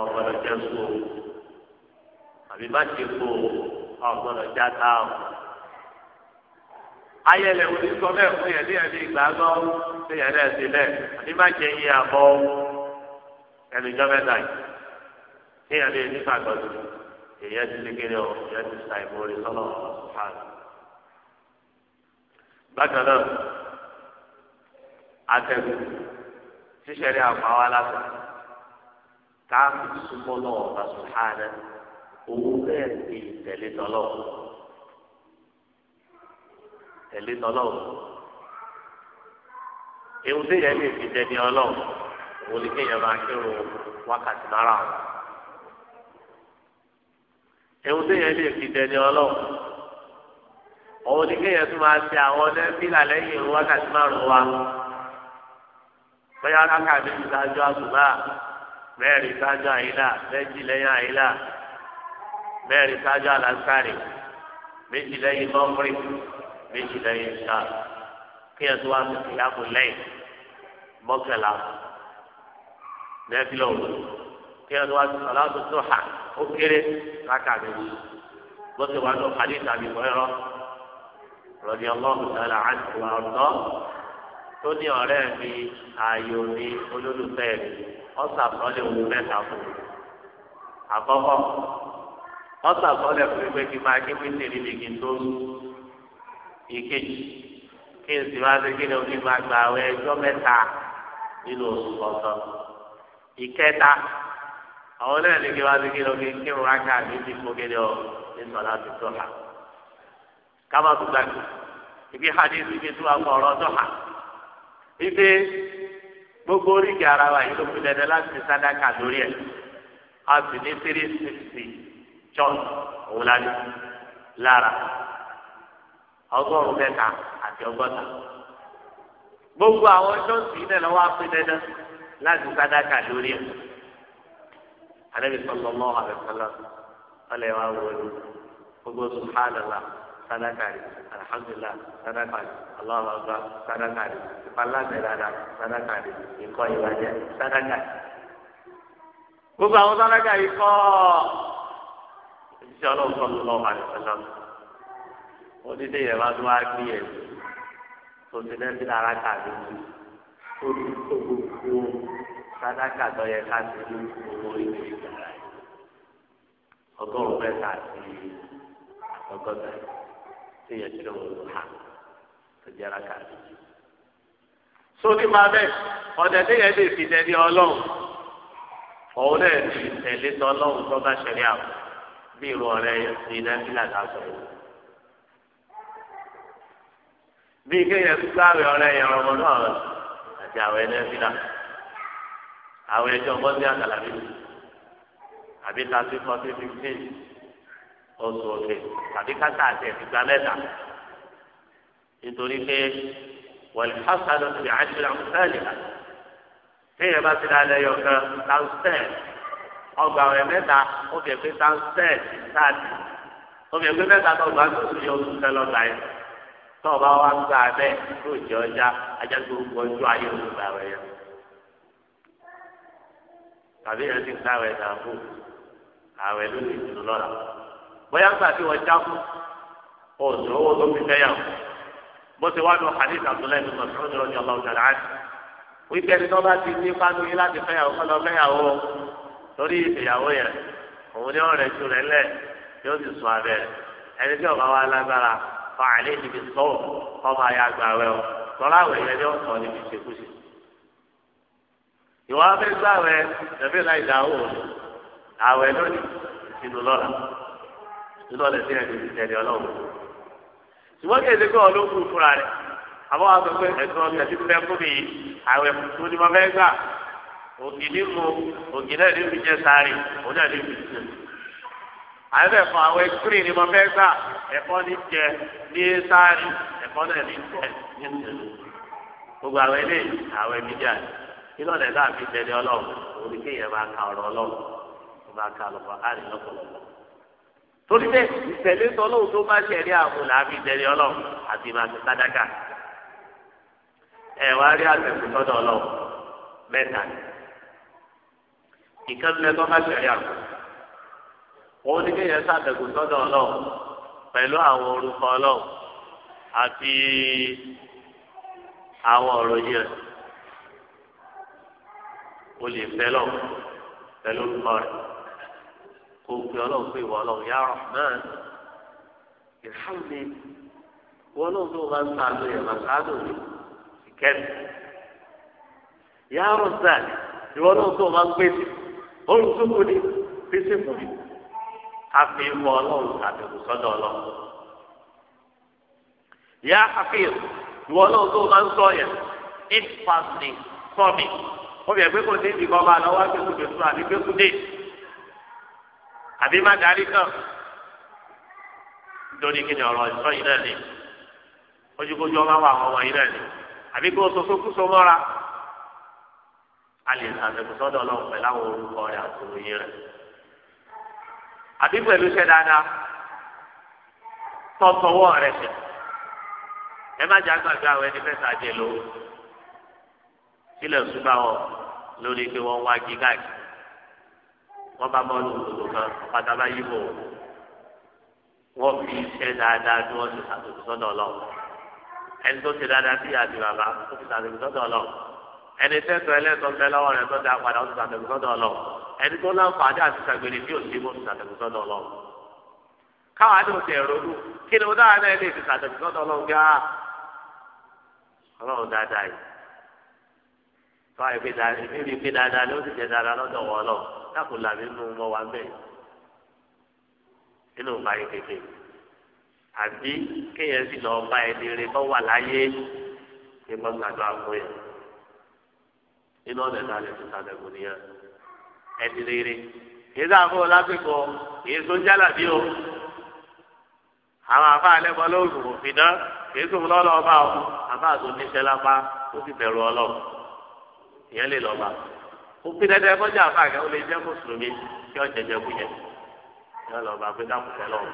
ọ̀gbọ́dọ̀ jẹ́ su o àbí má ti kó ọ̀gbọ́dọ̀ já tá o ayẹlẹ wo ni sọ bẹ́ẹ̀ fún yẹn ní ẹni ìgbà gbọ́ ṣé yẹn náà ṣe bẹ́ẹ̀ àbí má jẹ iye àbọ ẹnu ìjọ mẹ́ta yìí ṣé yẹn lè ní fàgbọdù èyàn ti lékeré ọ èyàn ti sa ìmọ̀ orí sọlọ ọsùnfàn. bákan náà atẹ̀gùn ṣíṣẹ́rí àpáwá lásán káàkiri súnmọ́ lọ́wọ́ ọ̀sùnfàn owó bẹ́ẹ̀ ti tẹ̀lé tọ́lọ́wọ́. tẹ̀lé tọ́lọ́wọ́ ewu tí yẹn lè fi dẹni ọlọ́wọ́ òun ni kéèyàn máa kírun wákàtí mara wọn ewu tí yẹn lè fi dẹni ọlọ́wọ́ òun ni kéèyàn tún máa ṣe àwọn nẹ́fílà lẹ́yìn wákàtí márùn wa káka mi ti sáájú àtúbà sáájú àyílà àyílà sáájú méjì méjì lẹ́yìn ṣá kí ẹ tó wá sí ìyàgò lẹ́yìn mọ́kànlá nẹ́fìlà òru kí ẹ tó wá sí ọ̀làdó tó hà ó kéré káka méjì bó ti wá lọ kálí tàbí mọ́ẹ́rọ́ rọ̀dí ọlọ́run tààlà àti ọ̀dọ́ tó ní ọ̀rẹ́ mi ààyò mi olólùfẹ́ mi ọ̀sà kọ́lẹ̀ òun mẹ́ta fún mi àkọ́kọ́ ọ̀sà kọ́lẹ̀ fún mi pé kí n máa kí wíńtì níbi kí n tó sùn ìkejì kí n sì máa ṣe kí ni òní máa gba àwọn ẹjọ́ mẹ́ta nínú oṣù kọ̀ọ̀kan ìkẹta àwọn náà ní kí wọ́n ṣe kí ni òní kí n ra ká ní ti fún kí ni ọ ní sọ̀rọ̀ àti sọ̀rọ̀ ká má tó gbàgbé ibi hadith ibi tó wà kọ̀ ọ̀rọ̀ sọ̀rọ̀ ibi gbogbo oríkì ara wa yìí ló fi dandan láti sádàkà lórí ẹ a sì ní three sixty chọ́ọ̀nù òun lára ọgọ́rùn mẹ́ta àti ọgọ́ta gbogbo àwọn ṣọ́ọ̀ṣì náà lọ́wọ́ apẹ dandan láti sádàkà lórí ẹ̀ alẹ́bí sọ̀tọ̀ mọ́ àbẹ̀sọ̀lá ọlẹ́ wa wọlé gbogbo subhanallah sádàkà rẹ̀ alhamdulilah sádàkà rẹ̀ Allahu akbar sádàkà rẹ̀ ìpalàbẹ̀lára sádàkà rẹ̀ ìkọ́ ìwájẹ́ sádàkà rẹ̀ gbogbo àwọn sádàkà yìí kọ́ ọ́ ìṣẹ́ ọlọ́run sọ̀tọ̀ mọ́ àbẹ̀sọ̀lá onídé yẹn bá tún wá gbé yẹn tó ti lẹ́sìn ara kà lójú tó ti tó gbogbo sádàkà tó yẹ ká ti ní owó ìlú ìgbàlá yìí ọgọ́rùn-ún mẹ́ta àti ọgọ́ta tí yẹn ti lọ wọ́n ha tó jẹ́ ara kà lójú. sóní máa bẹ́ẹ̀ ọ̀dẹ̀ tí yẹn lè fi tẹ̀lé ọlọ́run òun náà ti tẹ̀lé tọ́lọ́run tó bá ṣẹlẹ̀ àwọn bí irun ọ̀rẹ́ ìdẹ́bílà ká sọ̀rọ̀. bíi kéèyàn tó sáàwé ọ̀rẹ́ yẹn ọmọ náà àti àwọn ẹni ẹbí náà àwọn ẹjọ́ bọ́ndé àgàlàbí àbí tàbí fọ́tí fífín oṣù òkè tàbí kátà àti ẹ̀fìgbà mẹ́ta nítorí pé wọ̀lì hásánù ti àṣírí àmúfẹ́lì à kéèyàn bá ti dáná ẹyọ kan táǹsẹ̀t ọgbà ọ̀rẹ́ mẹ́ta ó fi ẹgbẹ́ táǹsẹ̀t táàdì ó fi ẹgbẹ́ mẹ́ta tó gbàgbọ́ tọ́ọ̀bá wa ń gbà bẹ́ẹ̀ yóò jẹ ọjà ajá gbogbo ọjọ́ ayé òun gbà wẹ̀ yẹn. tàbí yẹn ti ń sáwẹ̀ dàbò àwẹ̀ ló lè dùn lọ́la. bóyá ń gbà tí wọ́n já fún ọ̀sùn owó tó fi fẹ́ yà wọ́n. bó ti wá lọ hadith Abdullahi bin Mas'ud radiyallahu ta'ala anhu. wíkẹ́ ni tọ́ba ti ní pánú yín láti fẹ́ yàwó kọ́lọ́ fẹ́ yàwó torí ìfẹ̀yàwó yẹn òun ni ọ̀rẹ́ tu rẹ̀ lẹ̀ yóò sì sùn abẹ́ ẹni tí ọ̀gá wa lágbára fa àlẹ́ níbi sọ́ọ̀ ọmọ ayé àgbà rẹ o tọ́lá àwẹ̀ yẹn ni ó sọ níbi ìṣekúṣe. ìwà bẹ́ẹ̀ gbà rẹ ẹ̀fẹ́ láì dáwọ́ àwẹ̀ lónìí ìsinú lọ́la ìsinú ọ̀lẹ̀ sí ẹ̀dùn ìtẹ̀lẹ̀ ọlọ́run. ṣùgbọ́n kí ẹ̀sìn kọ́ ọlọ́kùn fúnra rẹ̀ àbọ̀ wà pẹ̀pẹ́ ẹ̀sìn ọ̀sẹ̀ tí fẹ́ fún mi àwẹ̀ tó ní mo fẹ́ gbà ògì ní mo ògì náà ní mi jẹ́ sáré òun náà ní mi jẹ́ àyẹ̀fẹ́ fún àwọn ekúrì ni mo gbà ẹ̀fọ́ ní jẹ ní sáárì ẹ̀fọ́ náà ní jẹ ní ìlú gbogbo àwọn eléyìí àwọn ẹbí díà kí lọ́dẹ̀ náà fi tẹ̀lé ọlọ́run orí kéèyàn máa ka ọ̀rọ̀ ọlọ́run máa ka lọ́kọ̀ káàdì lọ́pọ̀lọpọ̀ torí bẹ́ẹ̀ ìtẹ̀lé tọ́lọ́run tó bá ṣẹ̀rí àwọn làáfi tẹ̀lé ọlọ́run àti ọlọ́run wọn ní kéèyàn sàtẹ̀kù sọ́dọ̀ ọlọ́run pẹ̀lú àwọn orúkọ ọlọ́run àti àwọn ọ̀rọ̀ yìí rẹ̀ o lè fẹ́ lọ pẹ̀lú orúkọ rẹ̀ kò pe ọlọ́run pé ìwọ ọlọ́run yà rọ̀ náà ìfúnni wọn náà tó bá ń ta àlọ́ yẹn màkà á ìkẹ́mi yà sáà ìwọ náà tó bá ń gbèsè olùsókòdì fèsì fún mi. afi wọ ọlọ́run àbẹ̀wò sọ́dọ̀ ọlọ́run. ya afi ìwọ ọlọ́run tó máa ń sọ yẹn ìfàsì sọ́mi. Wọ́n bẹ̀rẹ̀ pé kò sí ibi kan máa lọ wá gbẹ̀kúgbẹ̀kú àbí gbẹ̀kúdé. Àbí má darí kan. Nítorí kí ni ọ̀rọ̀ ìsọ yìí náà ni? ọmọ yìí náà ni. Àbí kí wọ́n àbí pẹ̀lú iṣẹ́ dáadáa tọ́tọ́wọ́ rẹ̀ sẹ̀ ẹ má jà gbàgbé àwọn ẹni fẹ́ẹ́ sàjẹ́ lò sílẹ̀ ṣùgbà wọn lórí pé wọ́n wá gíga yìí wọ́n bá bọ́ lóòótọ́ kan pátá bá yí bò wọ́n fi iṣẹ́ dáadáa bí wọ́n ti ṣàtòkù sọ́dọ̀ ọlọ́run ẹni tó ṣe dáadáa sí àti bàbá ó ti ṣàtòkù sọ́dọ̀ ọlọ́run ẹni tẹ́tọ̀ ẹlẹ́tọ̀ ẹni tó láǹfààní àti sàgbèrè bí òsì mọ sàtẹkù sọ́dọ̀ Ọlọ́run káwọn àti òsì ẹrọ lù kí ni mo dára náà lè fi sàtẹkù sọ́dọ̀ Ọlọ́run gá Ọlọ́run dáadáa yìí tọ́ àìpé dáadáa ìbí mi pé dáadáa ló ti jẹ dáadáa lọ́dọ̀ wọ́ lọ dákun làmí nù mọ́ wa bẹ́ẹ̀ nínú ìgbà yìí kékeré àbí kéèyàn sì lọ bá ẹni rẹ bọ́ wà láyé ní bọ́ sàdó àpò yẹn nínú ọ̀dẹ̀ ẹni rere kìí sáfọ lásìkò kìí jálàbí o àwọn afa alẹ́bọ lóògùn òfin náà kìí sùn lọ́lọ́ ọba o afa àti oníṣẹ́ lápá ó sì bẹ̀rù ọlọ́run ìyẹn lè lọ́ba ó pín dandan kọjá afa àgẹ́ ó lè jẹ́ mùsùlùmí kí ọ jẹjẹ kú yẹn lọ́ba pé dákùnkẹ́ lọ́wọ́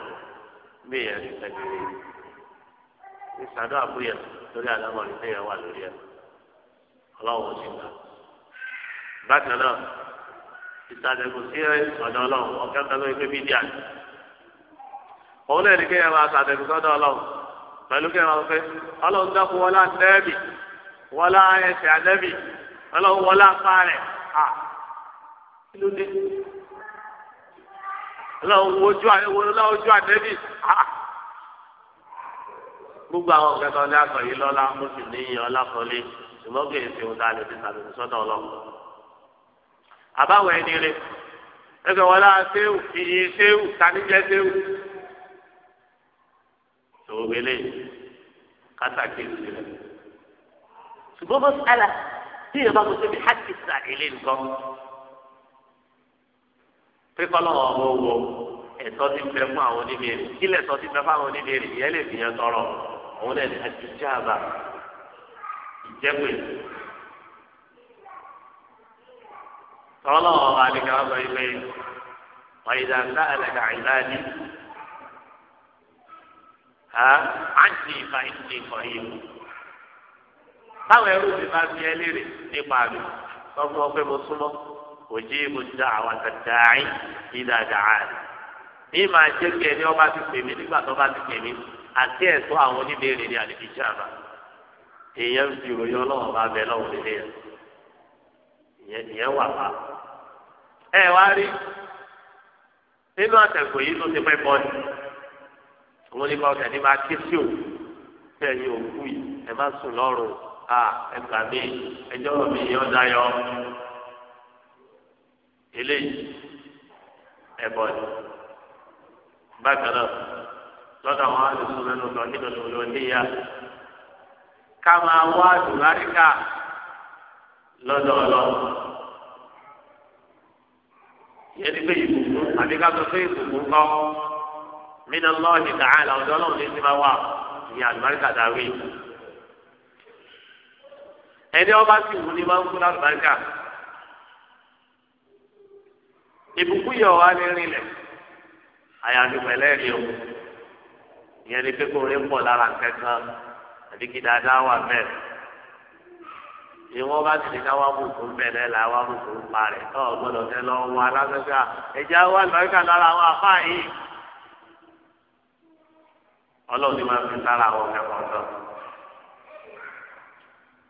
bí ìyẹn lè tẹ̀lé ìsàdó àbúyẹ lórí àlámọ̀rin tó yẹ wà lórí ẹ̀ ọlọ́run ó gbà bákan náà. ìsàdẹ̀kùn sí ọ̀dọ̀ ọlọ́run ọ̀kẹ́ ọ̀kẹ́ lórí pé mídíà òun lè ní kí ẹ máa sàdẹ̀kùn sọ́dọ̀ ọlọ́run pẹ̀lú kí ẹ máa fẹ́ ọlọ́run dákun wọlá nẹ́ẹ̀bì wọlá ẹsẹ̀ ànẹ́bì ọlọ́run wọlá apá rẹ̀ kí ló dé ọlọ́run wojú ojú ànẹ́bì gbogbo àwọn ọ̀gá ní lọ́la àbáwọ̀ ẹni rẹ̀ ẹgbẹ́ wọn lára séwù iye séwù taníjẹ́ séwù. sọ̀rọ̀ eléyìí kátàkì ìsìlẹ̀. ṣùgbọ́n bó sálà tí ìyọ̀bá kò tóbi hákì sà ilé nǹkan. pé kọ́lọ́wọ́ ọmọ owó ẹ̀tọ́ ti fẹ́ fún àwọn oníbèrè kílẹ̀ ẹ̀tọ́ ti fẹ́ fún àwọn oníbèrè ìyẹn lè fi yẹn tọrọ òun náà ní àti jáàbà ìjẹ́pẹ̀lú. tọ́lọ́ ọba àdìgá wà lórí pé ọ̀yìnlá ńlá daga ìbáàdì ha ń ti ìfà ìdílé kan yìí. wee ẹrú mi bá fi ẹ nípa mi sọ fún mo súnmọ́ òjì mo dá àwọn rẹ̀. màá jẹ́ kí ẹni ọba ti pè mí nígbà tó bá ti pè mí àti ẹ̀tọ́ àwọn oníbèrè ni àdìgí jàmbá. èèyàn fi ìròyìn ọlọ́wọ́ bá bẹ lọ́wọ́ nílé yẹn. ìyẹn ẹ wá rí nínú àtẹ̀kọ̀ yìí ló ti fẹ́ bọ́ ni òun ní báwọn tẹ̀lé máa ké sí òun òkú yìí ẹ má sùn lọ́rùn à ẹ gbà mí ẹjọ́ mi yọ dayọ eléyìí ẹ bọ́ ni bákan náà lọ́dọ̀ àwọn àdùsùn lẹ́nu lọ nínú ìlú níyà ká máa wá yẹn ti gbé ìbùkún àbí ká sọ pé ìbùkún kọ́ mínà lọ́ọ̀hìn tààlà ọ̀dọ́ náà ní ti máa wà ní àlùbáríkà dáwé ẹni ọba sì wù ní máa ń kún àlùbáríkà ìbùkún yẹ wá ní rinlẹ̀ àyàdùpẹ̀ lẹ́ẹ̀ni o ìyẹn pé kò rí pọ̀ lára kẹ́kọ̀ọ́ àbí kí dáadáa wà bẹ́ẹ̀ ìwọ bá ti di káwá bùkún ń bẹ̀rẹ̀ là bùkún ń tó o gbọ́dọ̀ tẹ lọ wọ alágbèéká ẹ̀jẹ̀ wà lọ́ríkà lára àwọn afá yìí. ọlọ́run ni máa fi sára àwọn kẹ́kọ̀ọ́ sọ.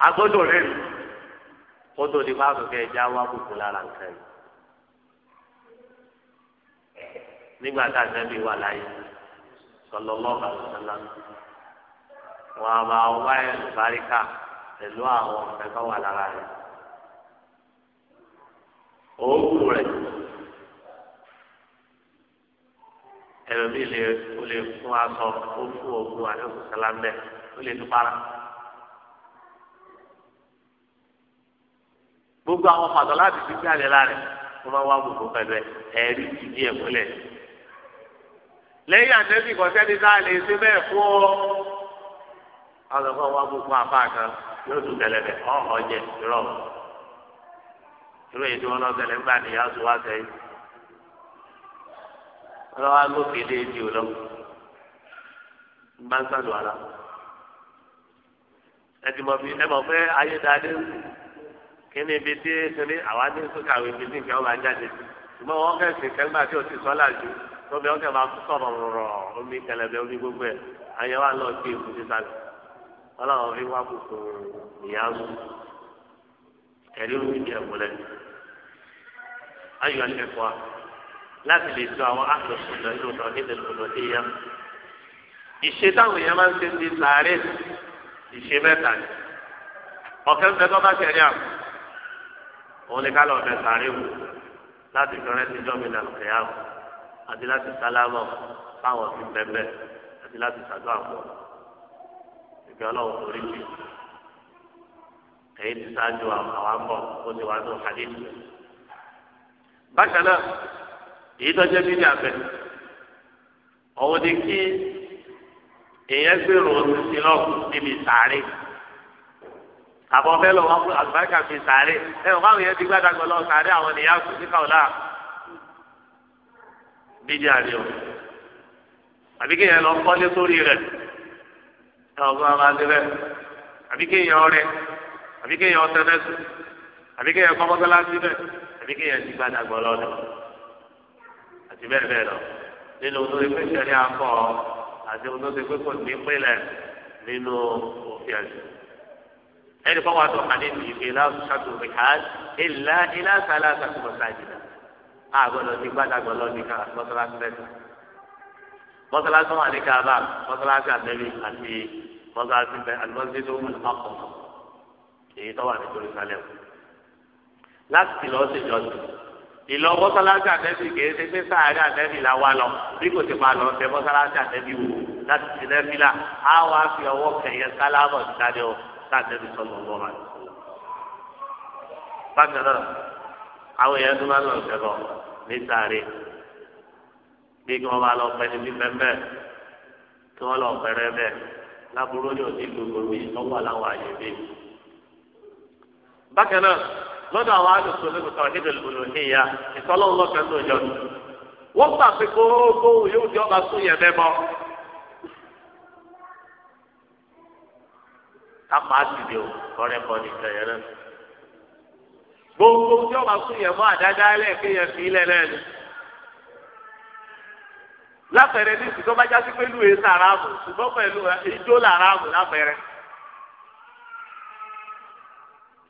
agbọ́dọ̀ rẹ̀ kó tó di báàbò kẹ́ ẹ̀jẹ̀ wá bùkún lára nǹkan yìí. nígbà tá a sẹ́bi wà láyé sọlọ́lọ́ọ̀bà sọlá wọn a máa lùbáríkà pẹ̀lú àwọn ọ̀fẹ́fẹ́ wà lára rẹ̀ òògùn rẹ̀ ẹlòmíì lè o lè fún aṣọ ó fún òògùn àdéhùn sálámẹ́ ó lè dúpára. gbogbo àwọn pàtó láti fi jáde lára wọn máa wá gbogbo pẹ̀lú ẹ̀rí ìdí ẹ̀ múlẹ̀. lẹ́yìn àtẹ́bí kọ́sẹ́ni náà lè ṣe bẹ́ẹ̀ fún ọ. àwọn ọ̀gá wa gbogbo àpá kan. yóò tún tẹlẹ bẹ ọhọ jẹ irọ́ irú èyí tí wọn lọ tẹlẹ nígbà tí yàtò wá sẹ́yìn wọn lọ wá gòkè dé ibi òlọ bá sàdùn ara ẹtì mọ fi ẹ mọ fẹ ayédáadé kíni ibi tí sinmi àwa ní sókàwé ibi tí nǹkan ọba jáde ṣùgbọ́n wọn kẹsì kẹgbà tí o ti sọ́lá ju tóbi ọkẹ́ máa sọ̀rọ̀ rọ̀ omi kẹlẹ̀bẹ̀ omi gbogbo gbé ọlọ́run fi wá kókó ìyáwó ẹ̀rí omi ní ẹ̀múlẹ̀ ayọ̀ ẹ̀fọ́ láti lè tó àwọn akẹ́kọ̀ọ́ lọ́dún náà nílẹ̀ lọ́dún tó yá. ìṣe táwọn èèyàn máa ń ṣe ti sàárè ìṣe mẹ́ta ni ọ̀kẹ́ ń bẹ tó bá tẹ̀lé àpò òun ni ká lọ bẹ sàárè wò láti fẹ́rẹ́ ti dọ́mìnà kẹ̀yà àti láti sálámọ̀ fáwọn ti bẹ́ẹ̀ bẹ́ẹ̀ àti láti sàdó àpò kí ọlọ́run torí jù èyí ti sáájú àwọn àbọ̀ ó ti wá ní hadith. bákan náà èyí tó jẹ́ bíbí àbẹ̀ ọ̀hún ni kí èèyàn gbèrò sí lọ́ọ̀kù níbi sàárè àbọ̀ bẹ́ẹ̀ lọ wọn àgbàkà fi sàárè ẹ̀ wọ́n àwọn yẹn ti gbàdàgbọ́ lọ sàárè àwọn ènìyàn kù ní kàwọ́lá bíbí àbẹ̀ o àbí kéèyàn lọ kọ́lé sórí rẹ̀ táwọn ọba máa dé bẹ́ẹ̀ àbí kéèyàn rẹ àbí kéèyàn tẹ́lẹ̀ sùn àbí kéèyàn kọ́ mọ́sálásí bẹ́ẹ̀ àbí kéèyàn ti gbàdá gbọ́ lọ́dọ̀ àti bẹ́ẹ̀ bẹ́ẹ̀ lọ nínú tó ti pé sẹ́rí akọ àti ohun tó ti pé kò ní pínlẹ̀ nínú òfin ẹ̀sìn ẹni fọwọ́ àtọ́ àdéhùn ìgbé láwùsàtò rìkàd ìlà ìlà sàlá sàtúmọ̀sáàjì náà àgọ́dọ̀ ti gbàdá gbọ́ lọ́dọ̀ mọ́sálásí wọn àti kaaba mọ́sálásí àtẹ́bí àti mọ́sálásí bẹ́ẹ̀ àlùmọ́sí tó wọ́n akọ̀ èyí tó wà ní Jerusalem láti lọ sí ìjọsìn ìlọ mọ́sálásí àtẹ́bí kìí ṣe pé sáàárẹ̀ àtẹ́bí là wà lọ bí kò ti máa lọ tẹ mọ́sálásí àtẹ́bí wò láti ti lẹ́fílà á wá fi ọwọ́ kẹ̀yẹ sálámọ̀ sítáde ọ sáàtẹ́bí sọ̀rọ̀ ọ̀gbọ́n wa. bákan náà àwọn èèyàn tó máa bí kí wọ́n bá lọ pẹ́ níbi pẹ́pẹ́ kí wọ́n lọ pẹ́rẹ́ bẹ́ẹ̀ láburú ní òsì gbogbo mi lọ́wọ́ aláwọ̀ àyè mi. bákan náà lọ́dọ̀ àwọn àlùkò lóko tọ̀ nídìí lòlò níyà ìtọ́lọ́wọ́ lọ́kàn tó jọ wọ́n gbà pé kókó yóò di ọba sún yẹn bẹ́ẹ̀ bọ́. kápá àtìdè o kọ́rẹ́ kọ́ ní kẹyẹ náà. gbogbo tí ọba sún yẹn bọ́ àdáda lẹ́ẹ̀kẹ́ yẹn fi lẹ́lẹ́ni. lápẹẹrẹ ní ìsìn tó bá jásí pé lùwẹ̀ sí aráàmù ṣùgbọ́n pẹ̀lú ìjó eh, làráàmù lápẹẹrẹ.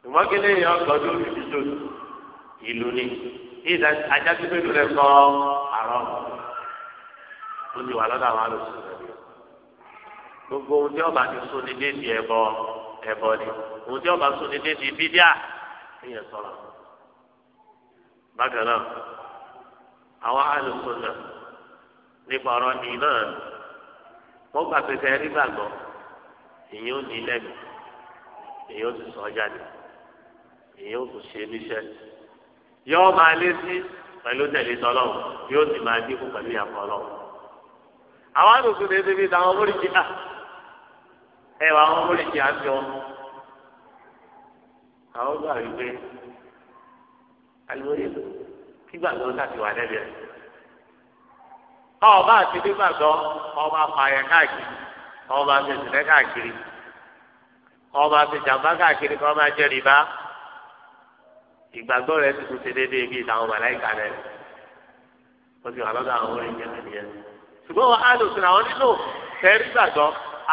ṣùgbọ́n kí lè yan òbí tó ìlú ni kí ajásí aráàmù ó ti wà lọ́dọ̀ àwọn rẹ̀ gbogbo ohun ọba ti ní déèdì ẹ̀bọ ẹ̀bọ ọba ní déèdì bídíà ìyẹn sọ̀rọ̀ bákan náà nípa ọ̀rọ̀ ní náà wọ́n gbà pé kẹ́rì gbàgbọ́ èyí ò ní lẹ́nu èyí ò sì sọ jáde èyí ò tún ṣe níṣẹ́ yọ máa lé sí pẹ̀lú tẹ̀lé tọ́lọ́wọ́ yóò sì máa dínkù pẹ̀lú ìyàpọ̀ ọlọ́wọ́. àwọn àdùnkù ní ebi ta àwọn mórìkì à ẹ wà àwọn mórìkì à ń jọ àwọn gbà wípé àlùmọ́yé kígbà lọ́ọ́ sàtìwà lẹ́bi rẹ̀. ọba àti nígbàgbọ́ ọba apààyàn káàkiri ọba àfẹsẹ̀lẹ̀ káàkiri ọba àfẹsẹ̀jàmbá káàkiri kọ́ máa jẹ́ rìbá ìgbàgbọ́ rẹ̀ tuntun ṣe déédéé ìtàwọn màláìka rẹ̀ ó sì àwọn orin yẹn nìyẹn ṣùgbọ́n wọn á lò sí àwọn nínú gbàgbọ́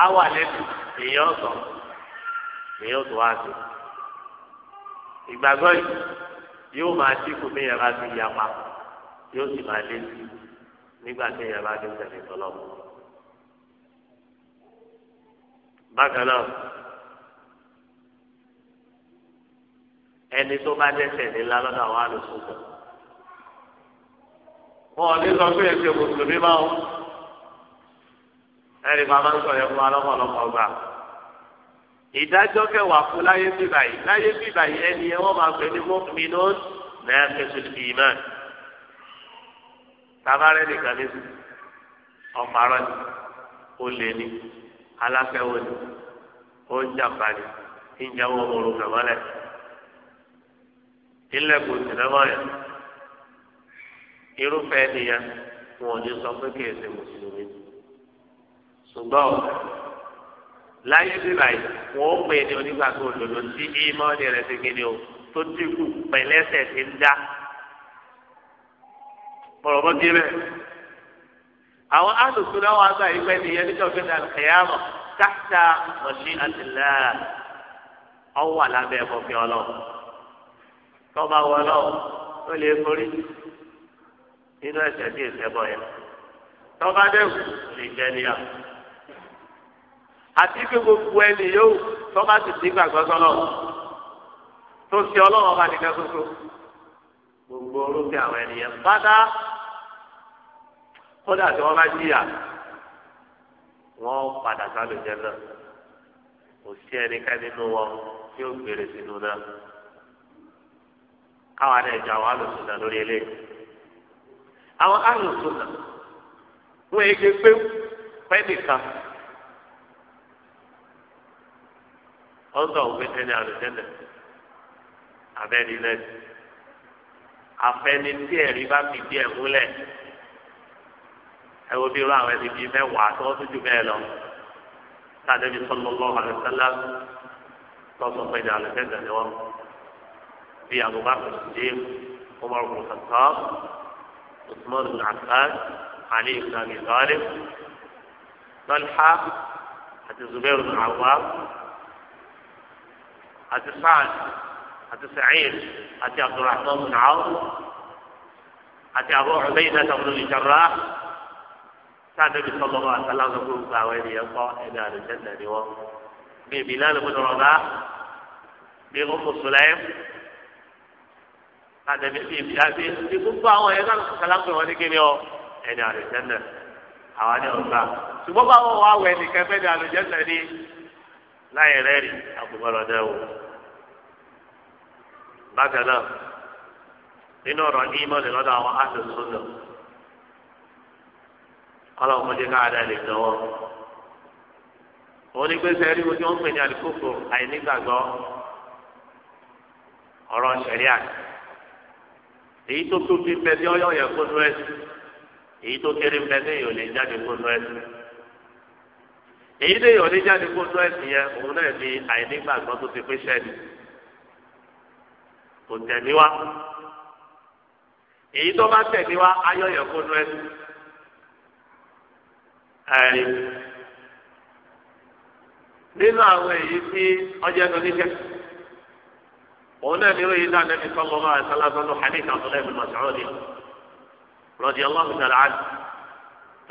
á wà lẹ́nu wá sí ìgbàgbọ́ yìí yóò máa dínkù bí ti yóò sì máa lé sí i. nígbà tí èèyàn bá ti ń tẹ̀lé tọ́lọ́ bákan náà ẹni tó bá dẹ́ṣẹ̀ nílá lọ́dọ̀ àwọn àlùsùnkù wọn ò ní sọ pé èsì mùsùlùmí máa ń ẹni bàbá ń sọ yẹn fún alọ́kọ̀ọ́lọ́kọ̀ gbà ìdájọ́ kẹwàá fún láyé bíbáyìí láyé bíbáyìí ẹni yẹn wọ́n máa pè ní mọ́kùnmí náà náà fẹsùn ìmọ̀ bàbá rẹ nìkan ní sùn ọ̀pàrọ̀ ni olè ni aláfẹ́wò ni oúnjàmbá ni ìjàwọ̀ ọmọlù kàmọ́lẹ̀ ilẹ̀kùn tìrẹ́mọ́ yẹn irúfẹ́ nìyẹn wọn ò ní sọ pé kí èsè mùsùlùmí ṣùgbọ́n láyé bíbá yìí wọn ó pè é ní onígbàgbọ́ òdòdó tí ìmọ̀ ọ́nì rẹ̀ ti gbé o tó dínkù pẹ̀lẹ́sẹ̀ ti ń dá. kọ̀rọ̀ bọ́ dé bẹ́ẹ̀. àwọn alùpùpù náà wàá gbà yí pé nìyẹn níjọ́ fi ní àlùkìyàmọ̀ táta ọ̀ṣì ati ọwọ́ àlábẹ́ ẹ̀fọ́fin ọlọ́run tọ́ba wọ ọlọ́run ó lè forí nínú ẹ̀sẹ̀ bí ìṣẹ́bọ̀ yẹn tọ́ba dẹ́kun lè jẹ́ níyà àti pé gbogbo ẹni yóò ti gbàgbọ́ tó ṣe gbogbo àwọn ènìyàn kódà tí wọ́n bá jìyà wọ́n padà sálò jẹ́ náà kò sí ẹnikẹ́ni nínú wọn tí ó gbèrè sínú náà káwọn àti àwọn alùsùn lórí eléyìí àwọn alùsùn náà èké pé pẹ́ẹ́nìkan. ọ̀dọ̀ òwe ẹni abẹ́ni lẹ́nu bá fi múlẹ̀ ẹ wo bí irú àwọn ẹni bíi mẹ́wàá tí wọ́n tún jù bẹ́ẹ̀ lọ sáàdẹ́bí sallallahu alaihi wasallam tọ́sọ̀ pé ní alẹ́sẹ̀dẹ̀ ni wọ́n bíi Abubakar Siddiq Umar ibn Khattab Usman ibn Affan Ali ibn Abi Talib Talha àti Zubair ibn Awwam àti Sa'd àti Sa'id àti Abdurrahman ibn Awf àti Abu Ubaydah ibn al-Jarrah. sáàdébí sọlọ bá àtàlàkọ fún gbogbo àwọn ènìyàn kọ ẹni àdùjẹsẹ ni wọn bí bilal ibn rabah bí umu sulaim sáàdébí bí bilal bí gbogbo àwọn ẹ̀yẹ náà sàlámù wọn ní kíni ọ ẹni àdùjẹsẹ àwọn ni ọgbà ṣùgbọ́n báwọn wà wẹ̀ nìkan fẹ́ ni àdùjẹsẹ ni láyé rẹ̀ rí àkùnbọ̀lọ̀ náà wò bákan náà nínú ọ̀rọ̀ ní ìmọ̀ kọ́lọ́ ọmọdé káàdá lè dánwọ́. òun ní gbèsè ẹ̀rí ojú wọn pè ní àlùkòkò àìnígbàgbọ́ ọ̀rọ̀ ṣẹ̀ríà èyí tó tóbi ń bẹ bí ọyọ yẹ kó nú ẹsùn èyí tó kéré ń bẹ bí èyí ò lè jáde kó nú ẹsùn èyí tó èyí ò lè jáde kó nú ẹsùn yẹn òun náà ní àìnígbàgbọ́ tó ti pé sẹ́ni kò tẹ̀mí wá èyí tó bá tẹ̀mí wá ayọ yẹ kó nú ẹ̀rí nínú àwọn èyí tí ọjọ́ ẹnu níṣẹ́ òun náà ní ó yìí dáná ní sọ́mọ́ máa na hadith abdullahi bin masoud rọ̀dí allahu sì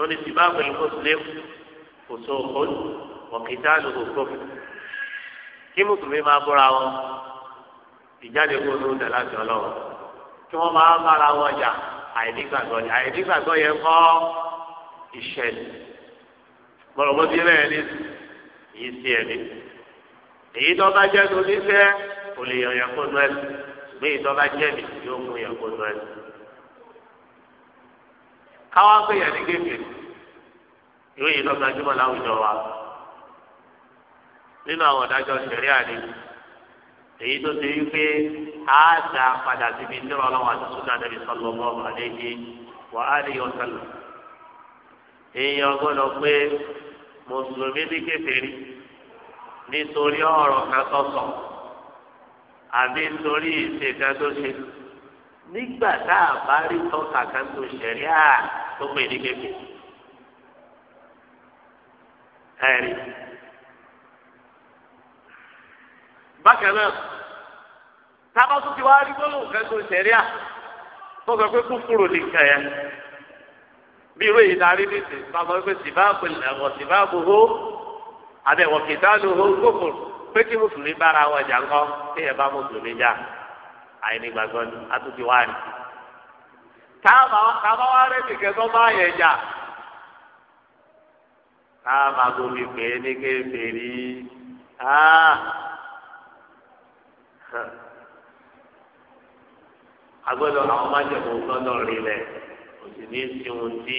ni muslim kò so òkun ọ̀kìtá ló kò kó kí mùsùlùmí máa búra wọn ìjáde kó ló ń tẹ̀ láti ọlọ́wọ́ kí wọ́n máa bára wọn jà àìdígbàgbọ́ yẹn kọ́ gbọ́dọ̀ bó ti rẹ̀ ní yìí sí ẹ̀mí èyí tó bá jẹ́ tó nífẹ̀ kò lè yàn yàn kó nu ẹ̀ ṣùgbọ́n èyí tó bá jẹ́ mi yóò mú yàn kó nu ẹ̀. káwá pé yàn ní kéfì yóò yí lọ́gbà jùmọ̀ láwùjọ wa nínú àwọn ọ̀dájọ́ sẹ̀rí àdé èyí tó ti rí pé a dà padà síbi tí wọn lọ́wọ́ àti súnà nàbì sọlọ bọ́ àdéhìí wà á rí ọ̀sán lọ. pé mùsùlùmí ní kékeré nítorí ọ̀rọ̀ kan sọsọ àbí nítorí ìṣe kan tó ṣe nígbà tá a bá rí tọ́ka kan tó ṣẹlẹ̀ à tó pè ní kékeré ẹ̀rí. bákan náà tábà tó ti wá rí gbólóhùn kan tó ṣẹlẹ̀ à tó sọ pé kúkúrò nìkan yẹn bí ìwé ìdarí nìsín bàbá wípé sìbáàbò ẹ̀wọ̀ sìbáàbò hó àbẹ̀wò kìtánù hó gbòkò pé kí mùsùlùmí bára wọn jà ńkọ́ kí ẹ̀ bá mùsùlùmí jà àìní gbàgbọ́ ni àtúntì wá rí. táàbà wá rẹ́ nìkẹ́ tó bá yẹ jà táàbà gómi pè é ní kéferì agbọ́dọ̀ ah. àwọn májèkó gbọ́dọ̀ rí lẹ̀ sì ní sí ohun tí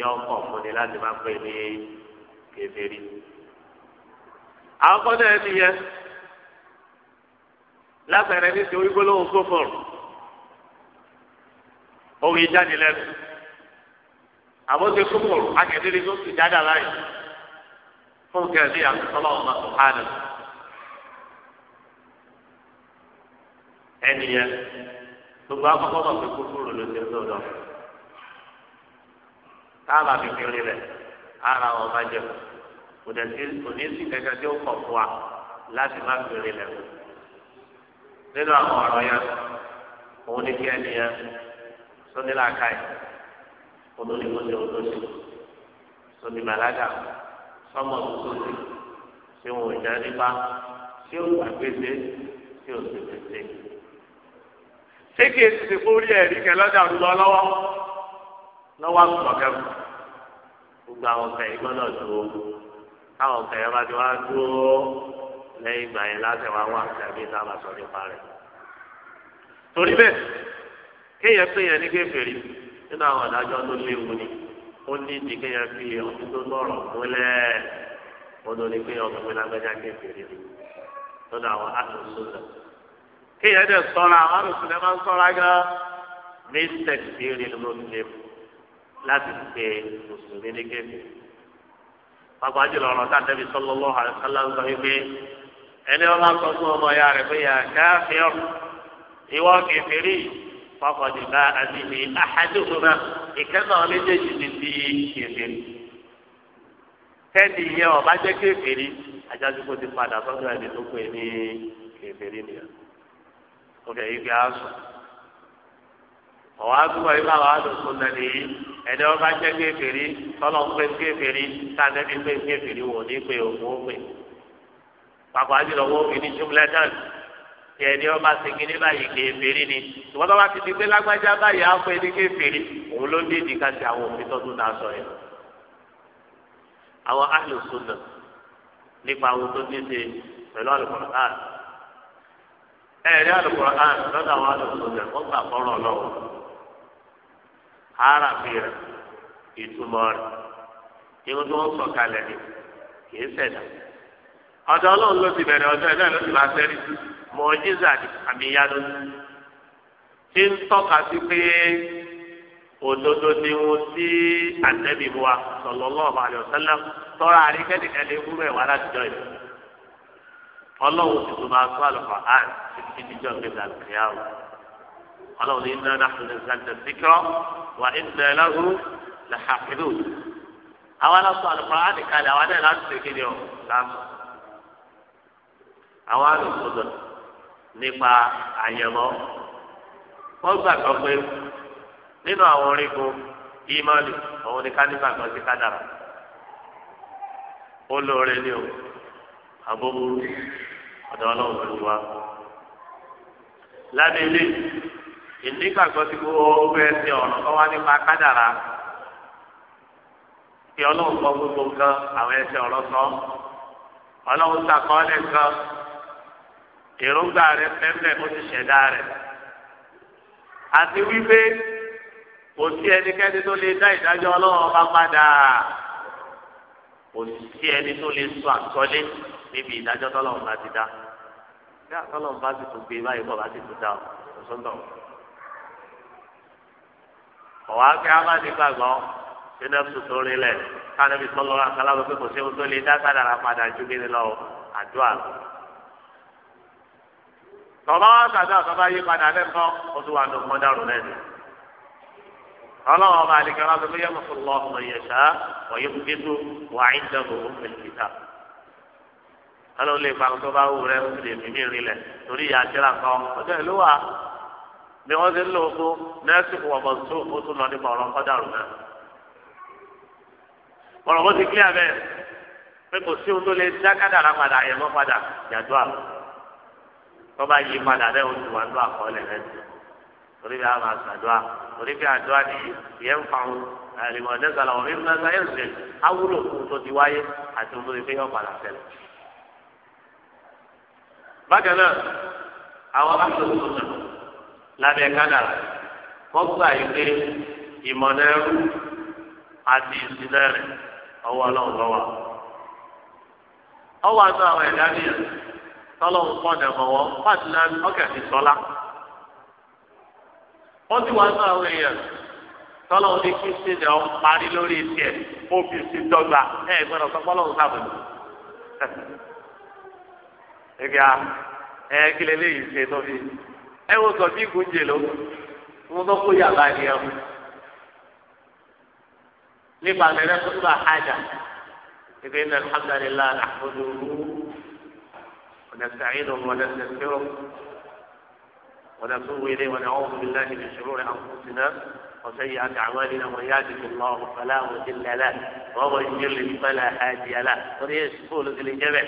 yọ kọ̀ fún ni láti má pè ní kèfèrí. àwọn kọ́ńtà ẹni yẹn látàrí ní ti orí gbólóhùn kófòrò orí jáde lẹ́nu àbóse kófòrò akẹ́dẹ́rẹ́ tó ti jáde aláì fún kẹ́ẹ̀dé àtúntọ́lọ́ ọ̀nà ọ̀hánà ẹnìyẹn gbogbo akọ́kọ́ bọ̀ pé kófòrò ló ti táàbà fi fi rin ara wọn máa jẹ kò dẹ̀ sí kò ní sí kẹ̀kẹ́ tí ó kọ̀ fún wa láti má fi rin rẹ̀ nínú àwọn ọ̀rọ̀ yẹn òun ní kí ẹni yẹn sónílà káì olólùmọ́lẹ̀ olóṣù sónímàlága sọmọ òṣòṣì tí wọn ò jẹ́ nípa tí ó gbà gbèsè tí ó sì gbèsè. ṣé kí èsì ti fún orí ẹ̀rí kẹ lọ́jà ọdún lọ lọ́wọ́ lọ́wọ́ àtúntò kẹfù. gbogbo àwọn ọ̀kẹ́ yìí gbọ́dọ̀ dúró táwọn ọ̀kẹ́ yẹn bá ti wá dúró lẹ́yìn ìgbà yẹn láti wá wà tàbí táwọn sọ nípa rẹ̀. torí bẹ́ẹ̀ kéèyàn pé ní kéferì nínú àwọn àdájọ́ tó léwu ni ó ní ìdí kéèyàn fi ọtí tó lọ́rọ̀ múlẹ̀ ọdún ní kéèyàn ọkùnrin lágbájá láti pe mùsùlùmí ní kéèké pàápàá jùlọ ọ̀rọ̀ tá a sọ wípé ẹni sọ fún ọmọ ya rẹ̀ pé yà káfíọ́ ìwọ kẹfìrí pàápàá bá àdìmí ìkẹ́nà méjèèjì ní ti ọba jẹ́ ajáde kó ti padà sọ́dọ̀ ẹni tó pè ní nìyẹn ó kẹ́ yí ọwọ agbọ yìí báwa ló sọ lẹni ẹni ọba jẹ kéferì tọlọ ń pè kéferì kánẹbi pè kéferì wò ní pé òun ó pè pàpà jùlọ wọn òfin ní júmùlẹtàn tí ẹni ọba segin ní báyìí kéferì ni ṣùgbọ́n ti di pé lágbájá báyìí á pè ní kéferì òun ló dé ìdí káṣí àwọn òfin tọ́tún náà sọ yẹn. àwọn náà nípa tó ṣe pẹ̀lú náà náà lọ́dọ̀ àwọn náà wọ́n gbà arabi rẹ̀ ìtumọ̀ rẹ̀ irun tó ń sọ̀kalẹ̀ ni kìí ṣẹ̀dá ọ̀dọ̀ ọlọ́run ló ti bẹ̀rẹ̀ ọjọ́ ló ti máa fẹ́rí mọ̀ọ́jísà àmì ìyanu ti ń tọ́ka sí pé òdodo ni wọn tí àtẹ́bí wa sallallahu alaihi wasallam tọ́ra àríkẹ́nìkẹ́ni wúrọ̀ ẹ̀wà látijọ́ yìí ọlọ́run tuntun máa tó àlùfáà àti títí ọlọ́run ní iná náà lè ṣàjọ síkọ́ wà iná ẹlọ́rú lè ṣàkílù. àwọn aláṣọ àlùfáà á nìkalẹ̀ àwọn adé láti ṣe kéde ọ̀ láàmú. àwọn alùpùpù nípa àyẹ̀mọ́ wọ́n gbàgbọ́ pé nínú àwọn orígun ìmọ̀lì òun ni ká nígbàgbọ́ sí kádàrà ó lóore ní o àbúrú ọ̀dọ̀ ọlọ́run ló ti wá. lábẹ́ ilé yìí ìnígbàgbọ́ tí gbogbo ọgbẹ́ ẹsẹ̀ ọ̀rọ̀ kọ́ wá nípa kádàrá kí ọlọ́run kọ́ gbogbo nǹkan àwọn ẹsẹ̀ ọ̀rọ̀ sọ ọlọ́run sàkọọ́lẹ̀ nǹkan èròǹgbà rẹ pẹ́pẹ́ ó ti ṣẹ̀dá rẹ̀ àti wípé kò sí ẹnikẹ́ni tó lè dá ìdájọ́ ọlọ́run ọba padà kò sí ẹni tó lè sọ àtọ́lé níbi ìdájọ́ tọ́lọ́run bá ti dá bí àtọ́lọ́run bá ti tún gbé báyìí bọ̀ bá ti tún dá ọ̀ sọ́dọ̀ ọ̀wá kí a má ti gbàgbọ́ sínú ẹ̀sùn lẹ̀ káàdé bí sọ́lọ́ akálábọ̀ pé kò sí ohun tó lè dá kádàrá padà ju kí ni lọ àdúrà. tọ́ba wá sàdúrà tọ́ba yí padà lẹ́kọ́ ó tún wà ní ọmọ dàrú lẹ́nu. ọlọ́wọ́ ọba àdìgbà wá pé yẹ́n fún lọ́ ọmọ yẹn sá wọ́n yóò fi wà á ń dẹ́gun ó fẹ́ ọlọ́wọ́ lè pa àwọn tó bá wù rẹ̀ ó sì lè fi mí torí ìyá bí wọ́n ti ń lò fún nẹ́ẹ̀sìkò ọ̀bọ̀n tó o tún lọ nípa ọ̀rọ̀ kọ́dàrú náà. ọ̀rọ̀ bó ti kílíà bẹ́ẹ̀ pé kò sí ohun tó lè dá kádàrá padà àyẹ̀mọ́ padà yàtọ̀ àlọ́. tó bá yí padà náà o ti wà ní àkọọ́lẹ̀ rẹ̀ torí bí a máa ṣàdúrà torí bí àdúrà ni ìyẹn ń fa ohun àìrìmọ̀ nẹ́sàlọ̀ ọ̀rẹ́ ńlá sáyẹ́ǹsì awúlò fún tó ti wáyé àti ohun tó ti fi hàn padà tẹ̀lé. bákan náà àwọn aṣọ òṣùwọ̀n lábẹ́ kádàrà wọ́n gbà yí pé ìmọ̀nà ẹrú àti ìsìnlẹ̀ rẹ̀ ọwọ́ ọlọ́run lọ́wọ́. ọwọ́ àti àwọn ẹ̀dá nìyẹn tọ́lọ́run pọ̀nà mọ́wọ́ pàtìlá ọkẹ́ ti sọ́lá. wọ́n ti wá sí àwọn èèyàn tọ́lọ́run ní kí ṣèjọ parí lórí tiẹ̀ ó fi sí dọ́gba ẹ̀ gbọ́dọ̀ sọ́kọ́lọ́run ẹ̀ kílẹ̀ léyìí ṣe tó fi ẹ wo sọ bí ìkúnjẹ ló wọn tó kó yàrá ni ẹ mú nípa lẹ́rẹ́ tó tó àjà ìgbẹ́ iná alhamdulilayi alhamdulilayi ونستعينه ونستغفره ونتوب إليه ونعوذ بالله من شرور أنفسنا وسيئات أعمالنا من يهده الله فلا مضل له ومن يضلل فلا هادي له وليس قول الجبل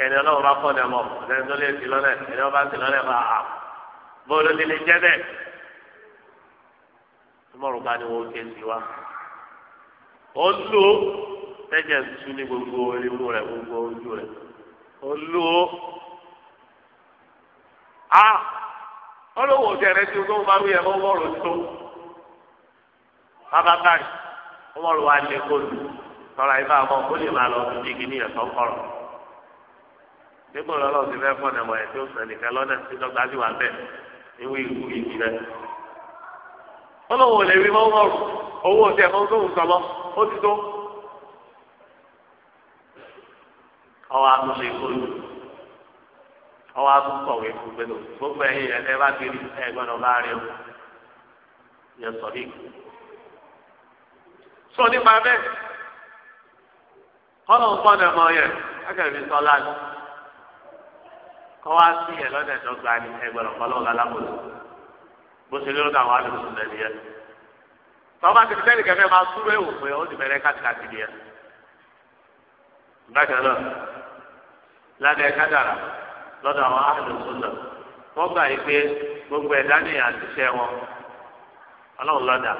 kẹni ọlọ́run bá kọ́ ọ̀dẹ̀ mọ̀ ọ̀dẹ̀ tó lè sí lọ́lẹ̀ ẹni ọba sí lọ́lẹ̀ bá a bóòlù ti lè jẹ́ bẹ́ẹ̀. túmọ̀rù bá ní wọ́n ké sí wa. ó lò ó tẹ́jẹ̀ tú ní gbogbo irú rẹ̀ gbogbo ojú rẹ̀ ó lò ó. a ọlọ́wọ́ òjò rẹ̀ ti bá wíyẹn kó wọ́ọ̀rù tó. bàbá báyìí wọ́ọ̀rù wa lè kó lù tọ́ra ibà mọ́ ó lè máa lọ sí kíní ẹ̀sán kọ̀rọ̀ sípò lọ́lọ́ ti fẹ́ fọ́nà mọ̀ ẹ̀ tó sàn nìkan lọ́nà tí dọ́gba sì wà bẹ́ẹ̀ níwú ikú yìí rẹ̀. ọlọ́wọ́ lè rí mọ́ mọ́rù owó tẹ̀ mọ́ tó ń sọmọ́ ó ti tó. ọwọ́ àtúnṣe ìkọlù ọwọ́ àtúnkọ̀wé fún pẹ̀lú gbogbo ẹ̀yìn ẹ̀fẹ́ bá kiri ẹ̀ gbọ́dọ̀ bá rí yẹ sọ̀rí. sọ Kọwaa wá sí yẹn lọ́dẹ̀ dọ́gba ni ẹgbẹ̀rún kọ́ lọ́wọ́ lálámọ̀lẹ́ bó ṣe lérò náà wà á lè sùn lẹ́nu yẹn tọ́ba ti tẹ́lẹ̀ kẹfẹ́ máa súré wò pé ó ti bẹ̀rẹ̀ kátikáti ni yẹn bákan náà kádàrà lọ́dọ̀ àwọn wọ́n gbà yí gbogbo ẹ̀dá wọn ọlọ́run lọ́dà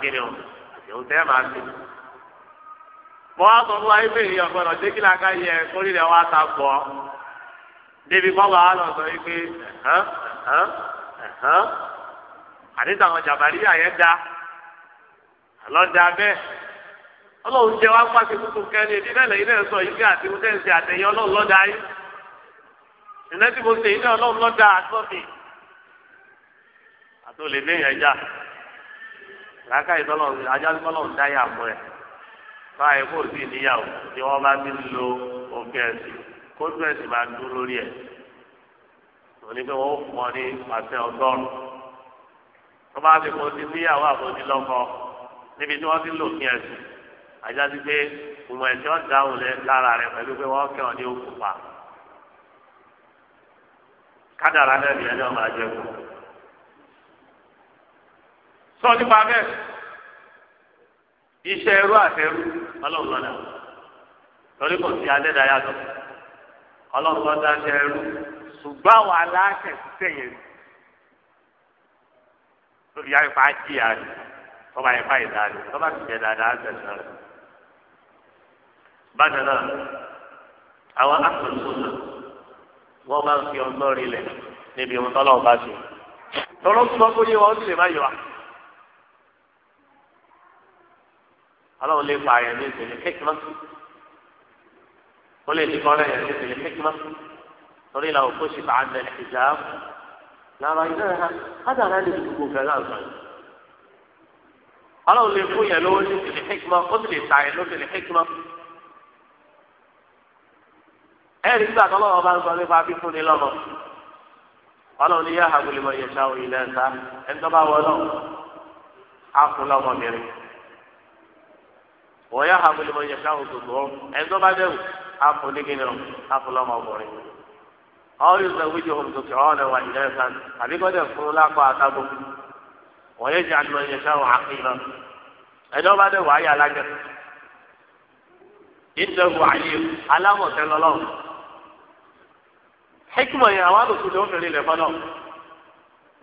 ẹ̀rí wọn èwù anyị máa ṣe. mo wá sọ fún wa ibi èyí ọ̀gbọ́dọ̀ ṣé kí làákà yẹ kórì rẹ̀ wá ta gbọ́. débi bọ́ọ̀lù wa lọ sọ àwọn àyẹ̀ da ọlọ́run jẹ́ wá pàṣẹ tuntun kẹ́ni lẹ́yìn náà sọ yìí àti àtẹ̀yìn ọlọ́run ìnáwó tí mo ṣe yìí náà ọlọ́run lè làákà ìtọ́lọ̀ ajálùmọ́lọ̀ ń dáyà mọ́ ẹ̀ báyìí kò sí níyàwó tí wọ́n bá ti lo ẹ̀sìn kó tó ẹ̀sìn máa dúró lórí ẹ̀ ọ ní pàṣẹ ọgọ́rùn-ún wọ́n bá fi kó ti níyàwó àbójú níbi tí wọ́n ti lò ẹ̀sìn pé ìmọ̀ ẹ̀sìn ọ̀dáhùn lára rẹ̀ pẹ̀lú pé wọ́n kẹ́ ọ ní kádàrá náà máa sọ nípa bẹ́ẹ̀ iṣẹ́ ẹrú àtẹrú ọlọ́run lọ́dà torí kò sí adé dáyà lọ ọlọ́run lọ́dà ṣe ẹrú ṣùgbọ́n àwọn aláṣẹ ṣiṣẹ́ yẹn ìyá ìfà jìyà rẹ̀ tọ́ba ìfà ìdá rẹ̀ tọ́ba ti jẹ dáadáa ṣẹ̀ṣẹ̀ rẹ̀ bákan náà àwọn akọ̀lùsọ̀nà wọ́n máa ń fi ọgbọ́n rí lẹ̀ níbi ìwọ̀n tọ́lọ́ọ̀ bá ṣe tọ́lọ́ọ̀ tó bá kó wọn ó sì lè má yọ wa. ọlọ́run lè pa àyàn ní ìpele hikma ó lè ní kọ́lẹ́ yẹn ní ìpele hikma torí ìlà òkú ṣì bàá mẹ ìjà lára ìjà rẹ̀ ádà rẹ̀ lè fi gbogbo fẹ́ láǹfà yìí ọlọ́run lè fún yẹn lówó ní ìpele hikma ó sì lè ta yẹn lóbìnrin hikma ẹ̀rí gbà tó lọ́wọ́ bá ń sọ nípa fífúnni lọ́mọ ọlọ́run ní yá àgùlẹ̀mọ̀ yẹ̀ṣà òyìnbó ẹ̀ta ẹ̀ ń tọ́ bá wọ wọ́n yá hàmúlẹ̀ mọ́ yẹ káwọn tó tọ́ ẹni bá dẹ́wù àpò nígbìnrin ọ̀ àpò lọ́mọkùnrin. àwọn yóò wíjọ ohun tó kẹ́ ọ́ lẹ́wà ìlẹ́ ẹ̀sán àbí kọ́dẹ̀ fún lápá àtàgbò wọ́n yẹ jẹ́ àlùmọ́ yẹ káwọn àkìlọ́ bá dẹ́wù ayé alájẹ. ayé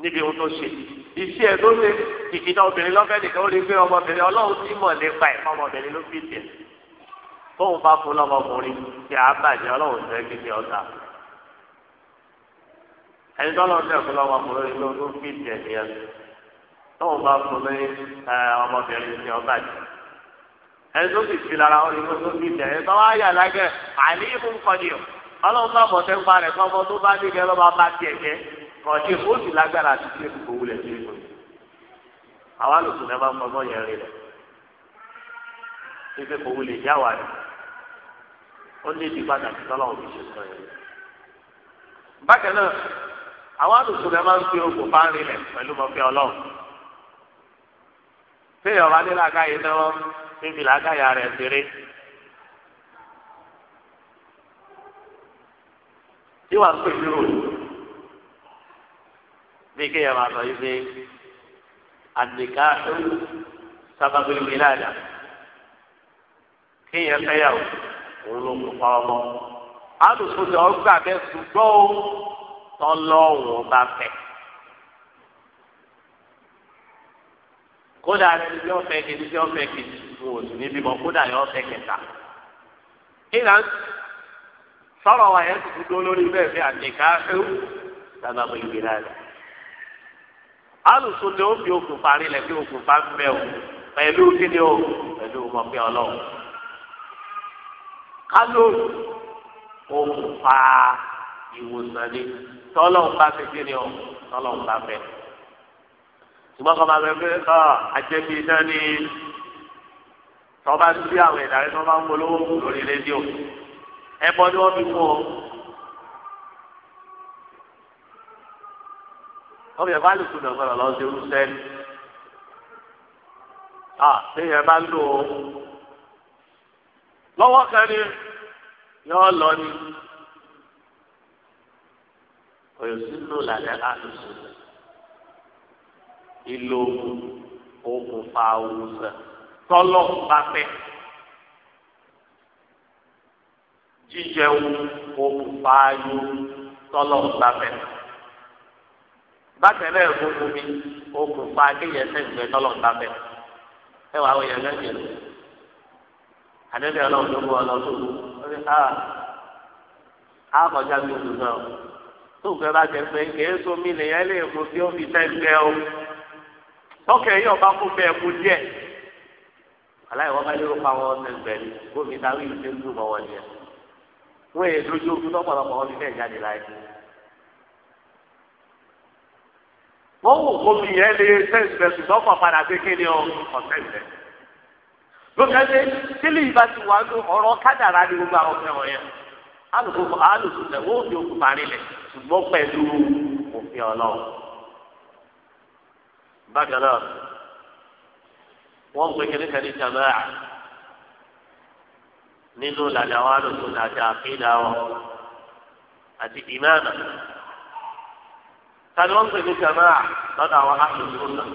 níbi ohun tó ṣe iṣẹ́ ẹ̀ tó ṣe ìkìtà obìnrin lọ́fẹ́ nìkan ó lè gbé ọmọbìnrin ọlọ́run tí mọ̀ nípa ẹ̀ ọmọbìnrin ló fi tiẹ̀ tóun bá fún lọ́mọkùnrin tí a bàjẹ́ ọlọ́run fẹ́ kí ni ọ̀tá ẹni tó lọ́ọ́ fẹ́ fún lọ́mọkùnrin ló ló fi tiẹ̀ nìyẹn tóun bá fún ní ọmọbìnrin tí ọba jẹ ẹni tó sì fi lára wọn ni ló fi tiẹ̀ ẹni tó wá yà lágẹ̀ àní ìfún kọ́ni ọlọ́run bá mọ̀ kọ̀ọ̀dé ó sì lágbára àti tí èkó wulẹ̀ tí èkó yìí àwa lòsùn náà máa ń fọgbọ́n yẹn rí rẹ̀ pípé kò wulẹ̀ já wa rẹ̀ ó ní ibi pàtàkì tọ́lá òbí ṣe sọ yẹn. bákan náà àwa lòsùn náà máa ń fi oògùn bá rí rẹ̀ pẹ̀lú mọ́fẹ́ ọlọ́run téèyàn bá ní làákàyè náà níbi làákàyè rẹ̀ ṣeré. ìwà ń pè ní òòlù bí kéèyàn máa sọ yìí pé àdìgá sábàbí ìlànà kéèyàn fẹ́yàwó òun ló kó pa ọmọ alùpùpù ọgbà bẹ ṣùgbọ́n ó tọ́lọ́wọ́ bá fẹ́. kódà ẹni tí wọ́n fẹ́ kejì tí wọ́n fẹ́ kejì wò ó níbí mọ́ kódà yọ fẹ́ kẹta. ìlà sọ̀rọ̀ wa yẹn tuntun lórí bẹ́ẹ̀ fi àdìgá sábàbí ìlànà alùsùn ni ó fi okùn parí lẹ̀ fi okùn pa ń bẹ̀ o pẹ̀lú kíni o pẹ̀lú mọ̀pẹ́ ọlọ́run kálórì okùn pa ìwòsàn ni tọ́lọ̀ ń bá fi kíni o tọ́lọ̀ ń bá fẹ́ ṣùgbọ́n kọ́ máa bẹ pé ọ àjẹbí iná ni tọ́ba sí àwọn ìdarí tó máa ń polówó lórí rédíò ẹ̀bọ ni wọ́n fi kú o. ọbẹ̀ bá lè kúndà gbọ́dọ̀ lọ sí irúṣẹ́ ni à téèyàn bá lò ó lọ́wọ́ kan ni yọ lọ ni òyò sínú làlẹ́ àlùsùn ìlò okùnfà òwúsẹ̀ tọ́lọ́ bá pẹ́ jíjẹun okùnfà ayò tọ́lọ́ bá pẹ́ bákan náà gbogbo mi okùn pa akéèyàn sẹ́gbẹ̀ẹ́ tọ́lọ̀ ń bá bẹ̀. ẹ wàá wọ yẹn lẹ́yìn rẹ̀. àdébẹ̀ ọlọ́run ló mú ọlọ́run tó mú ọ ní ká ah, á kọjá bí oṣù náà tó fẹ́ bá jẹ pé kèé sómi lèyẹn lè mú bí ó fi sẹ́gbẹ̀ẹ́ o. tọ́kẹ̀ yìí ọba kú bẹ́ẹ̀ kú díẹ̀. aláìwọ́ bá lérò pa wọn sẹ́gbẹ̀ẹ́ ni gómìnà wíìlì tó ń dùn mọ́ wọn ni ẹ̀. wọ́n èdè wọ́n wò kó mi yẹn lè sẹ́ǹsì ẹ̀sùn lọ́pọ̀ padà pé kí ọ̀sẹ̀ ìlẹ̀. lókèdè tílé ìbá ti wà ní ọ̀rọ̀ kádàrá ni gbogbo àwọn ọ̀fẹ́ wọ̀nyẹn. alùpùpù alùpùpù lẹ̀ wọ́n fi okùn parí lẹ̀ ṣùgbọ́n pẹ̀lú òfin ọlọ́run. bákan náà wọ́n ń pè kí nìkan ní jamaa nínú làlẹ́ alùpùpù àti àfihàn àti ìmáàmà. tani wọn pèsè jamaa lọ́dọ̀ àwọn aṣojú náà.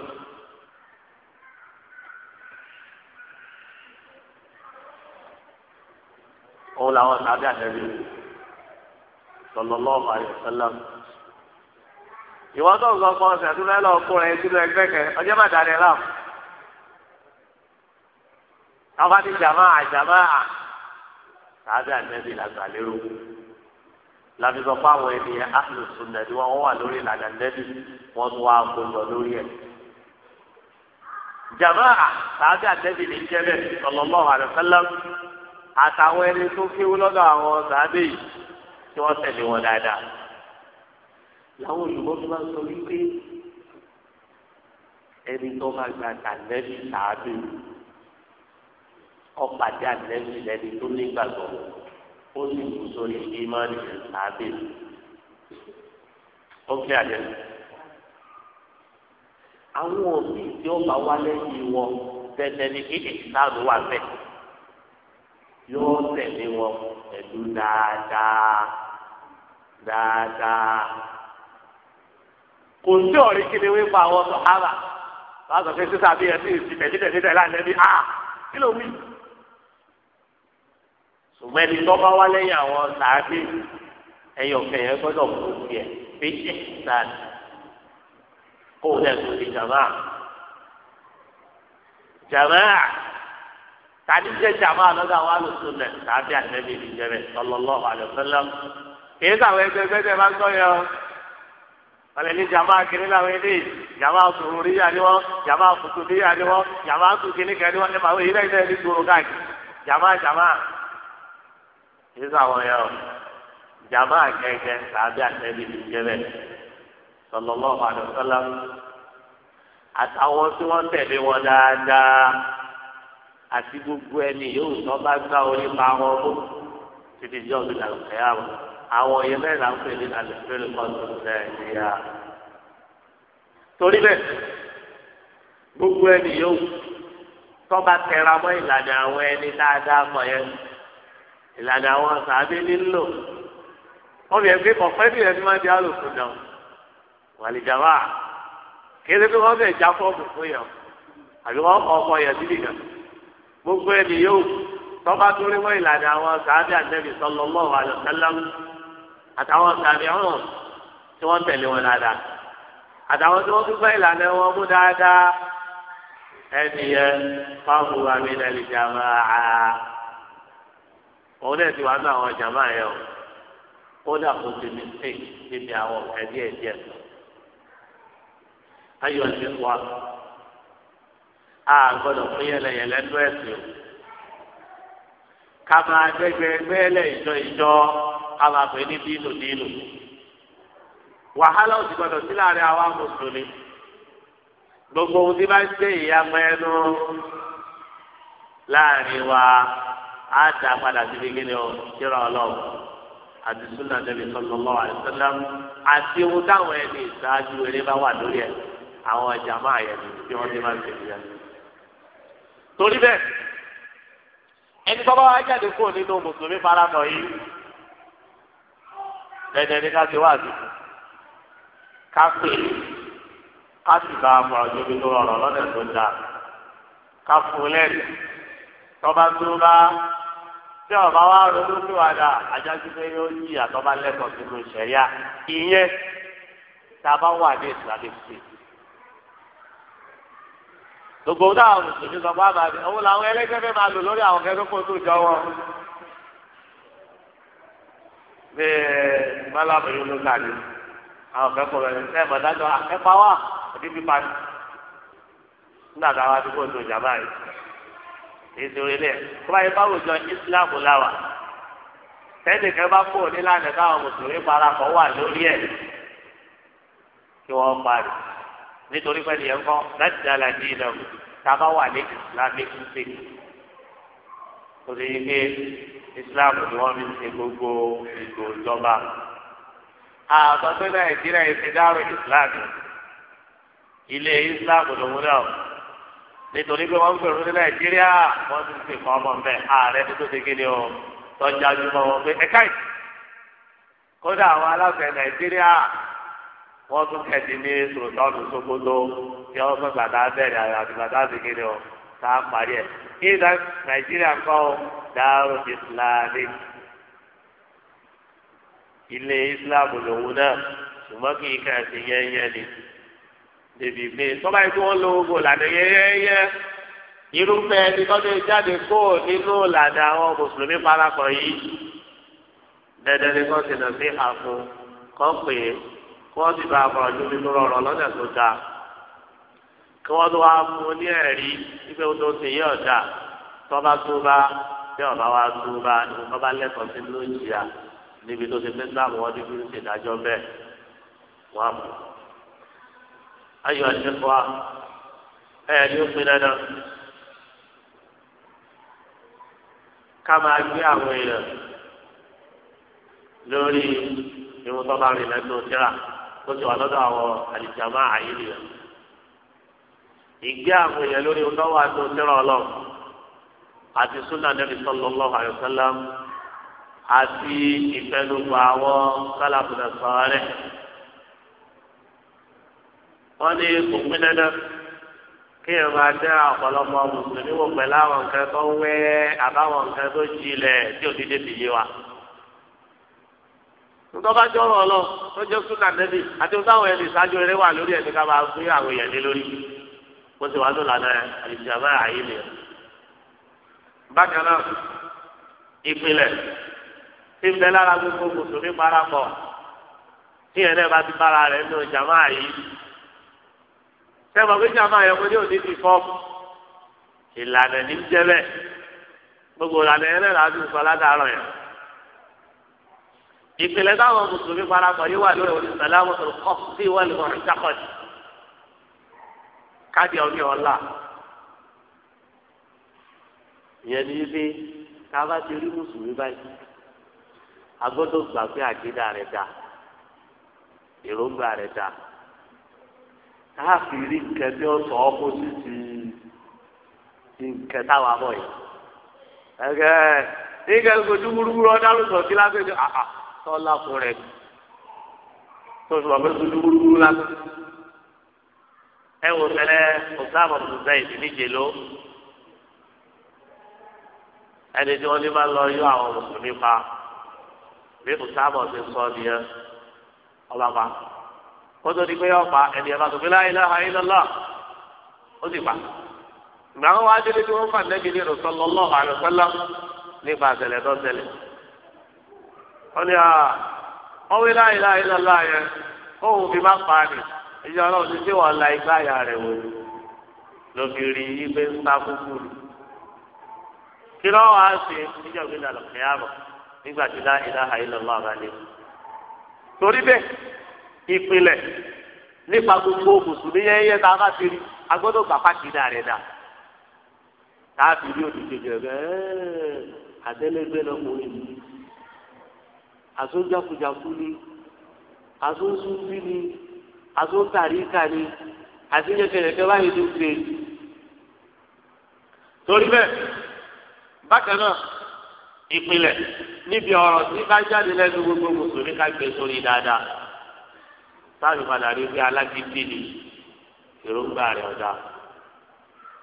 òun làwọn sábẹ́ àtẹ̀lé sallallahu alaihi wasallam. ìwọ tó ń sọ fún ọsẹ tó fẹ́ lọ kó sínú ẹgbẹ́ kẹ ọjọ́ bá dàdé lọ. àwọn ti jamaa jamaa sábẹ́ àtẹ̀lé làgbà lérò láti sọ fún àwọn ènìyàn ahlu sunna ni wọn wà lórí ìlànà nẹbi wọn tún wà gbọdọ lórí ẹ. jamaa sàágà nẹbi ní jẹbẹ sallallahu alaihi wasallam àtàwọn ẹni tó kéwú lọ́dọ̀ àwọn sàábẹ yìí tí wọn tẹ̀lé wọn dáadáa. làwọn olùkọ́ tó bá sọ wípé ẹni tó bá gba àtànẹbi sàábẹ ọ̀pàdé àtànẹbi lẹni tó nígbàgbọ́ ó sì kú sórí ìmánì àbí ó kí àjẹ. àwọn òbí tí ó bá wá lẹ́yìn wọn tẹ́tẹ́ ní kí ìsìláàmù wà bẹ́ẹ̀ yóò tẹ̀lé wọn pẹ̀lú dáadáa dáadáa kò sí ọ̀rí kíni wípé àwọn sọ̀hárà láti ọ̀sẹ̀ sísá bí ẹ sì ti tẹ̀síntẹ̀síntẹ̀ láti ẹbí a ah, kí ló wí ṣùgbọ́n ẹni tó bá wá lẹ́yìn àwọn sàádé ẹyọ kẹyẹ gbọ́dọ̀ kó tiẹ̀ pé ẹ̀ sàn kó o lẹ́nu ti jàmá jàmá tàbí jẹ́ jàmá lọ́dọ̀ àwọn alùpùpù rẹ̀ tàbí àtẹ̀lẹ́ ìjẹ̀rẹ̀ sallallahu alaihi wasallam kì í sàwọn ẹgbẹ́ ẹgbẹ́ tẹ̀ bá ń tọ́ yẹn o wọ́n lè ní jama kiri làwọn ẹni jama sururi yà ni wọ́n jama kutubi yà ni wọ́n jama tukini kẹ́ ni wọ́n ẹ̀ máa wọ ilé ẹ̀ ní gbòòrò káàkiri jama jama nígbà wọn yẹ ọ jàmbá àkẹkẹ tàbí àtẹbí ti jẹ bẹ́ẹ̀ sọlọlọ àdùsọlá àtàwọn tí wọn tẹ̀lé wọn dáadáa àti gbogbo ẹni yóò sọ bá gbá orí pa wọn mú títí jọ bí làlùkẹ́ àwọn àwọn yẹn bẹ́ẹ̀ là ń pè ní àlùfẹ́ lùkọ́ tó ń torí bẹ́ẹ̀ gbogbo ẹni yóò tọ́ba tẹra mọ́ ìlànà àwọn ẹni dáadáa mọ̀ yẹn ìlànà àwọn sàbí nílò wọn bí ẹgbẹ́ kọfẹ bí ẹni máa di àlòkù náà wàlìjàmá kéde pé wọn bẹ já fọọmù fún yàn àbí wọn kọ ọkọ yẹn síbi kan gbogbo ẹni yóò tọ́ba tó rí wọ́n ìlànà àwọn sàbí ànẹ́bí sọlọ lọ́wọ́ àlọ́sálàmù àtàwọn sàbí ọ̀hún tí wọ́n tẹ̀lé wọn dáadáa àtàwọn tí wọ́n tún fẹ́ ìlànà wọn mú dáadáa ẹni yẹn fáwọn àmì nàìjíríà máa òun náà ti wá ní àwọn jàmbá yẹn o kódà kò ti ní sèk níbi àwọn ọ̀kẹ́ díẹ̀ díẹ̀ lọ. ayọ̀ ti wá a gbọ́dọ̀ fún yẹlẹyẹlẹ lọ ẹ̀sìn o. ká máa gbẹgbẹgbẹ́ lẹ̀ ìjọ ìjọ ká máa pè ní bínú nínú. wàhálà òsì sí láàrin àwa mùsùlùmí. gbogbo ohun tí bá ń ṣe ìyá mẹ́nu láàrin wa á dá padà síbi kí ni ọ kíra ọlọ́run àti súnà Nabi sallallahu alaihi wasallam àti ohun táwọn ẹni ìṣáájú eré bá wà lórí ẹ àwọn ọjà máa yẹ ni wọ́n ti máa ń tẹ̀lé yẹn. torí bẹ́ẹ̀ ẹni bá bá wá jáde kúrò nínú mùsùlùmí farakọ̀ yìí ẹ̀dẹ̀ ni ká ti wá àdúgbò ká pè é ká sì bá a mọ̀ ọjọ́ bí tó rọrùn lọ́dẹ̀ tó dáa ká fún un lẹ́rìí tọ́ba túbá tí ọba wa ronú sí wàdà ajásí pé yóò yí àtọ́ba lẹ́kọ̀ọ́ sí ló ṣẹ̀yà ìyẹn tá a bá wà ní ìsìlámì sí. gbogbo náà mùsùlùmí sọ fún àbàdì òun làwọn ẹlẹ́gbẹ́ fẹ́ máa lò lórí àwọn kẹ́kọ̀ọ́ tó jọ wọn. bẹ́ẹ̀ bálábọ̀ yóò ló kàlí àwọn kẹ́kọ̀ọ́ rẹ̀ ṣẹ́ ìmọ̀dájọ́ akẹ́pàá wà òdìbí pa nígbà táwa dúpọ̀ tó jàmbá yìí èsì orílẹ̀ tó bá yẹ bá wùjọ islam láwà tẹ́lẹ̀ kẹ́ bá kó nílànà táwọn mùsùlùmí parapọ̀ wà lórí ẹ̀ kí wọ́n parí nítorí pé ẹnìyẹn kọ́ láti dára ní ilẹ̀ òkú tábà wà ní islamic state kò sí ní pé islam ni wọ́n fi ṣe gbogbo ìgò ìjọba àtọ́gbẹ́ nàìjíríà ìṣẹ̀dárò islam ilé islam lòun náà nítorí pé wọ́n ń pèrò ní nàìjíríà wọ́n ti ti kọ́ ọmọ mbẹ́ ààrẹ tó tó ti kí ni o tọ́jà ju mọ́ wọn pé ẹ̀ka ìtì kódà àwọn aláfẹ́ nàìjíríà wọ́n tún kẹ̀sí ní sòròtọ́nù sókótó tí wọ́n fẹ́ gbàdá bẹ̀rẹ̀ àti gbàdá ti kí ni o tá a parí ẹ̀ kí ni nàìjíríà kọ́ dáró ìsìláàdì ilé ìsìláàmù lòun náà ṣùgbọ́n kì í kẹ̀sí yẹ́nyẹ́ ni dèbí pé tọ́ba yìí tí wọ́n lo gbogbo làdé yẹ́yẹ́ irúfẹ́ ẹni tọ́jú jáde kó nínú làdé àwọn mùsùlùmí parapọ̀ yìí dẹ́dẹ́ ni kò sì nà sí àfọ kọ́ pé kí wọ́n sì bá a fọ̀rọ̀ ju nínú ọ̀rọ̀ lọ́dẹ̀ tó dáa kí wọ́n tó wá mú ní ẹ̀rí wípé ó tó ti yé ọ̀dà tọ́ba túba tí ọ̀bá wa túba ni ọba lẹ́kọ̀ọ́ sí lójìyà níbi tó ti fẹ́ sáàmù wọn ní bí ó ti dájọ́ bẹ́ẹ̀ wọ́n á mú ayọ̀ àṣẹkọ̀ a ẹ̀yà ni ó pin dandan ká máa gbé àwọn èèyàn lórí irun rìn lẹ́nu tíra ó ti wà lọ́dọ̀ àwọn àlìjàmá àyèlè ìgbé àwọn èèyàn lórí irun tó wà ọlọ́run àti sunna nabi sallallahu alayhi wa àti ìfẹnugba àwọn sálàbùdà sọ̀rọ̀ wọ́n ní kò pín dandan kí ẹ máa dá ọ̀pọ̀lọpọ̀ mùsùlùmí wò pẹ̀lú àwọn nǹkan tó wẹ́ àbáwọn nǹkan tó jilẹ̀ tí ò ti dé ti yé wa. ntọ́ba jọ ọ̀rọ̀ lọ tó jẹ́ súnà nẹ́bì àti táwọn ẹni ìsájú eré wà lórí ẹni ká máa gbé àwọn èèyàn lé lórí bó ti wà ló lànà àìsíàmá àyílẹ̀. bákan náà ìpìlẹ̀ tí ń bẹ lára gbogbo mùsùlùmí parapọ̀ tí ẹ̀ náà bá ti bára rẹ̀ nínú jàmáà yìí sẹ́wọ̀n pé jàmbá yẹn kò ní òní ti fọ́ọ̀mù ìlànà ní jẹ́lẹ̀ gbogbo ìlànà yẹn lẹ́la ti sọ ládàárọ̀ yẹn. ìpìlẹ̀ táwọn mùsùlùmí parapọ̀ yìí wà lórí olùsàlámù tó kọ́ sí ìwọ́lù ọ̀rìn sákọ̀dì káàdì ọ̀ní ọ̀la. ìyẹn ní bí ká ti rí mùsùlùmí báyìí a gbà pé àkídà rẹ̀ dà èròǹgbà rẹ̀ dà káàfin rí nǹkan ó sọ ọ́ kó sì táwa bọ̀ yìí. ẹ̀kẹ́ nígbà gbòdú wúrúwúrú ọ̀dá ló sí lágbègbè àhà tọ́lá fún rẹ̀ tó sọ pé gbòdú wúrúwúrú lágbègbè. ẹ wò fẹlẹ ọ̀sáàmù ọ̀sùnṣẹ́ ìdíníje ló ẹni tí wọ́n ní bá lọ yọ àwọn mùsùlùmí pa bí ọ̀sáàmù ọ̀sùn sọ nìyẹn ọba kótó di pé ọ̀pá ẹni ẹ̀ bá tó fi la ilaha illallah ó sì pa. ìgbà wọn wáá délé tí wọn fà nẹ́bi ní sallallahu alaihi wasallam nípa àtẹlẹ tó tẹlẹ. wọ́n ní ah, wọ́n wí la ilaha illallah yẹn kóhùn fi má pa ni ìjọ ọlọ́run ti ṣé wọ́n la igbá ya rẹ̀ wò ló fi rí i pé ń kí ló wàá ṣe níjọ́ gbé dàlọ́ kẹ́yàmọ̀ nígbà tí la ilaha bá dé. torí bẹ́ẹ̀ ìpìlẹ̀ nípa gbogbo mùsùlùmí yẹn yẹn tá a bá ti rí agbọ́dọ̀ gbà fàkìdá rẹ̀ dà káàbì rí òdìdí jẹjẹrẹ ẹẹ àtẹlẹgbẹ lọkùnrin yìí àsójàkújàkú ni àsósúnfí ni àsóńtàríkà ni àti yẹkẹyẹkẹ báyìí ló ṣe torí bẹ́ẹ̀ bákan náà ìpìlẹ̀ níbi ọ̀rọ̀ tí bá jáde lẹ́nu gbogbo mùsùlùmí ká gbé sórí dáadáa táàbì padà rí pé alágídí ni èròǹgbà rẹ̀ ọ̀dà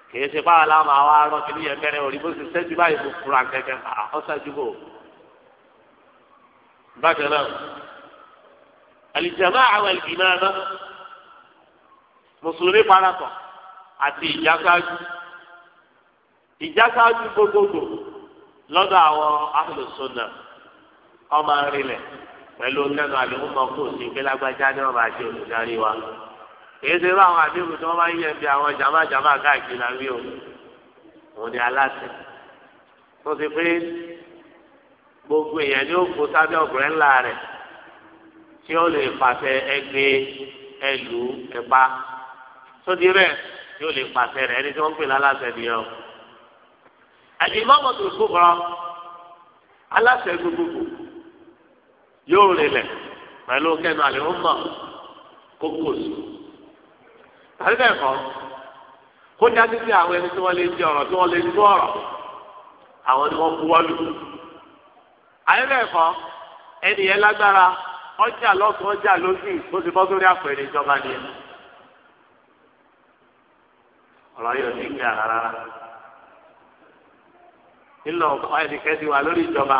kìí ṣe báwa láwọn àwa arọ kìíní yẹn fẹ́rẹ̀ orí bó ṣe ṣẹ́jú báyìí fún fúra kẹ̀kẹ́ ọ̀ṣájú bò bákan náà alìjàmá àwọn ìgbìmọ̀ ẹ̀rọ mùsùlùmí parapọ̀ àti ìjásáájú ìjásáájú gbogbogbò lọ́dọ̀ àwọn ahlùsùnà ọmọ rìnlẹ̀ pẹ̀lú lẹ́nu àdéhùn mọ́ kò sí pé lágbájá ni wọ́n bá ṣe olùdarí wa. èyí ṣe bá àwọn àdéhùn tí wọ́n bá ń yẹ bí àwọn jàmájàmá káàkiri la rí o òun ni aláṣẹ. tó ti pé gbogbo èèyàn ni ó kó sábẹ́ ọ̀gbẹ́ ńlá rẹ̀ tí ó lè pàṣẹ ẹgbẹ́ ẹlú ẹ̀pá sódì rẹ̀ tí ó lè pàṣẹ rẹ̀ ẹni tí wọ́n ń pè láláṣẹ nìyẹn o. àdìmọ́ mọ̀tò kúkúrọ̀ aláṣẹ gbogbogbò yóò rinlẹ̀ pẹ̀lú kẹ́nu àlẹ́hùnmọ̀ kókò sùn. tàbí bẹ́ẹ̀ kọ́ kó jáde sí àwọn ẹni tí wọ́n lè jẹ ọ̀rọ̀ tí wọ́n lè tú ọ̀rọ̀ àwọn ni wọ́n buwọ́ lù. àyè bẹ́ẹ̀ kọ́ ẹni yẹn lágbára ọjà lọ́sùn ọjà lósì tó ti bọ́ sórí àpẹẹrẹ ìjọba ni ẹ. ọ̀rọ̀ yóò ní kí ara rárá. nílò ẹnìkẹ́ wà lórí ìjọba.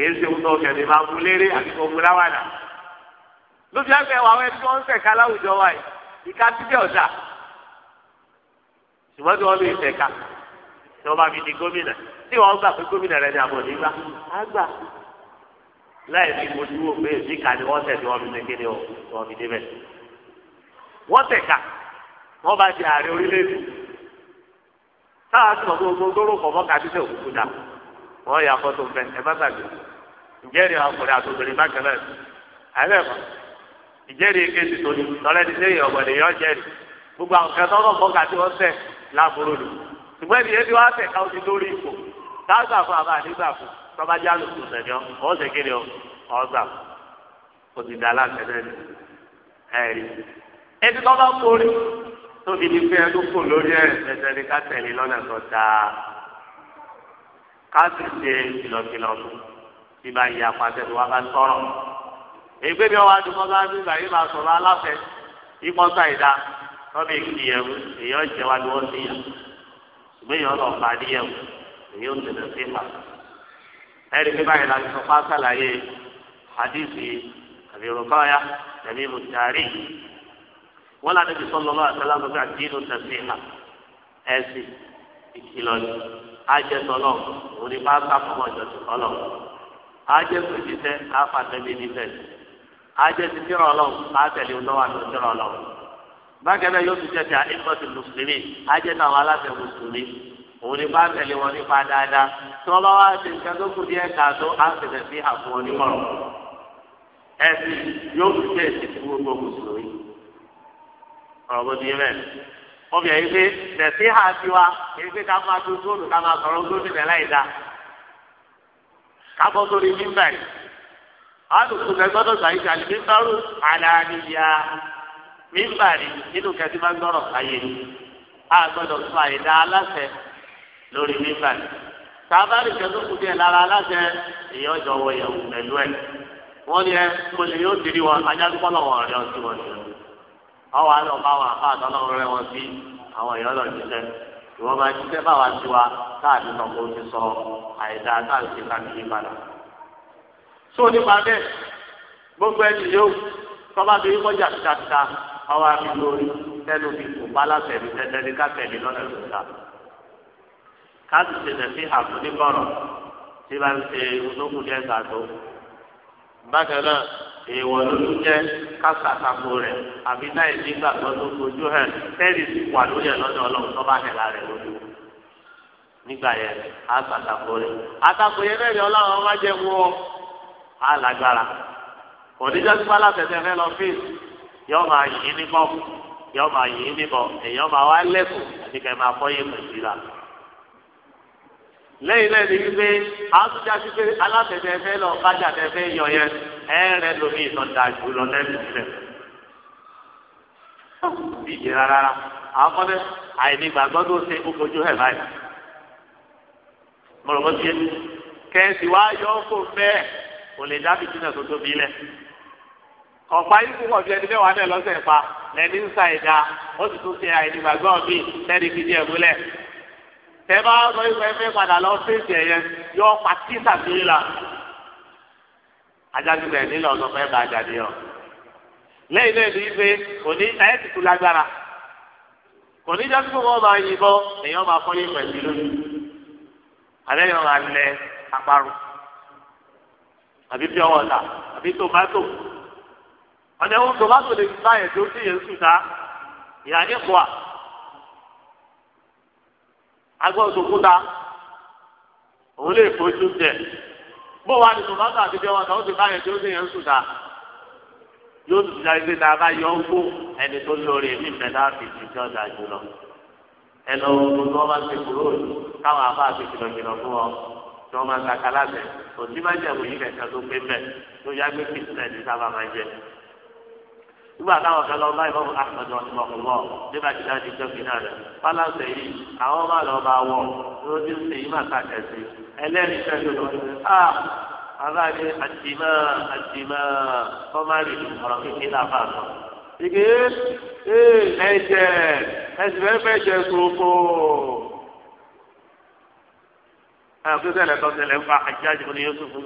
kìí ṣe ohun tó kẹ̀lé máa mú léré àti kò mú láwàdà. ló fi àgbẹ̀ wà wẹ́n tí wọ́n ń ṣẹ̀ka láwùjọ wa yìí ìka títẹ̀ ọ̀dà. ṣùgbọ́n tí wọ́n lè ṣẹ̀ka tí wọ́n bá fi di gómìnà tí wọ́n gbà pé gómìnà rẹ̀ ní àbọ̀ nígbà á gbà. láì fi mo dúró pé ìdíkà ni wọ́n tẹ̀ tí wọ́n fi ṣe kéde wọ́n fi débẹ̀. wọ́n tẹ̀ka wọ́n bá di ààrẹ orílẹ̀-èdè. táwọn àti wọ́n yà fọ́tò bẹ́ẹ̀ ẹ bá tàbí ìjẹ́rìí ọkùnrin àtòkùnrin bákan náà àbẹ́ kọ́ ìjẹ́rìí kéde tó ní tọ́lẹ́ ní lẹ́yìn ọ̀gbọ̀n èèyàn jẹ́rìí gbogbo àwọn kẹtọ́ náà kọ́ kàtí wọ́n tẹ̀ láàbúrò ni ṣùgbọ́n ènìyàn ti wá tẹ̀ ká ojú lórí ipò táàgbà fún àbá àdígbà fún tọ́ba já lùkù sẹ̀dí ọ́ ṣe kéde ọ̀gbà kò sì dá láǹtẹ̀lẹ́ ni ẹ̀rí ẹni tọ́ba kórè tóbi ní pé ẹnu kò lórí ẹ̀ ẹ̀sẹ̀ ní ká tẹ̀lé lọ́nà tó dáa ká sì ṣe kìlọ̀kìlọ̀ fún tí bá yẹ apàṣẹ tó wá bá sọ̀rọ̀ ègbé ni wọn adùn mọ́tò àti ìgbà yìí máa sọ̀rọ̀ aláfẹ́ ìmọ̀tà ìdá lọ́bẹ̀ ìkìyẹ̀wò èyàn jẹ́ wá ni wọ́n ti yàn ṣùgbọ́n èyàn lọ bá níyẹ̀wò èyàn ò tẹ̀lé sí ìfà ẹ̀rí pé báyìí láti sọ fún àṣàlàyé àdìsí àbírùkọ́yà tẹ̀lé mùtàrí wọn láti fi sọ́ọ́ lọ́wọ́ àtàlámọ́gbà dínú tẹ̀sí ìhà ẹ̀sìn ìkìlọ̀ ni ajẹ tọlọ òun ni bá bá fọmọ ìjọsí tọlọ ajẹ sòjìṣẹ afàtẹbí nífẹ ajẹ títírọ lọ àtẹlẹ ọlọwà tó tírọ lọ bákẹ́lẹ́ yóò fi jẹ́sẹ̀ àìmọ̀tì mùsùlùmí ajẹ́ náà wọn aláṣẹ mùsùlùmí òun ni bá tẹ̀lé wọn nípa dáadáa tí wọ́n bá wá ṣe nǹkan tó kù díẹ̀ ká tó á tẹ̀lé sí àfún wọn nímọ̀ràn ẹ̀sìn yóò fi jẹ́ fún gbogbo mùsùlùmí ọ̀rọ̀ wọ́n fi pé tẹ̀sí hà tiwa èyí pé ká máa tó góòlù ká máa sọ̀rọ̀ gómìnà láì dáa kábọ́ sórí mímbà yìí alùpùpù kẹ gbọ́dọ̀ gbà yìí kàlí mímbà yìí nínú kẹtí gbọ́rọ̀ káyé yìí a gbọ́dọ̀ sọ àyèdá aláṣẹ lórí mímbà yìí sábàrì kẹtó díẹ̀ lára aláṣẹ èèyàn jọ wọ ìyàwó pẹ̀lú ẹ̀ wọ́n ní ẹ kò lè yóò àwọn àlọ́ bá àfa àtọ́lọ́wọ́ wọn sí àwọn èèyàn lọ jíṣẹ́ ìwọ́n máa jíṣẹ́ báwa ti wa káàdì náà ti sọ àìdá káàdì káàdì yí padà. sọ nípa bẹ́ẹ̀ gbogbo ẹni yóò tọ́ba bí kọjá kíkàkíkà ọwọ́ àbí lórí tẹ́lu bí kò bá láṣẹ ní káṣẹ lọ́nà ìgbà. káàdì ṣe tẹ̀sí àfúnnígbọ̀rọ̀ tí bá ń ṣe olókùnrin ẹ̀ka tó. bákan náà èèwọ̀ ló ń jẹ́ kásá tako rẹ̀ àbí náà nígbà tó tó fojú hàn tẹ́lẹ̀ sì wà lórí ẹ̀ lọ́dọ̀ ọlọ́run tó bá hẹ̀ lára lójú nígbà yẹn á sàtàkó rẹ̀ àtàkó yẹn náà ọlọ́run ọmọ jẹ́ wọ́ á òdìjọ́ tí wọ́n látẹ̀tẹ̀ fẹ́ lọ fíìsì máa máa máa wá lẹ́kùn àti kẹ́ máa fọ́ pẹ̀lú ìlànà. lẹ́yìn lẹ́yìn wípé àtúnjà sí pé alátẹ̀tẹ̀ fẹ́ lọ kájà tẹ̀ fẹ́ yọ yẹn ẹ rẹ lómi ìtọ́jà jù lọ lẹ́nu rẹ̀. ìdíje rárá àwọn kọ́dẹ́ àìní gbàgbọ́ tó ṣe kó fojú ẹ̀ báyìí. mo rò wọ́n ti yé kẹ́sì wá yọ kó bẹ́ẹ̀ kò lè dá bìtínà tó tóbi lẹ̀. ọ̀pá yìí kúkọ̀ bí ẹni mẹ́wàá náà lọ́sẹ̀ pa lẹ́ni ń sa ìdá ó sì tún ṣe àìní gbàgbọ́ mi lẹ́ni tẹ bá lọ ìwé ẹfẹ padà lọ fèsì ẹyẹ yọ pàtí sàbíyí la ajáde bẹ́ẹ̀ nílò ọdún fẹẹ bá ajáde yọ lẹ́yìn náà ní ife kò ní ẹ ti tu lágbára kò ní jáde fún wọn máa yìnbọn èèyàn máa fọyín pẹ̀lú lójú alẹ́ yọ máa lẹ apárò àbí bí ọwọ́ ta àbí tòmátò ọ̀nà ẹ̀wọ̀n tòmátò lè fi báyẹn tó ti yẹn sùn ta ìyá ní kùà agbọ́dọ̀ òkúta òun lè fojú jẹ bó wàá nínú bàtà àti bíọ́wọ́ àtàwọn ti báyẹn tí ó sì yẹn ń sùn yóò tún jáde pé tá yọ ń kó ẹni tó lórí èmi mẹ́ta fi ti jọ jùlọ ẹ lọ tí wọn bá ti kúrò káwọn afá ti kìlọ̀kìlọ̀ fún ọ tí wọn máa ń ta kálá bẹ òtí má jẹ òyìnbẹ kan tó pé bẹ tó yá gbé kìsìtẹ ní sábà máa jẹ nígbà táwọn kan lọ bá ìbọn àpàdé ọtí mọ̀kànlọ́ nígbà tí láti jọ kí náà rẹ̀ fáláṣẹ yìí àwọn máa lọ bá wọ̀ ló ti ń sèyí máa kàkẹ́ sí ẹlẹ́rìí sẹ́yìn lọ a bàbá mi àtìmọ́ àtìmọ́ kọ́márì ọ̀rọ̀ kékeré àbá sọ. ìgbé ẹ̀jẹ̀ ẹ̀sìn fẹ́ fẹ́ jẹ kúròkó. àgbẹ̀ sẹ́lẹ̀ kan sẹ́lẹ̀ ń fa àjájú ní Yusuf ń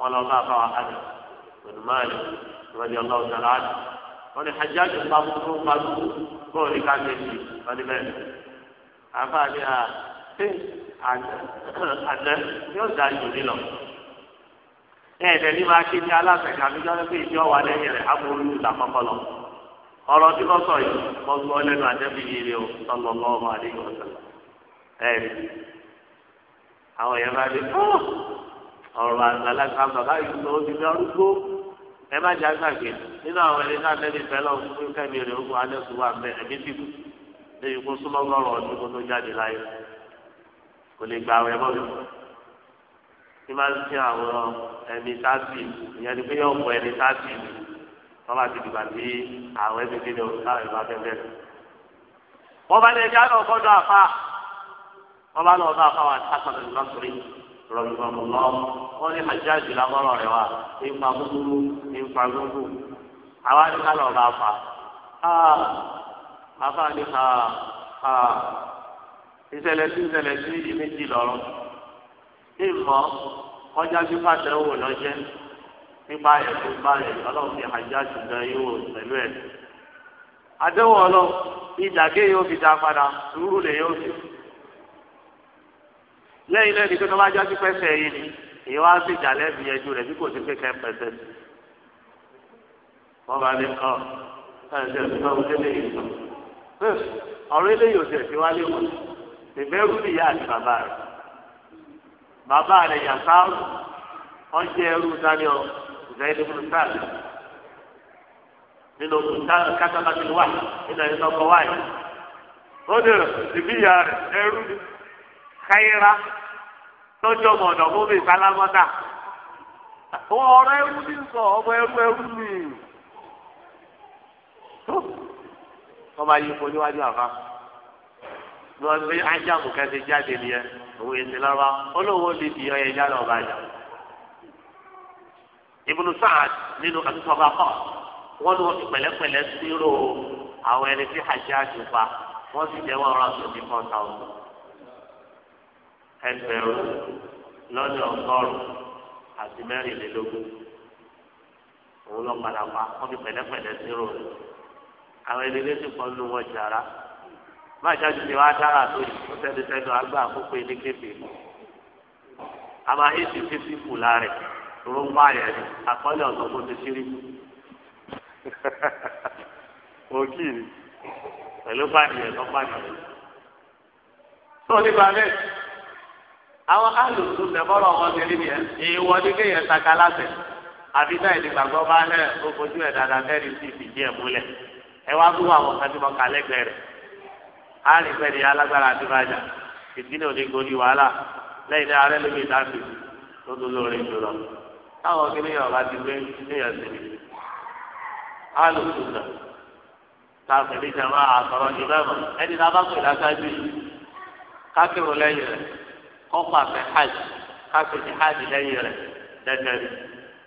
wọn lọ bá àbáwá àdà pẹ̀lú máàlì ìwádìí ọlọ́run tẹ̀lé àdà wọn ni hajjáde pa gbogbo pa gbogbo bọ́ọ̀ ní ká ṣe sí wọn ni bẹ́ẹ̀ àbá ni à ṣé àdá yóò dá jù ní lọ. ẹ̀ẹ́dẹ̀ ní máa ké ní aláṣẹ kàmí jọ́lẹ́ pé ìjọ wà lẹ́yìn rẹ̀ amúlù làkọ́kọ́ lọ. ọ̀rọ̀ tí wọ́n sọ yìí wọ́n gbọ́ lẹ́nu àdẹ́bí yìí rẹ̀ o sọlọ lọ́wọ́ àdéhùn ọ̀sẹ̀ ẹ̀ẹ́dẹ̀ àwọn èèyàn bá dé ọ̀rọ̀ àgbàlagbà bàbá yìí lọ ó ti fi arúgbó ẹ má jà gbàgbé nínú àwọn ẹni náà lẹ́ni fẹ́lọ́ fún kẹ́mi rẹ̀ ó kó alẹ́ sùn wà mẹ́ ẹ̀mí ti kù lẹ́yìn kó súnmọ́ lọ́rọ̀ ọdún kó tó jáde láyé kò lè gba àwọn ẹ̀mọ́ mi kí máa ń fi àwọn ẹni sáàtì ìyẹn ni pé yóò mọ ẹni sáàtì mi tọ́lá ti dìgbà tí àwọn ẹni kéde òkúta ìbá fẹ́ bẹ́ẹ̀ wọ́n bá lè jáde ọ̀kọ́dọ̀ àfa wọ́n bá lọ́ọ́ rọ̀bìmọ̀mọ́ wọn ní àjáàjì lámọ́rọ̀ rẹ̀ wá nípa búburú nípa gbogbo àwa ní ká lọ́ọ́ bá fa afa ní ha ha ìṣẹ̀lẹ̀ sí ìṣẹ̀lẹ̀ sí ìméjì lọ́rọ̀ ìmọ̀ ọjà fífa tẹ̀wò lọ́jẹ́ nípa ẹ̀kọ́ báyìí ọlọ́run ní àjáàjì náà yóò pẹ̀lú ẹ̀ àdéhùn ọlọ́run ìdàgé yóò fi dá padà sùúrù lè yóò fi lẹ́yìn lẹ́yìn tó tọ́ba jọ́ sí pẹ́sẹ̀ yìí ni èyí wá sí ìjà lẹ́bi ẹjú rẹ̀ bí kò sí pé kẹ́ pẹ́sẹ̀ sí. wọ́n bá ní ọ ẹ̀sẹ̀ tó ń délé yìí sọ. ọ̀rọ̀ eléyìí ò tẹ̀ sí wálé wọn ìbẹ̀rù ni ìyá àti bàbá rẹ̀ bàbá rẹ̀ yàtá ọjọ́ ẹrú dání ọ ìdáyẹ̀dẹ́ fún sáàlì nínú kátábàtì wáyé nínú ẹ̀yìn lọ́kọ̀ wáyé ó dẹ̀ ìbí ìyá rẹ̀ ẹrú lọ́jọ́ mọ̀ọ́dọ̀ mú mi sálámọ́tà. ọ̀rọ̀ ẹrú ní sọ ọmọ ẹrú ẹrú mi. wọ́n máa yí fojú wájú àfa. lọ sí ajáàmù kẹsì jáde nìyẹn òun èsì lọ́wọ́ olówó lè di ọyẹ jáde ọba àjà. Ibnu Sa'ad nínú àtúntọ́ba kọ́ wọ́n lọ pẹ̀lẹ́pẹ̀lẹ́ sírò àwọn ẹni tí wọ́n sì jẹ́wọ́ ọ̀rọ̀ ẹgbẹ̀rún lọ́nà ọgọ́rùn àti mẹ́rìnlélógún òun lọ padà pa wọ́n fi sírò rẹ̀ àwọn ìdílé sì pọ̀ nínú wọn jàrá má jáde ti wá dára tó yìí ó tẹ́lẹ̀ tẹ́lẹ̀ àgbà àkókò ilé kébè àmà èsì fífi kù lára bá ni kó ti àwọn alùpùpù nẹ̀bọ́rọ̀ wọn ti rí yẹn ìwọ ní kéèyàn saka láṣẹ àbí náà ìdìgbàgbọ́ bá hẹ́ ojú ẹ̀ dáadáa fẹ́ẹ́rì sí ìfìdí ẹ̀ múlẹ̀ ẹ wá gbọ́ àwọn kan tí mo kà lẹ́gbẹ̀ẹ́ rẹ̀ á rí pẹ́ ní alágbára àti bàjá ìdílé òde gorí wàhálà lẹ́yìn náà arẹ́ lómi ìdáfi tó tó lórí jùlọ táwọn kéèyàn bá ti gbé kéèyàn sí mi alùpùpù náà táwọn ìdíjàmbá àtọ̀rọ̀ ìbẹ́mọ̀ ẹni náà bá pè ọkọ àfẹ hajj káfí ti hajj lẹ́yìn rẹ̀ dẹdẹ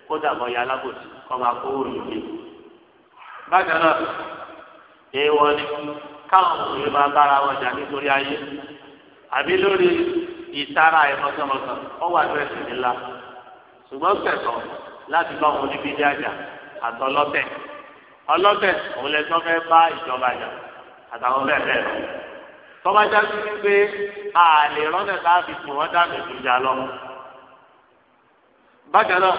kódà bọ ya alábòsí kọba kówó lùmí. bákan náà èèwọ̀ ni káwọn òye máa bára wọn jà nítorí ayé àbí lórí ìtara ẹ̀mọ́sọ̀mọ́sọ̀ ọwọ́ àdúrẹ́sì nílá ṣùgbọ́n pẹ̀tọ̀ láti bá wọn níbi jájà àtọlọ́tẹ̀ ọlọ́tẹ̀ òun lẹ́sọ́ fẹ́ bá ìjọba jà àtàwọn bẹ́ẹ̀ bẹ́ẹ̀ lọ. tọ́ba jáde wípé àlè rọ́nà tá a fi tì wọ́n dànù ìjà lọ. bákan náà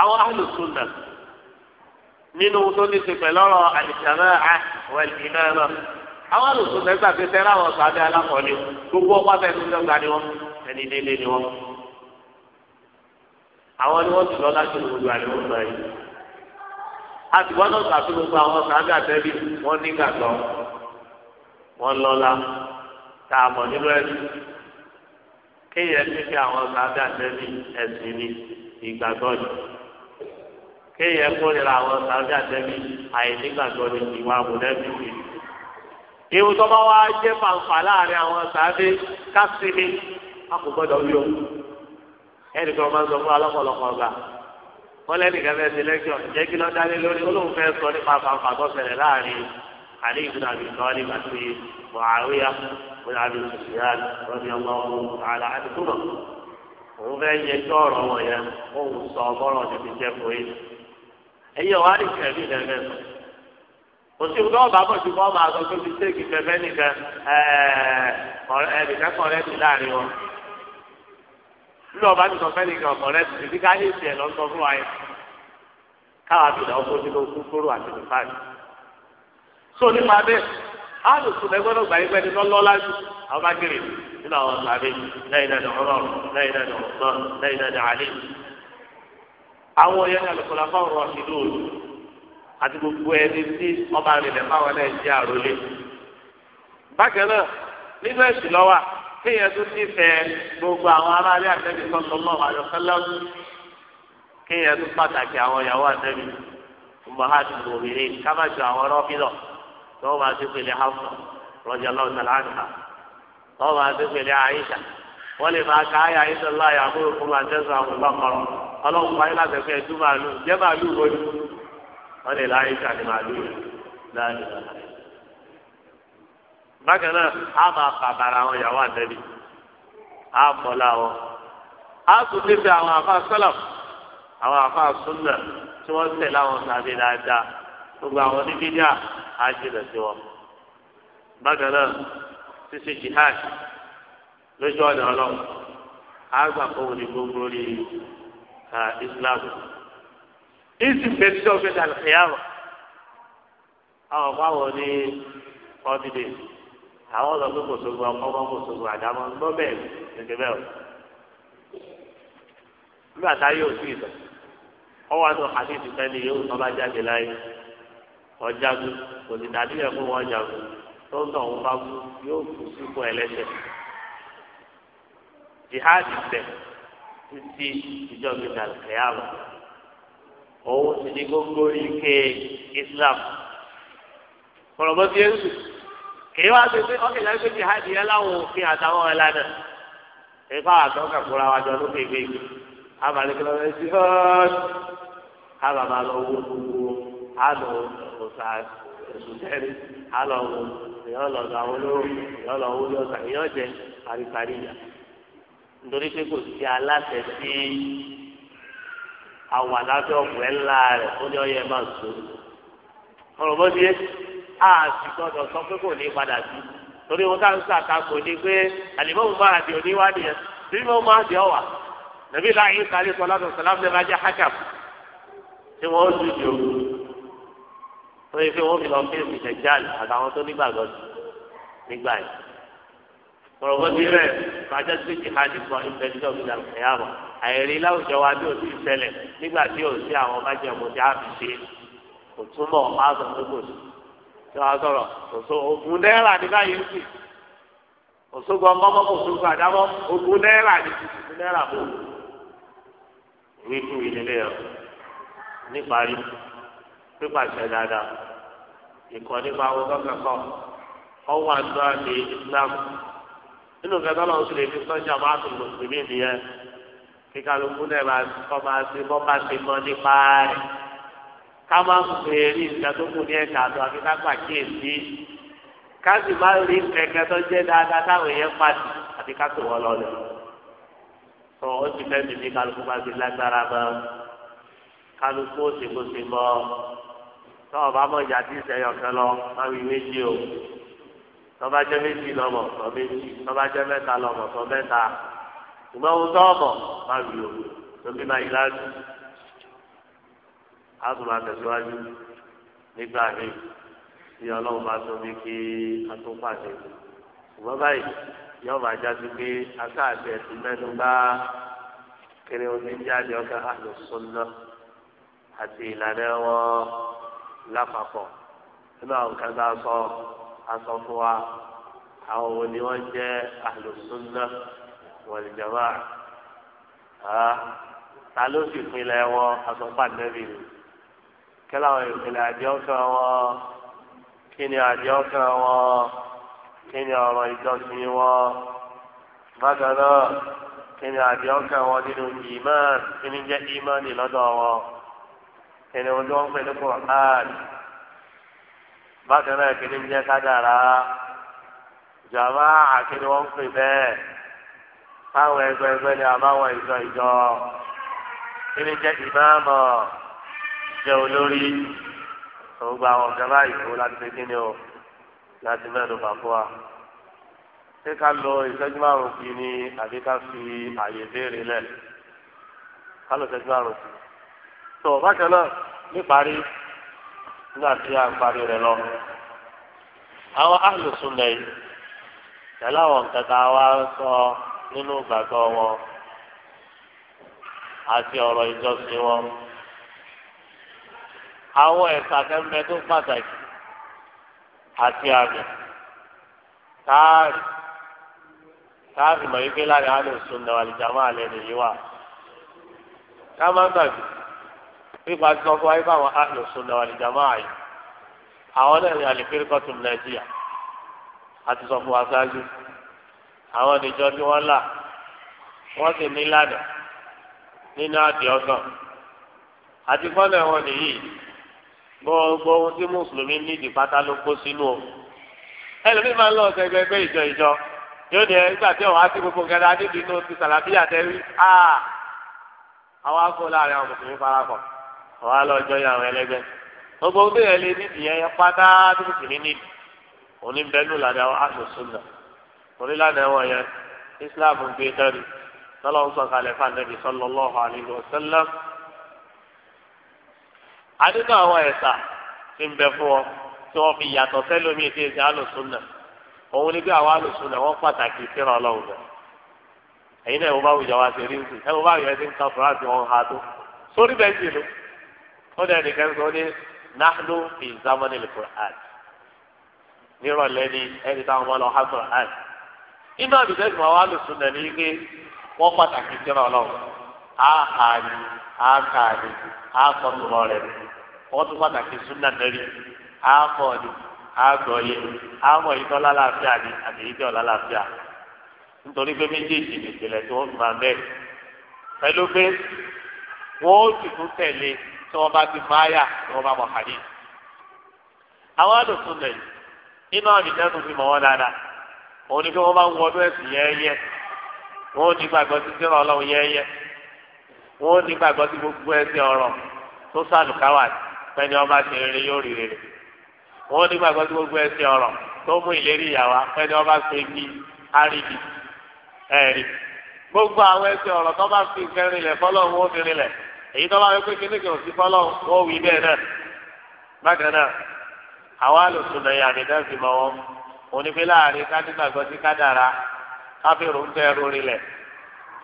àwọn alùsùnà nínú tó ní ti pẹ̀lú ọ̀rọ̀ àlìsàmẹ́ àwẹ̀lìmẹ́ náà àwọn alùsùnà gbà pé sẹ́rẹ́ àwọn sàbẹ̀ alákọ̀ọ́lẹ̀ gbogbo ọ̀pá bẹ́ẹ̀ tó dọ́gba ni wọ́n ẹni délé ni wọ́n. àwọn ni wọ́n ti lọ láti olùdó àlẹ́wọ̀n náà yìí. àtìwọ́n náà sàfihàn gbogbo àwọn sàbẹ̀ wọn lọla tá a mọ nínú ẹsùn kéèyàn fífi àwọn sábẹ àtẹbí ẹsìn ni ìgbàgbọ́ ni kéèyàn kórìíra àwọn sábẹ àtẹbí àìnígbàgbọ́ ni ìwà àmúlẹbí ni. ìwù tó bá wá jẹ́ fàǹfà láàrin àwọn sábẹ kásìmí a kò gbọ́dọ̀ wí o ẹnì kan máa ń sọ fún alọ́pọ̀lọpọ̀ ọgbà wọn lẹ́nìkan fẹ́ẹ́ ṣe lẹ́kọ̀ọ́ jẹ́ kí lọ́ọ́ dálé lórí olóhùn fẹ́ẹ́ sọ nípa fàǹfà tó ṣẹlẹ̀ láàrin علي بن ابي طالب عن معاويه بن ابي سفيان رضي الله تعالى عنهما òun fẹ́ yẹ kí ọ̀rọ̀ wọn yẹn òun sọ ọgbọ́rọ̀ ti fi jẹ́ fún yìí ẹ̀yẹ wàá ní kẹ̀mí lẹ́fẹ̀ẹ́ sọ kò sí ìwúlọ́ ọ̀bá bọ̀ sí bọ́ọ̀mù àgọ́ tó fi ṣéèkì fẹ́fẹ́ nìkan ẹ̀ẹ́dẹ̀kẹ́ kọ̀rẹ́ ti láàrin wọn nílò ọba ti sọ fẹ́ nìkan kọ̀rẹ́ ti ti ká èsì ẹ̀ lọ́sọ fún wa yẹn káwa bìlà ọkọ̀ tí ló kú kóró àti nìfàdí so nípa bẹ́ẹ̀ alu sunna gbọ́dọ̀ gba ẹgbẹ́ ni lọlọla ju àwọn bá kiri nínú àwọn sàbẹ lẹ́yìn náà ní ọ̀rọ̀ lẹ́yìn náà ní ọsọ lẹ́yìn náà ní alẹ àwọn yẹn ní alùpùpù làwọn ọ̀rọ̀ ìlú òdu àti gbogbo ẹni tí ọba rìnlẹ fáwọn náà jẹ àròlé bákan náà nínú ẹsùn lọ́wọ́ kéèyàn tó ti fẹ́ gbogbo àwọn aráàlú àtẹbí sọsọlọ àyọkẹlẹ kéèyàn tó pàtàkì àwọn ìyàwó àtẹbí mọ àti mọ òmìnir kámájọ àwọn rọfìlọ tọ́wọ́ bá ti pèlè Hafsa rọ́jà lọ́wọ́ tẹ̀lé àǹkà tọ́wọ́ bá ti pèlè Àyíṣà wọ́n lè máa ka ayé Àyíṣà láyà àbúrò fún wa tẹ́sán àwọn ọlọ́kọ̀rọ̀ ọlọ́run wáyé láti fẹ́ dú màálù jẹ́ màálù wọ́n ni wọ́n lè la Àyíṣà ní màálù láàyè bákan náà a máa pàbàrà àwọn ìyàwó àtẹ́bí a mọ̀lá wọn a tún nífẹ̀ẹ́ àwọn àfa sọ́lọ̀ àwọn àfa súnà tí wọ́n tẹ̀lé àwọn sàbẹ̀ dáadáa. gbogbo àwọn oníbídíà á jìnà sí wọn. bákan náà ṣíṣe jihad lójú ọ̀nà ọlọ́run á gbà gbogbo ka islam. ìsìn bẹ́ẹ̀ tí wọ́n fẹ́ dà lẹ́yàwó àwọn fáwọn ní forty àwọn ọ̀dọ́ kò sóru ọkọ̀ kò sóru àdámọ́ gbọ́ bẹ́ẹ̀ gẹ́gẹ́ bẹ́ẹ̀ o. nígbà tá yóò sí ìtàn ọwọ́ àti ọ̀hádìí ti fẹ́ ni yóò bá ọjàgùn kò sì dàbí ẹ̀kọ́ wọn jàgùn tó ń tọ̀hún bá kú yóò kú sípò ẹlẹ́sẹ̀. jihad bẹ̀ títí ìjọba ìdàlùkẹ́yàwó òun sì ní gbogbo ike Islam kọ̀rọ̀bọ́ sí ẹ̀sùn kìí wá sí pé ọkẹ́ ìdájọ́ pé jihad yẹn láwọn òfin àtàwọn ẹ̀lànà ìfá àtọ́kà fúnra wájú ọdún kékeré àbálẹ́ kìlọ́mẹ́tì hàn ábàbà lọ wó gbogbo àlọ́ ọ̀sà òṣùtẹ́rì àlọ́ ọ̀hún èèyàn lọ sọ àwọn olóró èèyàn lọ wọlé ọ̀sà èèyàn jẹ paripari yà nítorí pé kò sí aláṣẹ sí àwọn aláṣẹ ọ̀pẹ ńlá rẹ̀ ó ní ọyẹ máa sọ ọ̀rọ̀ bó ti àti gbọ́dọ̀ sọ pé kò ní padà sí torí wọn ká ń sàkàkò pé bá yẹn bí máa wà nàbí láàyè sáré wọ́n yẹ kí wọ́n fi lọ sí ìpìlẹ̀ jáde àtàwọn tó nígbàgbọ́ nígbà yìí. ọ̀rọ̀gbọ́n ti rẹ̀ fàájọ́ sí jihadi kan ìfẹ́jọ́ ìgbà ìyàwó àìrí láwùjọ wa bí ó ti ṣẹlẹ̀ nígbà tí ò sí àwọn májèmó tí a fi ṣe kò túmọ̀ máa sọ pé kò sí. tí wọ́n sọ̀rọ̀ òṣò ògùn náírà ní báyìí pípàṣẹ dáadáa ìkọ́ nípa àwọn kọ́kẹ́kọ́ ọwọ́ àdúrà ní Islam nínú kẹta náà sì lè fi sọ́jà máa tún mùsùlùmí nìyẹn kíkà ló kú náà máa kọ́ máa ṣe bọ́ bá ṣe mọ́ nípa rẹ̀ ká máa ń pè é ní ìgbà tó kù ní ẹ̀ka àtọ̀ àfi ká pàkíyèsí ká sì má rí kẹ̀kẹ́ tó jẹ́ dáadáa táwọn èèyàn pàdé àti ká tó wọ́n lọ́lẹ̀ tó o ti fẹ́ mi ní kálukú bá ti lágbára mọ́ kálukú ó ti kó ti mọ́ tọ́wọ́ bá mọ̀ ìyá tí ń sẹ́yọ̀ kan lọ máa méjì o tọ́ba jẹ́ méjì lọ́mọ̀ sọ méjì tọ́ba jẹ́ mẹ́ta lọ́mọ̀ sọ mẹ́ta ṣùgbọ́n tọ́ọ̀mọ̀ máa o tóbi máa yí láti á tẹ̀síwájú nígbà míì tí ọlọ́run bá tó ní kí a tó pàṣẹ báyìí yóò máa jáde pé akáàtì ẹ̀sìn mẹ́nu bá kiri oníjáde ọkọ̀ àlùsùn náà àti ìlànà wọn lápapọ̀ nínú àwọn kan tá a sọ aṣọ fún wa àwọn wo ni wọ́n jẹ́ àlùsúnná wal jamaa ta ló sì pinlẹ̀ wọn aṣọ pàdébì ni kí làwọn ìpìlẹ̀ àdéhùn wọn kí ni àdéhùn wọn kí ni ọ̀rọ̀ ìjọsìn wọn bákan náà kí ni àdéhùn wọn nínú ìmọ̀ kí ni jẹ́ ìmọ̀ nílọ́dọ̀ wọn kìnìún ohun tí wọ́n ń pè ní Qur'an bákan náà kìnìún jẹ́ kádàrá jàmá àkìnìún wọ́n pè bẹ́ẹ̀ fáwọn ẹgbẹ́ ẹgbẹ́ ni àbáwọn ìjọ ìjọ kìnìún jẹ́ ìmáàmù jẹ́ olórí òun gba àwọn láti fi kíni o láti mẹ́nu bàbá wa ṣé ká lọ ìṣẹ́jú márùn-ún kì àbí ká fi àyè béèrè lẹ̀ ká lọ ìṣẹ́jú márùn-ún kì tó bákan náà níparí nígbà tí a ń parí rẹ̀ lọ àwọn ahlùsùn lẹ́yìn pẹ̀lú àwọn nǹkan tá a wá sọ nínú gbàgbọ́ wọn àti ọ̀rọ̀ ìjọsìn wọn àwọn ẹ̀ka kẹ́mbẹ́ tó pàtàkì àti àmì táàrí táàrí mọ̀ wípé láàrin àlùsùn náà àlìjàmọ́ àlẹ́ nìyí wà ká má gbàgbé fífa tí wọn fọ ayé fáwọn ahlu sunnah wal jamaa yìí àwọn náà ní al-firqatu najiyya àti sọ fún wa ṣáájú àwọn ìjọ tí wọn là wọn sì ní lànà nínú àdìẹ ọgàn àti gbọ́dọ̀ wọn nìyí gbogbo ohun tí mùsùlùmí nídìí pátá ló kó sínú o ẹlòmíì máa ń lọ ọ̀sẹ̀ gbẹgbẹ́ ìjọ ìjọ yóò ní ẹgbà tí wọn á sí gbogbo gẹ́gẹ́ adébínú ti sàlàbíyà tẹ́rí àwọn akó láàrin àwọn mùsùlùmí farakọ̀ wàá lọ jọ yà àwọn ẹlẹgbẹ́ gbogbo ọdún yẹn lé níbi yẹn pátá tó sì ní níbi òní bẹnu làdá àlùsùnà onílànà ẹwọn yẹn islam ń gbé dẹrù lọlọrun sọ̀kalẹ̀ fànẹbi sallallahu alaihi wasallam adínú àwọn ẹ̀sà ti ń bẹ fún ọ tí wọn fi yàtọ̀ sẹ́lómi tí èsì àlùsùnà òun ní bí àwọn àlùsùnà wọn pàtàkì síra Ọlọ́run rẹ ẹ̀yin náà ẹ wọ báwo ìjà wa ṣe rí nǹkan ẹ ó dẹ̀ sọ ní nahnu fi zamani al nírọ̀lẹ́ ni ẹni táwọn ọmọ lọ ha Qur'an iná àbíkẹ́ wa lè sùn nàní pé wọ́n pàtàkì jẹ́ra ọlọ́run á hà ní rẹ̀ wọ́n tún pàtàkì sùn nàní á kọ́ ní ìtọ́ lálàáfíà tí wọ́n bá ti mọ àyà tí wọ́n bá mọ hadith. àwọn àlùsùn lẹ̀ inú àmì fi mọ̀ wọ́n dáadáa òun bá ń wọnú ẹ̀sìn yẹ́ẹ́yẹ́ wọ́n ò ní gbàgbọ́ sí gbogbo ẹ̀sìn ọ̀rọ̀ tó sàlùkáwà pẹ́ni ọba ṣe rere yóò wọ́n gbogbo ẹ̀sìn ọ̀rọ̀ tó mú èyí tó bá wẹ pé kíníkì ò sí fọlọ́ wọ́n wí bẹ́ẹ̀ náà bákan náà àwa lò sùnà yà ní dáàbì mọ́ wọn onífẹ́ láàrin kádìgbàgbọ́ sí kádàrá káfíìrù ń tẹ ẹrú rilẹ̀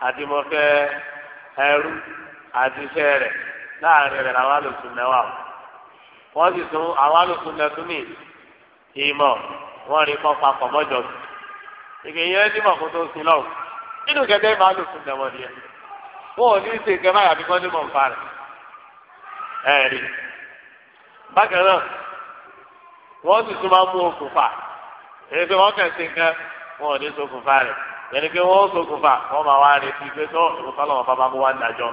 àdìmọ̀fẹ́ ẹrú àdìṣẹ́ rẹ̀ láàrin rẹ̀ àwa lò sùnà wà wọ́n sì tún àwa lò sùnà tún ní ìmọ̀ wọ́n rí kọ́ papọ̀ mọ́jọ́ ìgbìyànjú mọ̀ kó tó sí lọ́wọ́ nínú kẹtẹ́ ìmọ̀ àlòsùn lẹ́wọ̀n nìyẹn. wọn ò ní í ṣe kẹfà àbí kọ́ ní mọ̀ nfa rẹ̀ ẹ̀rí bákan náà wọ́n sì tún máa mú okùnfà èyí pé wọ́n kàn sí wọn ò ní ṣokùnfà rẹ̀ pé wọ́n wọ́n máa wá tó lọ́wọ́ bàbá mú wá ń dájọ́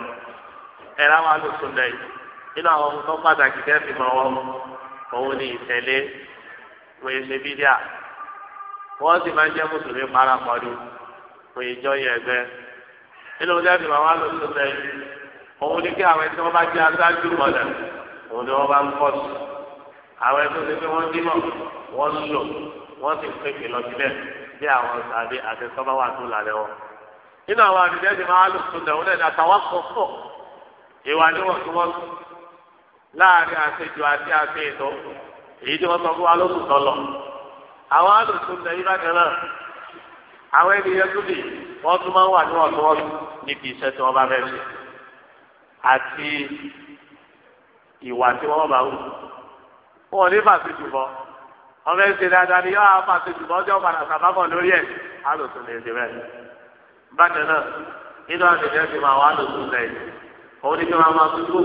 nínú àwọn tó pàtàkì kẹ́ fi òun ni ìtẹ̀lé wọ́n sì máa ń jẹ́ mùsùlùmí nínú ọjà tí màmá lọ sí ọ̀sẹ̀ yìí òun ni kí àwọn ẹni tí wọ́n bá jẹ́ aṣáájú mọ̀lẹ̀ òun ni wọ́n bá ń pọ̀ sí àwọn ẹni tó ti fi wọ́n dímọ̀ wọ́n lò wọ́n sì pèpè lọ sílẹ̀ bí àwọn tàbí àti sọ́bà wà tó lálẹ́ wọn. nínú àwọn àdìjẹ́ ti máa lò sódà òun náà àtàwọn kọ̀ pọ̀ ìwà níwọ̀ntúnwọ̀nsì láàrin àṣejù àti àṣe èyí tí wọ́n sọ fún wa lóṣù tọ́lọ̀ àwọn àlòsùn àwọn ènìyàn tó lè wọ́n tún máa ń wà níwọ̀ntúnwọ̀nsì níbi iṣẹ́ tí wọ́n bá fẹ́ ṣe àti ìwà tí wọ́n bá wù. wọn ní dáadáa ni yóò fàṣẹ jùbọ́ ọjọ́ padà sàbábọ̀ lórí ẹ̀ á lè ṣe bẹ́ẹ̀. bákan náà nínú àtẹ̀jẹ́ ti máa wà lori tún òun ní kí wọ́n máa tún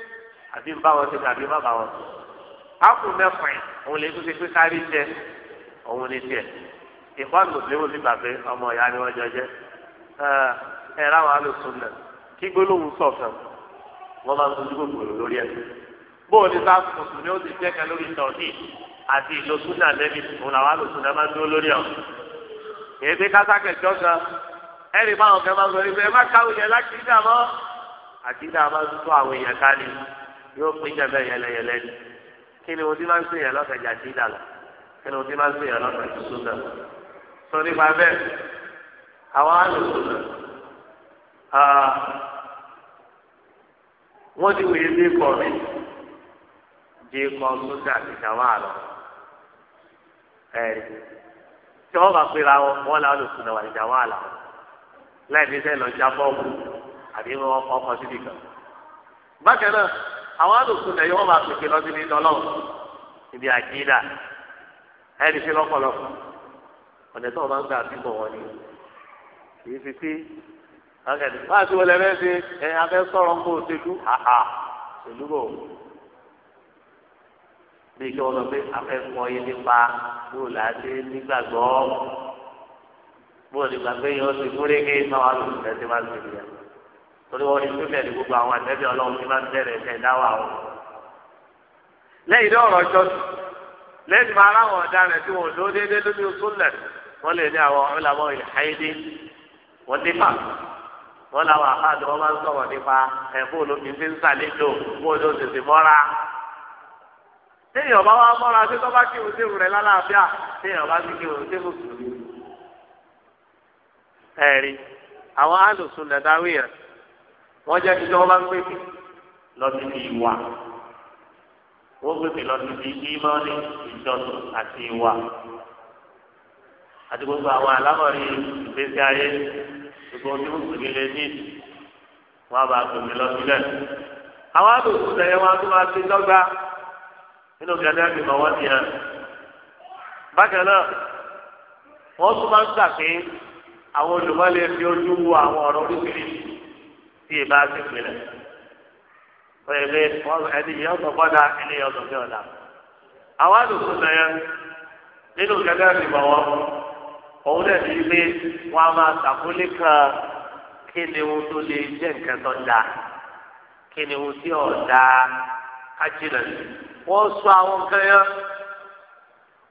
àbí bá wọn ṣe ní àbí má bá wọn ṣe ápù mẹ́fìn òun lè tún ṣe pé kárí jẹ òun ní tiẹ̀ ìfọ́n mùsùlùmí ti gbà pé ọmọ ìyá ni wọ́n jọ jẹ́ ẹ ráwọn alùsùn náà kí gbólóhùn sọ̀kan wọ́n máa ń tún dúró gbòòrò lórí ẹ̀ bóò ní bá mùsùlùmí ó ti jẹ́kẹ́ lórí tọ̀ọ̀tì àti ìlòsùn náà lẹ́bi òun làwọn alùsùn náà máa ń dúró lórí ọ̀ èyí pé kásákẹ̀ jọ́sán ẹ̀rì báwọn kẹ́ máa ń sọ ní pé ẹ má káwé yẹn lákìdá mọ́ àkìdá máa ń tó àwọn èèyàn ká ní yóò pín jẹ́ bẹ́ẹ̀ yẹlẹyẹlẹ ni kí ni mo ti máa ń sèyàn lọ́sẹ̀ jàdí dàlà kí ni mo ti máa ń sèyàn lọ́sẹ̀ tuntun dàlà sọ nípa bẹ́ẹ̀ àwọn àlùkò wọ́n ti wòye bí kọ́ mi jẹ́ kọ́ sódà àti ìjàwá àlọ́ ẹ̀rí tí wọ́n bá pera wọn wọ́n làwọn àlùkò náà wà ìjàwá láì ní sẹ́yìn lọ jábọ́ ọ̀hún àbí wọ́n kọ́ síbi kan bákan náà àwọn alùpùpù náà yóò máa pèké lọ sí ní tọ́lọ́wọ́ ibi àkídà ẹni fi lọ́pọ̀lọpọ̀ ọ̀nà tó o máa ń gbà bí mọ̀ wọn ni kì í fi pé ọ̀gẹ̀dẹ̀ wá sí wọlé ẹgbẹ́ ṣe ẹ abẹ́ sọ̀rọ̀ ń bò ṣèlú àhà ṣèlú bò bí kí wọn lọ pé afẹ́ mọ iye nípa bó láti nígbàgbọ́ bó nígbàgbé yẹn ó ti múrégé náà wà lóṣù máa ń ṣe nìyẹn torí wọn ní súnmẹ̀ ní gbogbo àwọn àtẹ́bí ọlọ́run tí máa ń bẹ̀rẹ̀ ẹ̀ṣẹ̀ dáwà o. lẹ́yìn náà ọ̀rọ̀ ṣọ́ọ̀ṣì lẹ́yìn máa ráwọn ọ̀daràn tí wọ́n lò déédé lórí súnlẹ̀ wọ́n lè ní àwọn ọ̀rẹ́làmọ́ ilẹ̀ ayédè wọ́n nípa wọ́n làwọn àkáàdé wọ́n máa ń sọ̀rọ̀ nípa ẹ̀fọ́ olómi fi ń sàlejò wọ́n ló tètè mọ́ra. téèyàn bá wá mọ́ra wọ́n jẹ́ kí wọ́n bá ń pèpè lọ sí ibi ìwà wọ́n pèpè lọ sí ibi ìmọ̀ọ́lẹ̀ ìjọsìn àti ìwà àti gbogbo àwọn alámọ̀rí ìgbésí ayé gbogbo tí mùsùlùmí lè ní wọ́n bá pèpè lọ sílẹ̀. àwọn àdùnkù tẹ̀yẹ wọn tó máa ti dọ́gba nínú gẹ́gẹ́ bí mọ̀ wọ́n ti hàn. bákan náà wọ́n tún máa ń gbà àwọn olùmọ̀lẹ́ fi ojú wo àwọn ọ̀rọ̀ oríṣiríṣi. tí ì bá ti pè rẹ̀ pẹ̀lẹ́ ẹni yẹn ọ̀sán bọ́dà ẹni yẹn ọ̀sán bí ọ̀dà. àwọn àdùnkù bẹ̀rẹ̀ nínú gẹ́gẹ́ bí bọ̀wọ́ òun náà ní pé wọ́n á máa tàkúlé kan kí ni ohun tó lè jẹ́ nǹkan tó dáa kí ni ohun tí wọ́n sọ àwọn yẹn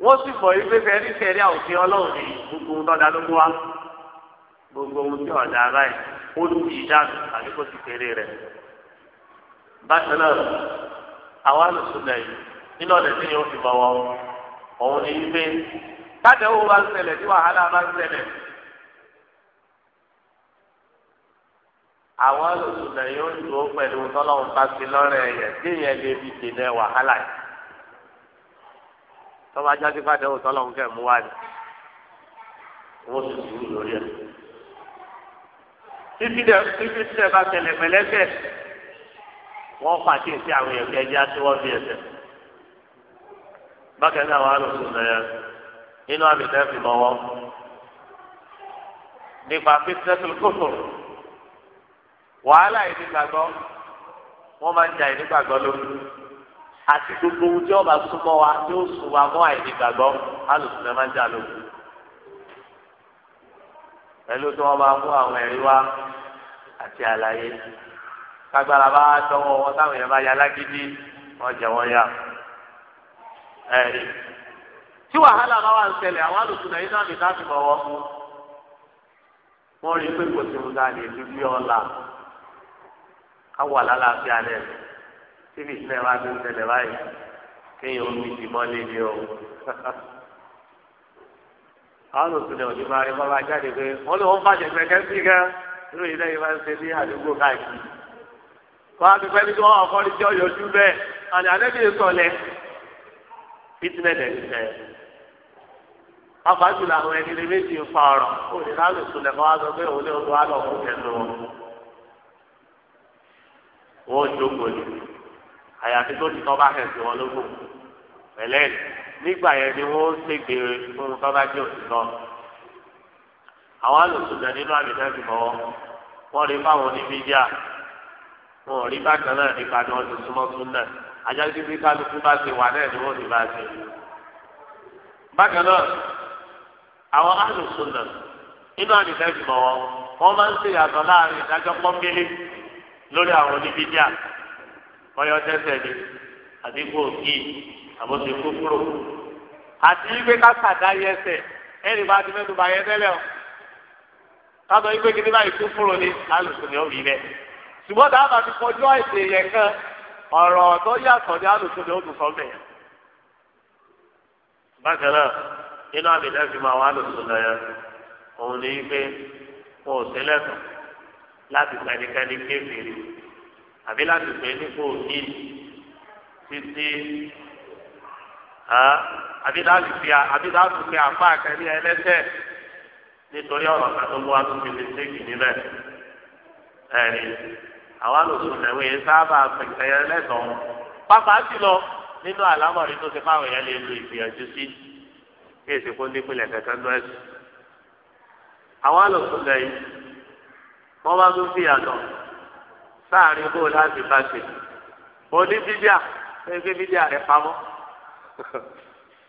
wọ́n sì yí pé gbogbo ohun tó gbogbo ohun kó ti dànù àbí kó ti kéré rẹ̀. bákan náà àwa lè sùn náà yìí nínú ọ̀dẹ̀ tí yóò fi bọ̀ wọ́n òun ni wípé tádẹ́wò bá ń ṣẹlẹ̀ tí wàhálà bá ń ṣẹlẹ̀. àwọn alòsùnà yóò dúró pẹ̀lú tọ́lọ́hún bá lọ́rẹ̀ yẹn tí yẹn lè fi dènà wàhálà yìí. tọ́ba jáde bá dẹ́wò tọ́lọ́hún kẹ̀ mú wá ní. wọ́n sì sùúrù lórí ẹ̀ títí dẹ títí dẹ bá tẹlẹ pẹlẹsẹ wọn pàṣẹ sí àwọn èèyàn kẹjẹ àti wọn fi ẹsẹ bákan náà wàá lòsùn náà nínú àmì tẹ fi mọ wọn nípa fitness kóso wàhálà yìí nígbàgbọ́ wọn máa ń jà yìí nígbàgbọ́ lórí àti gbogbo ohun tí wọn bá súnmọ́ wa tí ó sùn wa mọ́ àìnígbàgbọ́ alùpùpù náà máa ń jà lórí pẹ̀lú tí wọ́n bá mú àwọn ẹ̀rí wá àti àlàyé kágbára bá dánwó wọn táwọn èèyàn bá ya lágídí wọ́n jẹ wọ́n yá ẹ̀rí tí wàhálà bá wà ń ṣẹlẹ̀ àwọn àlùkùnrin yìí náà nìkan ti bọ̀wọ́ fún wọ́n rí i pé kò sí mu dáa lè lu bí ọ̀la káwọ̀ lálàáfíà rẹ̀ tíbi ìṣẹ̀lẹ̀ wa ti ń ṣẹlẹ̀ báyìí kéèyàn ó mi mọ́lé ni o. àwọn òṣèlú òní máa rí bọ́lá jáde pé wọ́n lè wọ́n bàjẹ́ gbẹ̀gẹ́ sí gan nínú ilé yìí ṣe ní àdúgbò káàkiri. wọ́n á ti pẹ́ nígbà wọn ọ̀kọ́rí tí ó yọjú bẹ́ẹ̀ àti àdébí sọ̀lẹ̀ fitinẹ́tẹ̀ ṣẹ̀. apájú làwọn ẹni lè méjì ń fa ọ̀rọ̀ òní láti sùnlẹ̀ kọ́ wá sọ pé wọn. jókòó ni àyàfi tó ti tọ́ bá wọn nígbà yẹn ni wọ́n ṣègbè fún bàbá jẹ́ òtítọ́ àwọn alùpùpù nínú àbídá ti bọ̀ wọ́n rí fáwọn onímídíà wọn rí bákan náà nípa ni wọ́n ti súnmọ́ súnà ajáde bí kálukú bá ti wà náà ni wọ́n ti bá ti. bákan náà àwọn alùpùpù nínú àbídá ti bọ̀ wọ́n máa ń ṣe ìyàtọ̀ láàrin ìdájọ́ pọ́nbélé lórí àwọn onímídíà wọ́n yọ tẹ́sẹ̀ ni àdínkù òkì àbó ti kú kúrò àti ìgbé kásàdá yẹsẹ ẹnì bá ti mẹnu bá yẹ tẹ́lẹ̀ o kátó ìgbé kí ní báyìí kú kúrò ní alùsùn ní òbí rẹ ṣùgbọ́n dáhà bá ti kọjú àìsè yẹn kan ọ̀rọ̀ tó yàtọ̀ ní alùsùn ní òdùn sọ́mẹ̀ yẹn. bákan náà nínú àmì náà fi máa wà alùsùn náà yẹn òun ní ìgbé kò sílẹ̀ láti gbanigbani kéfèrè àbí láti pè é nípò yìí títí. àbí fi àpá àkẹ́rí ẹlẹ́sẹ̀ nítorí ọ̀rọ̀ kan ṣéèkì níbẹ̀ sábà nínú àlámọ̀rí tó ti fáwọn èèyàn lè lo ìgbìyànjú sí kí èsì kó nípìnlẹ̀ kẹ̀kẹ́ ń àwọn àlòsùn wọ́n bá tún fi àtọ̀ sáàrin bó láti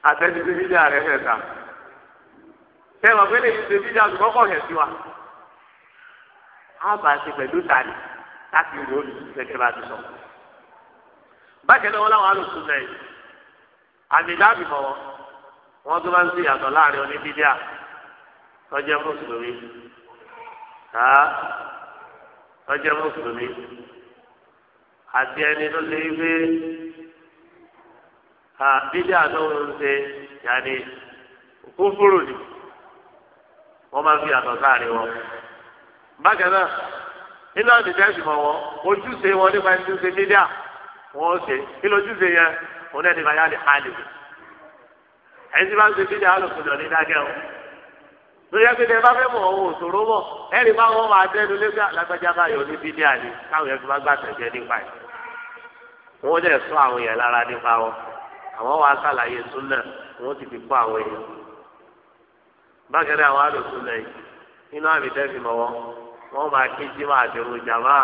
àtẹ́jú tó fi dá rẹ̀ fẹ́ ta tẹ́wọ̀n pé lè ṣe bíjà ṣùgbọ́n kọ̀ yẹn sí wa á bá ṣe pẹ̀lú tani láti rò ó gẹ́gẹ́ bá ti sọ. bákẹ́ náà wọ́n láwọn alùpùpù náà yìí àmì ìdáàbì mọ́ wọn wọ́n tó bá ń ṣe ìyàtọ̀ láàrin oníbídíà tọ́jẹ́ mùsùlùmí tọ́jẹ́ mùsùlùmí àti ẹni tó lè gbé. ka bídí àtọ́wò ń ṣe yàní kúfúrú ni wọ́n máa fi àtọ̀ sáàrin wọn. bákan náà nínú àdìsẹ́sì mọ̀ wọn ojúṣe wọn nípa ṣe kí yẹn náà ẹni tí ṣe ní o lórí ẹgbẹ́ tẹ bá fẹ́ mọ̀ ọ́n òṣòro mọ̀ ẹ̀rì máa wọ́n máa dẹnu lẹ́gbẹ́ alágbájá báyọ̀ ní bídí à káwọn yẹn fi gbà tẹ̀jẹ́ àwọn wa sàlàyé súnà wọn ti fi àwọn èèyàn bákẹ́rẹ́ àwọn àlòsúnà yìí nínú àmì tẹ́sí wọn máa kí jimá àdéhùn jàmá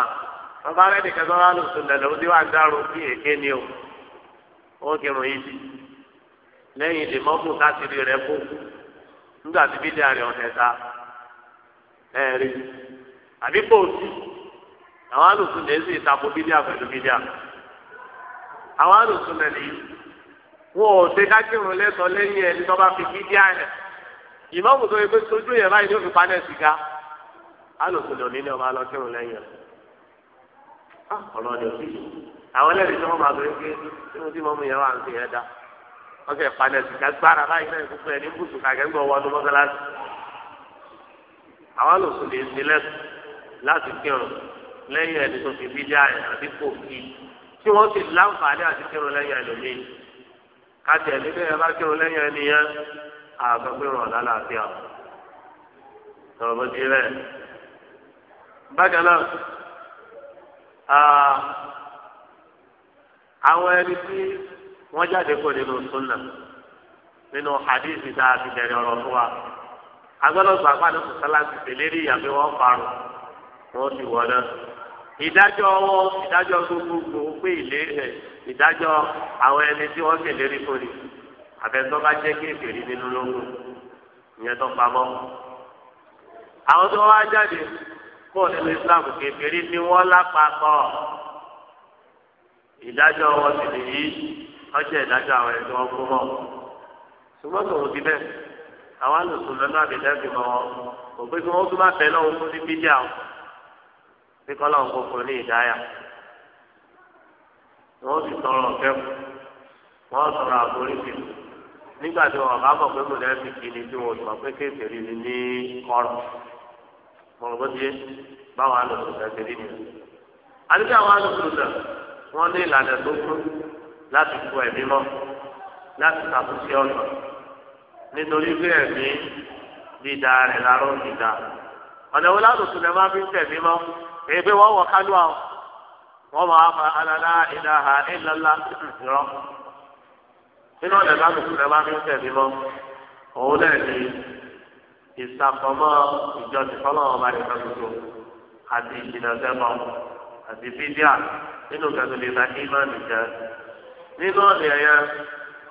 bàbá rẹ̀ nìkan tó wà lòsúnà lòun ti wà dárò èké ni o ó kírun yìí lẹ́yìn rẹ̀ kú nígbà tí àrẹ ta àbí àwọn yìí sì wọn ò ṣe kákìrún lẹ́sọ̀ lẹ́yìn ẹni tó bá fi gidi àyẹ̀ ìmọ̀mù tó yẹ pé sojú yẹn báyìí ló fi panẹ̀ sìgá alòpùlò nílé ọba lọ kírun lẹ́yìn rẹ̀ ọ̀rọ̀ ni òbí àwọn ẹlẹ́rìí tí wọ́n máa gbé pé tí mo ti mọ́mú yẹn wà ń fi yẹn dá wọ́n fẹ́ panẹ̀ sìgá gbára báyìí náà gbogbo ẹ̀ ní bùsù kàkẹ́gbọ̀ wọnú mọ́sálásì àwọn alòpùlò èsì lẹ́sùn láti kírun lẹ́yìn ẹni tó fi gidi àyẹ̀ àdínkù kí tí wọ́n sì láǹfààní àti kírun lẹ́yìn ẹlòmíì káṣí ẹni bẹ́ẹ̀ bá kírun lẹ́yìn ẹni yẹn àgbà pé ràn lálàáfíà bó ti rẹ̀. bákan náà àwọn ẹni tí wọ́n jáde kó nínú súnà nínú hadithi tá a ti bẹ̀rẹ̀ ọ̀rọ̀ fún wa kò sálá ti ìyàgbé wọn parun ìdájọ́ àwọn ẹni tí wọ́n sì lérí fún ni àbẹ̀tọ́ bá jẹ́ kí èfèrí nínú lóko ìyẹn tó pamọ́. àwọn tó wá jáde kó nínú Islam kékeré ni wọ́n lápapọ̀ ìdájọ́ wọn sì nìyí ọjọ́ ìdájọ́ àwọn ẹni tí wọ́n kú mọ́. ṣùgbọ́n tòun ti bẹ́ẹ̀ àwọn alùpùpù lọ́nà àbẹ̀dẹ́gbẹ̀ mọ́ wọn òpin tí wọ́n tún bá fẹ́ lọ́wọ́ fún ní bíjà o bí kọ́lọ́ wọ́n sì tọrọ ọ̀fẹ́ wọ́n tọrọ àforíṣi nígbà tí wọ́n bá mọ̀ pé kò lẹ́yìn ti kiri tí wọ́n mọ̀ pé kékeré ni ní ọrọ̀ mọ̀rọ̀ bó ti yé báwọn alòsùn tẹ̀sí rí àdúgbò àwọn alòsùn tẹ̀ wọ́n ní ìlànà tó kún láti kú ẹ̀mí mọ́ láti ṣàtúnṣe ọ̀nà nítorí pé ẹ̀mí dídá rẹ̀ lárọ́ dídá ọ̀nà wo lálòsùn tẹ̀ máa fi ń tẹ̀mí mọ́ èyí pé wọ́n wọ̀ kálúwà ọ̀ wọ́n máa fa alala ìlàhà ìlàlá ìrọ̀ nínú ọ̀dẹ̀ bá lùkùn ẹ̀ bá fi ń tẹ̀lé mọ́ òun náà ni ìsàkọ́mọ́ ìjọsìn fọlọ́wọ́ bá nìkan tuntun àti ìjìnà sẹ́mọ́ àti fídíà nínú gàdúlẹ̀ bá ìmọ̀ nìjẹ́ nínú ọ̀dẹ̀ ẹ̀yẹ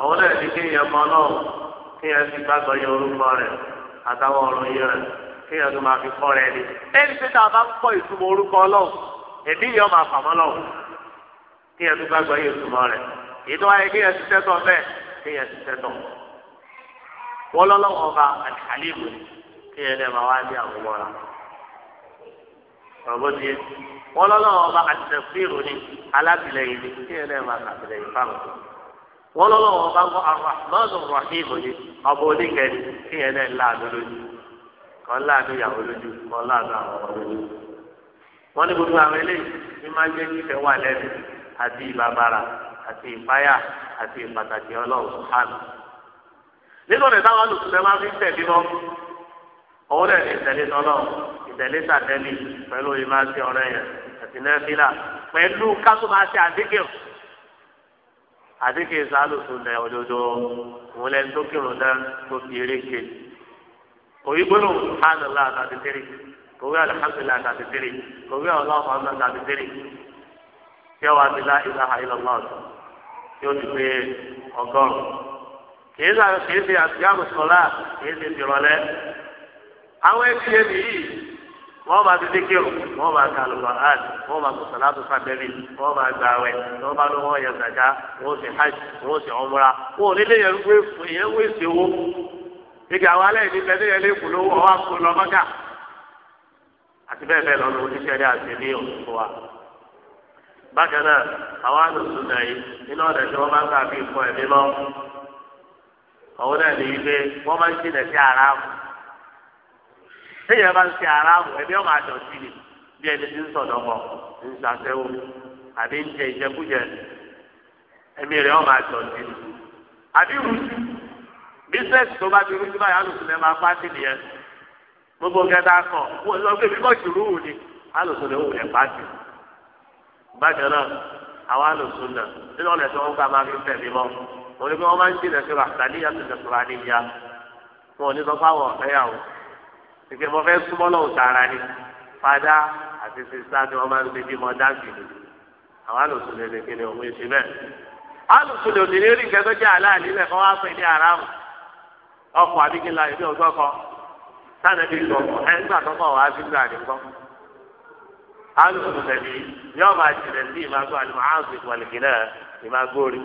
òun náà ni kéèyàn mọ́ náà kéèyàn sì gbàgbọ́ yẹ orúkọ rẹ̀ àtàwọn ọ̀rọ̀ yẹ rẹ̀ kéèyàn tó máa fi kọ́ rẹ̀ ni. ẹni ẹbí yẹn ọmọ àfàmọ́ lọ́wọ́ kí ẹ tún gbàgbọ́ yóò túmọ̀ rẹ̀ èyí tó wáyé kí ẹ ti tẹ́tọ̀ bẹ́ẹ̀ kí ẹ ti tẹ́tọ̀ wọ́n lọ́lọ́wọ́ ọba àti kí ẹ dẹ́ máa wá ọba ni alátìlẹyìn ni kí ẹ dẹ́ máa tàtìlẹyìn fáwọn wọ́n lọ́lọ́wọ́ ọba ń kọ́ arahmanu rahim ni ọba oníkẹ́ni kí ẹ dẹ́ lójú lójú àwọn ọmọ lójú. wọ́n ní gbogbo àwọn eléyìí bí máa jẹ́ kí ìfẹ́ wà lẹ́nu àti ìbàbàrà àti ìpáyà àti ìpàtàkì ọlọ́run sùhánù. nínú rẹ̀ táwọn olùsùnfẹ́ máa fi ń tẹ̀lé lọ òun rẹ̀ ní ìtẹ̀lé tọ́lọ́ ìtẹ̀lé sàtẹ́lì pẹ̀lú ìmáṣe ọ̀rẹ́ yẹn àti nẹ́fílà pẹ̀lú kátó máa ṣe àdékè àdékè sálùsùn lẹ̀ òdodo òun lẹ́ni tó kírun náà tó fi eré ke òyìnbó lòun kòwé alihamdulilayi tàbí tiri kòwé ọ̀nà tàbí tiri ti pé ọgọ́rùn. kìí kìí àtìyàmù sọlá kìí àwọn ẹbí ẹbí yìí wọ́n bá ti dékè o wọ́n bá ka al-Qur'an wọ́n bá sábẹ́rì wọ́n bá gba awẹ́ wọ́n bá lọ́wọ́ yẹ wọ́n sì hajj wọ́n sì wọ́n nílé yẹn wé fún yẹn wé ìgbà àti bẹ́ẹ̀ bẹ́ẹ̀ lọ́nà oníṣẹ́ ní àti ní òṣùpọ̀ wa. bákan náà àwọn àlùsùn náà yìí nínú ọ̀nà tí wọ́n bá ń gbà bí nǹkan ẹ̀mí lọ. àwọn náà nìyí pé wọ́n máa ń jìnà sí aráàmù. téèyàn bá ń ṣe aráàmù ẹ̀mí ọ̀mà àdọ̀tí ni bí ẹni tí ń sọ̀dọ̀ mọ̀ ń ṣàṣẹ́wó àbí ń jẹ ìjẹkújẹ ẹ̀mí rẹ̀ ọ̀mà àdọ̀tí ni. àbí rújú bísẹ̀sì tó bá ti rújú báyìí gbogbo kẹta kan wọn lọ pé mímọ jùlọ wù ni alùsùn lè wù lẹ pàṣẹ bákan náà àwọn alùsùn náà nínú ọ̀nà tí wọ́n gbà máa fi ń tẹ̀lé mọ́ wọn ni pé wọ́n máa ń jìnà sí ràtàlí àti ìdẹ̀sọ̀rọ̀ àníyá wọn ò ní sọ fáwọn ọ̀fẹ́yàwó ìpè mọ́ fẹ́ súnmọ́ lọ́wọ́ tààrà ni fada àti sista ni wọ́n máa ń gbé bímọ dáàbì ni àwọn alùsùn lè lè kéde òun ìṣe bẹ́ẹ̀ alùsùn lè òdì ní rí nǹkan tó jẹ́ àlá sanabi sọ ẹgbà tó kọ wá sí gbà ní kọ alùpùpù tẹbi yọọ máa jìnnà sí ìmágbó àlùmọ àǹsì ìpàlìkì náà ìmágbórí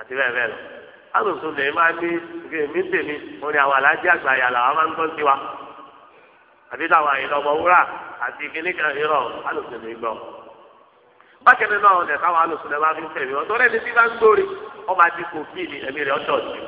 àti bẹ́ẹ̀ bẹ́ẹ̀ lọ alùpùpù tẹbi máa ní èmi tèmi mo ní àwọn alájẹ àgbà yàrá wa máa ń gbọ́ sí wa àti táwọn àyìn lọ́mọ wúrà àti kíní kan irọ́ alùpùpù tẹbi gbọ́ bákẹ́ni náà ọ̀nà táwọn alùpùpù tẹbi wọn tó rẹ́ni tí bá ń gbórí ọ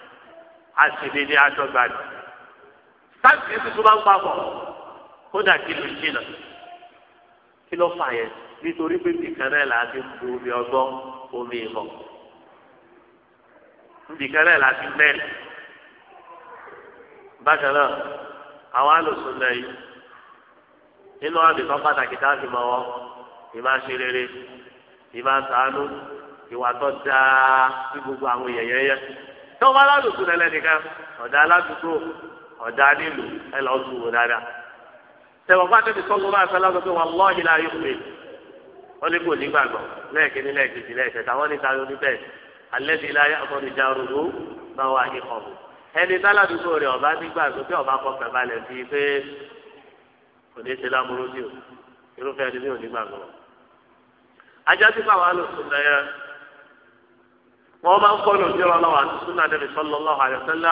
àṣìlè ní àjọgbà ni táǹkì tuntun máa ń papọ̀ kódà kí ló jìnà kí ló fà nítorí pé nìkan náà ti bu omi ọgbọ́n omi ti àwọn yìí nínú pàtàkì tá a fi mọ̀ rere ìmá ìwà tó dáa sí gbogbo àwọn tí wọ́n bá ládùúgbò lẹ́lẹ́ nìkan ọ̀dà aládùúgbò ọ̀dà nílùú ẹ̀ lọ́ọ́ tù wò dáadáa tẹ̀wọ̀n fún àtẹ̀bí sọ́kùnrin máa fẹ́ lọ́sọ̀ pé wọ́n lọ́ọ̀yìn láàyè pé wọ́n ní kò ní gbàgbọ́ lẹ́ẹ̀kínní lẹ́ẹ̀kejì lẹ́ẹ̀kẹta wọ́n ní tayọ níbẹ̀ alẹ́ ti láyé ọkọ̀ni já rúdú bá wà ní kọ̀ọ̀bù ẹni táládùúgbò rẹ̀ ọ̀bá ní gbàgbọ́ pé ọ̀bá kọ̀ọ̀kẹ́ balẹ̀ sí i pé kò ní ṣe lámúrú sí o wọn máa ń kọlu ìjọba lọ́wọ́ àti súnà dẹbi sọlọ lọ́wọ́ àyọsẹlẹ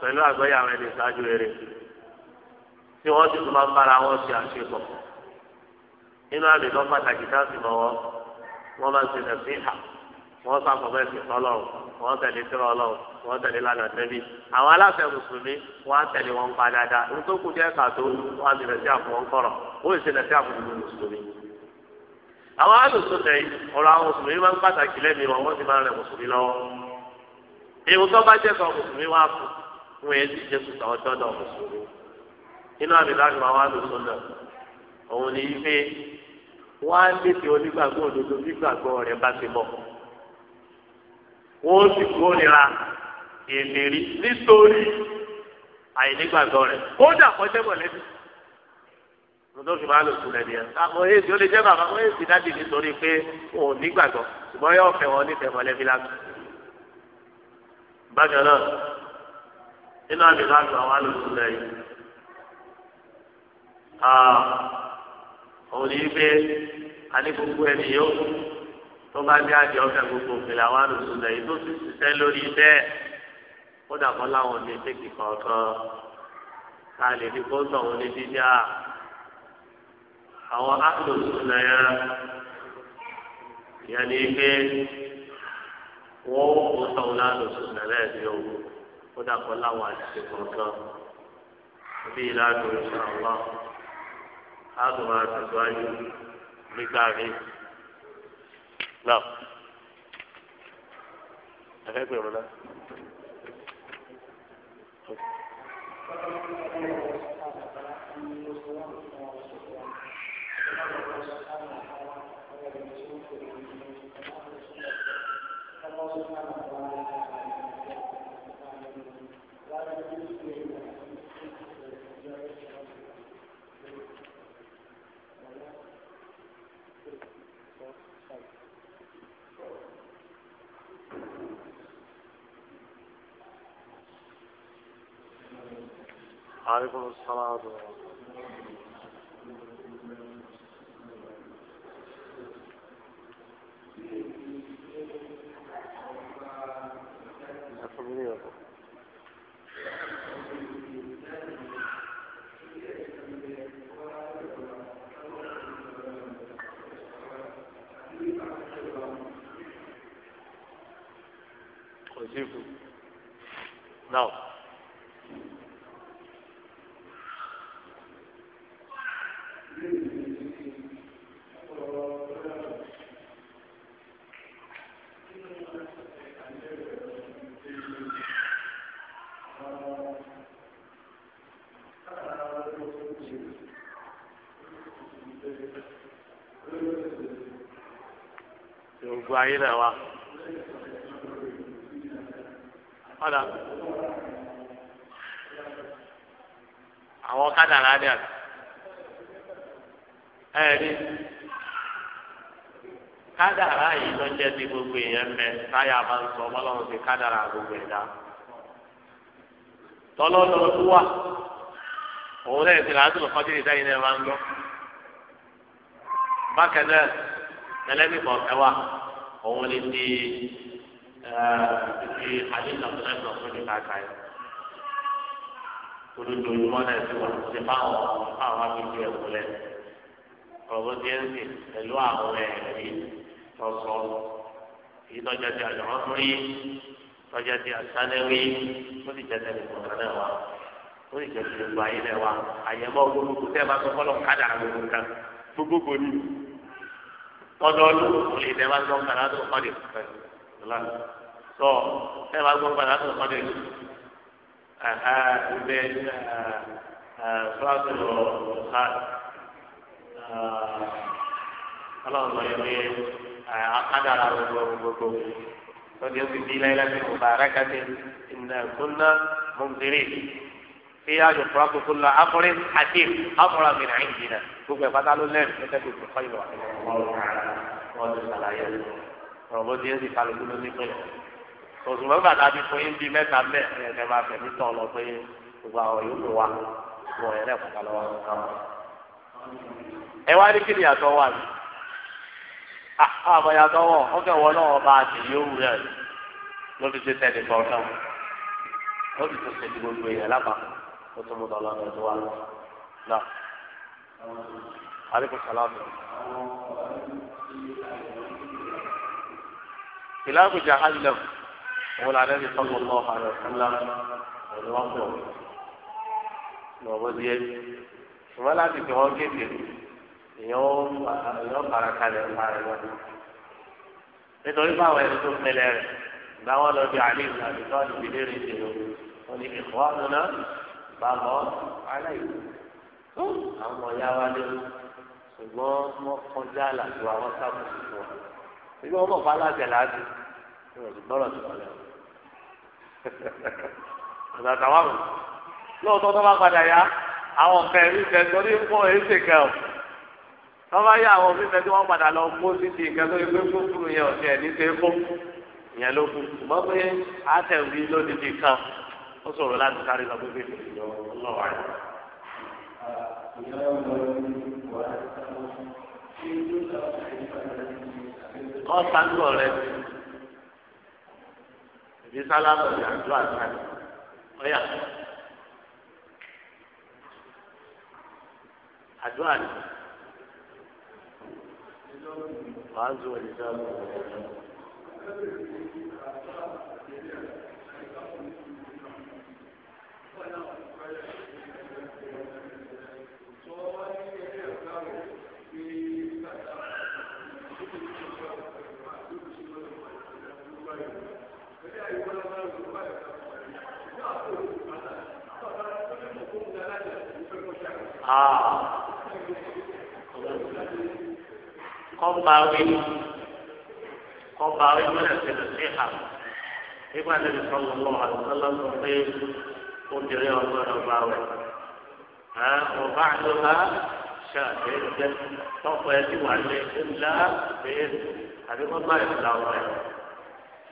pẹ̀lú àgbẹyà àwọn ẹni ìsáájú eré tí wọn ti tún máa ń bára wọn ṣe àṣepọ̀ nínú àmì lọ pàtàkì káàsì mọ wọn wọn máa ń ṣe ẹsẹ ìhà wọn sàkó bẹ́ẹ̀ sì sọlọ wọn tẹ̀lé tírọ lọ wọn tẹ̀lé lánàá tẹbi àwọn aláṣẹ mùsùlùmí wọn á tẹ̀lé wọn pa dáadáa nítorí kù jẹ kàtó wọn á ti lẹsẹ àpò wọn kọrọ ó sì lẹsẹ àpò mùsùlùmí àwọn alùsùn tẹ ọ̀rọ̀ àwọn mùsùlùmí máa ń pàtàkì lẹ́mìí wọn wọ́n sì máa ń rẹ mùsùlùmí lọ́wọ́ èèwù tó bá jẹ́ sọ mùsùlùmí wá fún fún èyí tí jésù sàwọn tó dọ̀ mùsùlùmí inú àmì láti máa wá lùsùn náà òun ni ife wọ́n á tètè onígbàgbọ́ òdodo gbígbàgbọ́ rẹ̀ bá ti mọ̀ wọ́n sì kórìíra èmèrè nítorí àìnígbàgbọ́ rẹ̀ kódà kọjá mọ̀lẹ́bí lọ́dọ̀ fi máa lò sùn lẹ́nu yẹn. àwọn èsì ó lè jẹ́ bàbá wọn èsì dájú nítorí pé wọn ò nígbàgbọ́ ṣùgbọ́n yóò fẹ́ wọn nífẹ̀ẹ́ mọ́lẹ́bí lágbó. bákan náà nínú àmì lágbó àwọn alòsùn lẹ́yìn. òun ní pé àní gbogbo ẹni yóò tó bá ní àjẹ ọ̀fẹ́ gbogbo òkèlè àwọn alòsùn lẹ́yìn tó sì ṣiṣẹ́ lórí bẹ́ẹ̀ kódà kọ́ láwọn ní àwọn áàlùsùn náà yàní pé wọ́n kó sọ̀rọ̀ láàlùsùn náà o ó dàpọ̀ láwọn àṣìṣe kọ̀ọ̀kan bí ìlànà ìṣàlọ́ àgùnmá tẹ̀síwájú nígbà rí náà Thank you. عليكم السلام ورحمة الله náà. gbogbo ayé náà wa. ọ̀dà kádàrá eh, ni àbí ẹ̀rí kádàrá yi ló jẹ́ ti gbogbo èèyàn mẹ́ táyà máa ń sọ ti gbogbo ẹ̀dá tọ́lọ́lọ́ wà òun náà ti náà máa ń lọ bákan náà ẹlẹ́bí wà òun eh, olùdókòwò náà ti wà ṣe fáwọn àwọn akéwì ẹ̀kọ́ lẹ ọ̀rọ̀ díẹ̀ sí pẹ̀lú àwọn ẹ̀rí tọ̀sọ̀ èyí tọ́jà ti àjọ̀rọ̀mọ́rí tọ́jà ti àṣálẹ́rí ó sì jẹ́ tẹ̀lé kọ̀ọ̀kan náà wá ó sì jẹ́ tẹ̀lé gbogbo ayé náà wá àyẹ̀mọ́ gbogbo tẹ́ ẹ bá tó kọ́lọ̀ kádà gbogbo kan gbogbo ni ọdọọdún kò lè tẹ́ bá tó ibẹ̀ sọ́ọ̀tù ọ̀hán ọlọ́run lọ yẹ pé akádàrà gbogbo gbogbo lọ́dí ó fi di ilé ẹlẹ́sìn kò bá rẹ́ kẹ́kẹ́ ìnà ìkúnná mọ̀nbírí fi ayò fúrakú kú lọ afúrí àti afúra mi náà ń jìnnà gbogbo ẹ̀ pátá ló lẹ́nu nígbà tó kọ́ ìlú àti ọ̀rọ̀ ọ̀rọ̀ ọ̀rọ̀ ọ̀rọ̀ ọ̀rọ̀ ọ̀rọ̀ ọ̀rọ̀ ọ̀rọ̀ ọ̀rọ̀ ọ̀rọ̀ ọ̀rọ̀ ọ̀rọ̀ ọ̀rọ̀ ọ̀rọ̀ ọ̀rọ̀ ọ̀rọ̀ ọ̀rọ̀ òsùn mẹ́fà tàbí fún yín bíi mẹ́ta mẹ́ ẹ̀ẹ́dẹ́ máa fẹ̀mí tán lọ pé gbogbo àwọn yòókù wa wọ̀ ẹ̀ náà kọ́kọ́ lọ́wọ́ káwọn. ẹ wá ní kí ni àtọ́ wà ní. Ah, ah, àbọ̀ yàtọ̀ wọ̀ ọkẹ́ wọ náà ọba àti yòówù rẹ̀ ló fi ṣe tẹ̀lé kan náà ló fi tó ṣe ti gbogbo èèyàn lápapọ̀ ó tún mú tọ́lọ́ ẹ̀ tó wà wọn là lẹ́bi sọ́kùn náà àrẹ fúnlá òní wọn pè wọn ní ọ̀bọ díẹ̀ ìwọ́n láti fi wọn kéde èèyàn bára kalẹ̀ ń parẹ́ wọn nítorí báwọn ẹni tó pẹlẹ rẹ gbáwọn lọ bí alẹ́ ìgbà tí wọ́n ti lè rìn dèrò wọn ni ìfọ́ àdúná bàbá aláìwé àwọn ọ̀yá wa lé ṣùgbọ́n wọ́n kọjá àlàjò àwọn sábà ṣùgbọ́n wọ́n mọ̀ fún alájẹ láti wọn ò sì gbọ́rọ̀ sí wọn lẹ́wọ̀ ọ̀dà tàwọn àmì lóòótọ́ tó bá padà yá àwọn nǹkan ẹ̀rí ìfẹ́ torí pọ̀ èsì kẹ ọ̀ tó bá yá àwọn òfin tí wọ́n padà lọ kó sí ti nǹkan tó yẹ pé kúkúrú yẹn ọ̀sẹ̀ ní ṣe kó ìyẹn ló kú ṣùgbọ́n pé àtẹ̀wé lódìdí kan ó ṣòro láti sáré lọ pé bèbè lọ́wọ́ rẹ̀. ọ̀sán lọ rẹ̀ ní sálámù ní àjọ àjálù ọ̀yà àjọ àjálù wàá zọ ìjà lọ. Thank you. Ah. kọ́ba wí kọ́ba wí mọ́lẹ̀ sílẹ̀ sí ha nígbà tí mi sọ lọ́wọ́ àlùfáà sọ pé obìnrin ọgbọ́n ọba rẹ̀ ọba àdúrà ṣàdé jẹ́ tọ́pọ̀ ẹ ti wà lé ńlá bẹ́ẹ̀ àbí kọ́ba ìlà ọ̀rẹ́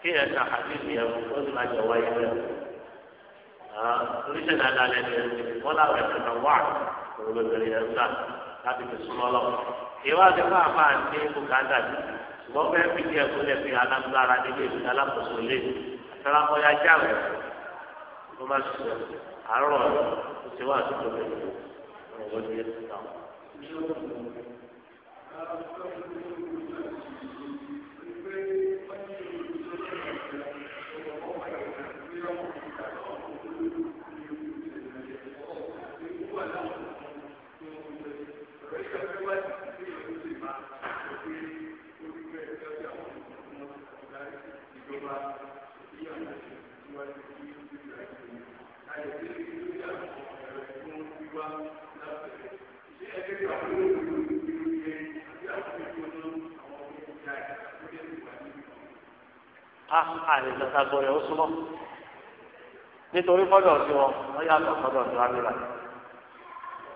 kí ẹ ta àdìsí ẹ̀ kó ní máa jẹ wáyé rẹ̀ oríṣiríṣi àdáyé rẹ̀ wọ́n láwọn ẹ̀sìn náà wà olóbìnrin yẹn gbà láti fi súnmọ́ lọ. ìwádìí fún àpá àti bùkátà bí ṣùgbọ́n fẹ́ẹ́ fi díẹ̀ kó lè fi alágbára nílé ìlú alákòóso lé àtàlámọ́yá jáwé ló má ṣe àárọ̀ ṣe wà tó tóbi ọ̀rọ̀ ló ti yẹ a àìsàtàgbọ̀ rẹ̀ ó súnmọ́ nítorí fọ́dọ̀ sí wọn wọ́n yàtọ̀ fọ́dọ̀ sí wọn nígbà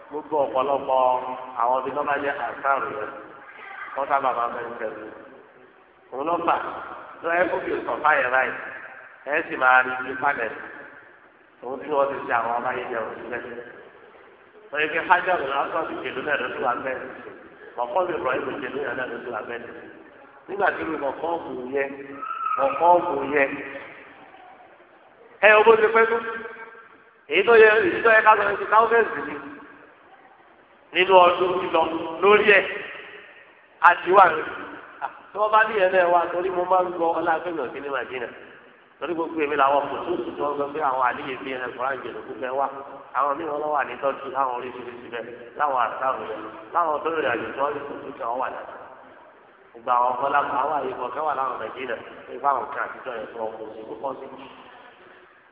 gbogbo ọ̀pọ̀lọpọ̀ àwọn ibi tó jẹ́ àṣàrò yẹn wọ́n sábà máa ń bẹ̀rẹ̀ pẹ̀lú òun ló fà lọ ẹ kókè sọ̀fà yẹn báyìí ẹ sì máa rí ibi pálẹ̀ òun tí wọ́n ti ṣe àwọn ọmọ ayẹyẹ òun sílẹ̀ wọ́n yẹ kí hajjab lọ́sọ̀ ti náà lọ́sọ̀ ọ̀kan ọ̀bù yẹ ẹ owó ti pẹ́ tó èyí tó yẹ èyí tó yẹ ká lọ sí káwọ́fẹ́sì ni nínú ọdún lílọ lórí ẹ̀ àtiwá rẹ̀ tí wọ́n bá ní ẹ̀rẹ́ wa torí mo máa ń lọ ọlágbẹ́yọ̀ sí ní màdínà torí gbogbo èmi làwọn mùsùlùmí tí wọ́n gbọ́ pé àwọn àníyè bíi ẹ̀rẹ́ kọ́ra ń jẹ̀lú fúnfẹ́ wa àwọn míì wọn lọ wà ní tọ́jú láwọn oríṣiríṣi bẹ́ẹ̀ láwọn àṣà láwọn tó lè rìn tó ìgbà àwọn ọmọlá kan àwọn àyè kan kẹwàá láwọn nàìjíríà ní fáwọn kan àtijọ́ yẹn fún ọkọ sí kókó sí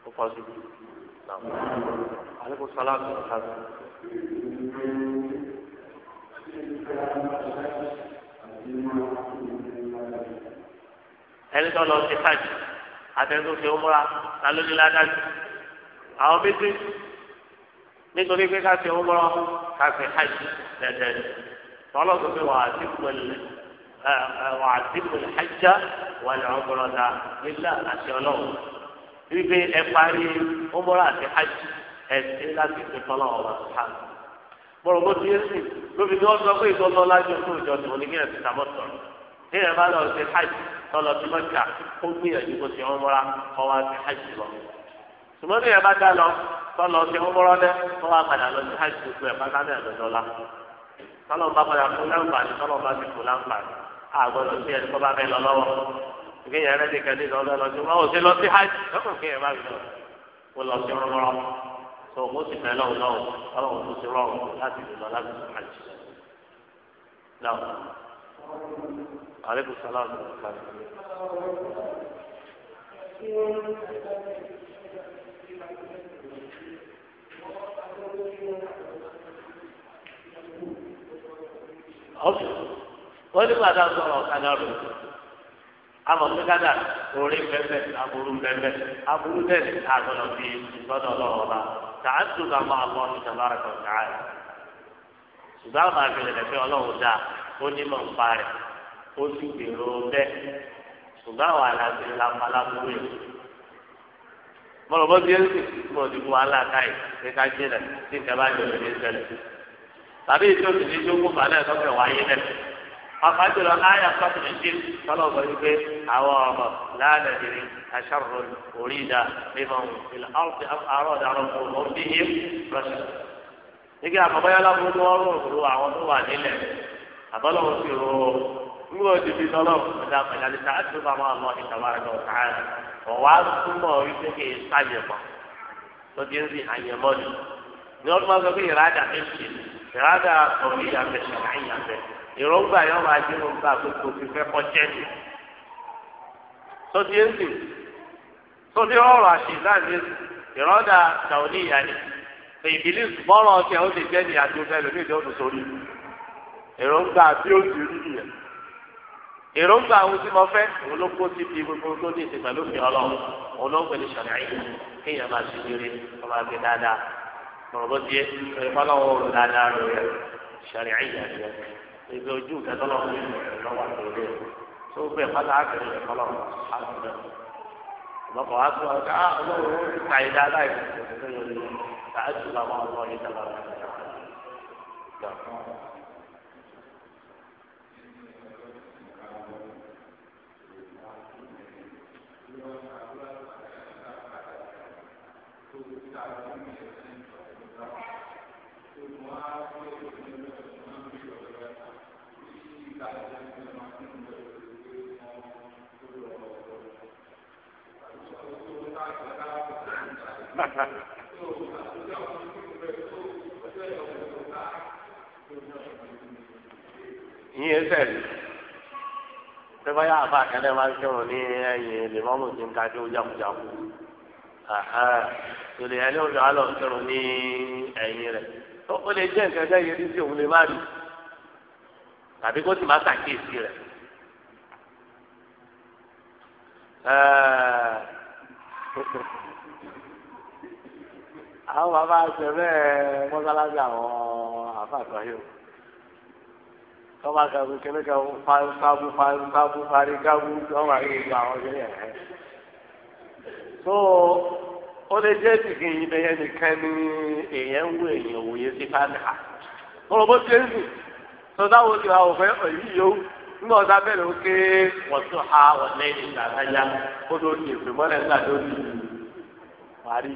kókó sí náà alekun sọlá tó ń sáré. ẹni tó lọ sí káàdì àtẹnudó fi ó múra ta ló àwọn méjì nítorí pé ká fi ó múra ká fi hajj dẹdẹ tọ́lọ́sọ fi wà á sí وعزموا الحج والعمرة إلا أشياء ibi ẹparí ọmọlá àti hajj ẹsẹ láti fi tọ́lá ọ̀rọ̀ sàn. bọ́lá bó ti yé sí lóbi ni wọ́n di pé ìtọ́lọ́ lájú fún ìjọ tó ní kí ẹ̀sìn tàbọ̀ sọ̀rọ̀. ní ẹ̀rọ hajj hajj àgbọ̀dọ̀ sí ẹni kọ́ bá fẹ́ lọ lọ́wọ́ ìkéyàn rẹ̀ ti kẹ́lé lọ́dọ̀ lọ sí wọn ò sí lọ sí hajj lọ́kàn kéèyàn bá yọ kó lọ sí rọrọ tó o sì fẹ́ lọ́wọ́ lọ́wọ́ ọlọ́wọ́ tó ti rọrùn láti lè lọ láti sí hajj. lọ́wọ́ aleykum salaam wa rahmatulahi. Okay wọ́n ní bàtà sọ̀rọ̀ ọ̀kadà rò àmọ̀ pé kádà orí bẹ́ẹ̀ aburú bẹ́ẹ̀ aburú bẹ́ẹ̀ àgbọ̀nà fi gbọ́dọ̀ lọ́wọ́ ọba tààtù ká máa bọ́ ní sàbára kan tààrà ṣùgbọ́n àwọn àgbẹ̀lẹ̀ lẹ́fẹ̀ẹ́ ọlọ́run dá ó ní mọ̀ nípa rẹ̀ ó sì gbèrò bẹ́ẹ̀ ṣùgbọ́n àwọn àlàbí làmàlàmúwé mọ̀lọ́ bọ́ bí ẹ sì mọ̀ ní bu aláàká yìí pé ká jẹ́ rẹ̀ sí ìjọba ìjọba ìjọba tàbí ìjọba ìjọba ìjọba àfàjọlọ àyà sọ́kùnrin sí tọ́lọ̀ bọ̀ wípé àwọn ọmọ láàdàdìrí aṣọ́rò orí ìdá mímọ́ ìlà àárọ̀ ọ̀daràn kò mọ́ bí yé rọ́ṣà. nígbà àbọ̀bọ́yá lábúrú ni wọ́n rọrùn ro àwọn tó wà nílẹ̀ àbọ̀lọ́wọ́ sì ro nígbà òdì bíi tọ́lọ̀ ọ̀dà pẹ̀lú àti àwọn ọmọ ìtàwárẹ̀ ọ̀tàn ọ̀wá túmọ̀ wípé kì í sáyẹ̀mọ̀ tó ti ń rí àyẹ̀mọ́ ni. ni wọ́n tún máa sọ pé ìrádà ìrọ́gbà yóò máa dín ní nǹkan àkókò fi fẹ́ kọjẹ́ ni. sọdí ẹ̀sìn sọdí ọ̀rọ̀ àṣìlá ni ìrọ́dà tàwọn ìyá ni ìbílí bọ́ọ̀rọ̀ ọ̀kẹ́ ó ti jẹ́ ní àdúgbò lórí ìjọ òdò sórí èròǹgbà bí ó ti rí nìyẹn èròǹgbà ohun tí mo fẹ́ òun ló kó sí gbogbo tó ní ìsìn pẹ̀lú òfin ọlọ́run òun ló ń pè ní sọ̀rọ̀ ayé kéèyàn máa ìgbẹ́ ojú ìtẹ́tọ́lọ́ fún mi lọ́wọ́ àtòlódé tó gbé pátá àkèrè ìtẹ́tọ́lọ́ àtòlódé ọ̀pọ̀ wá sọ ọ́ ah ó ti ka ìdá aláìsí ìtẹ́tọ́lọ́ yìí ká á jù lọ́wọ́ ọlọ́run yìí tẹ́lọ́ ìyẹn sẹ́ẹ̀lì tẹ́fọ́ yá àfa àkàndé máa ń kírun ní ẹ̀yìn lèmọ́mù tí ń ka dé jákujáku tòlè ẹni òjò alọ̀ ń ní ẹ̀yìn rẹ̀ ó lè jẹ́ nǹkan ẹgbẹ́ yẹn tí òun lè má rí tàbí kó sì má ṣàkíyèsí rẹ̀. ẹ̀ẹ́ àwọn bàbá ṣe bẹ́ẹ̀ mọ́sálásí àwọn àfàtọ́ yìí tọ́ba kẹ́kù kíní kẹ́kù parí kábù parí kábù parí kábù tọ́ba yìí gba àwọn kíní ẹ̀ tó ó lè jẹ́ tìkì ẹyẹ nìkan ní èèyàn ń wo èèyàn òye sí fáńdà kọ́lọ́ bó ṣe ń sùn tó dáwọ́ ti wà òfẹ́ òyìn yòó nígbà ọ̀sán bẹ̀rẹ̀ ó ké wọ̀tún ha wọ̀lẹ́yìn ìgbà láyà kó ló ní ìpè mọ́lẹ̀ ńlá lórí parí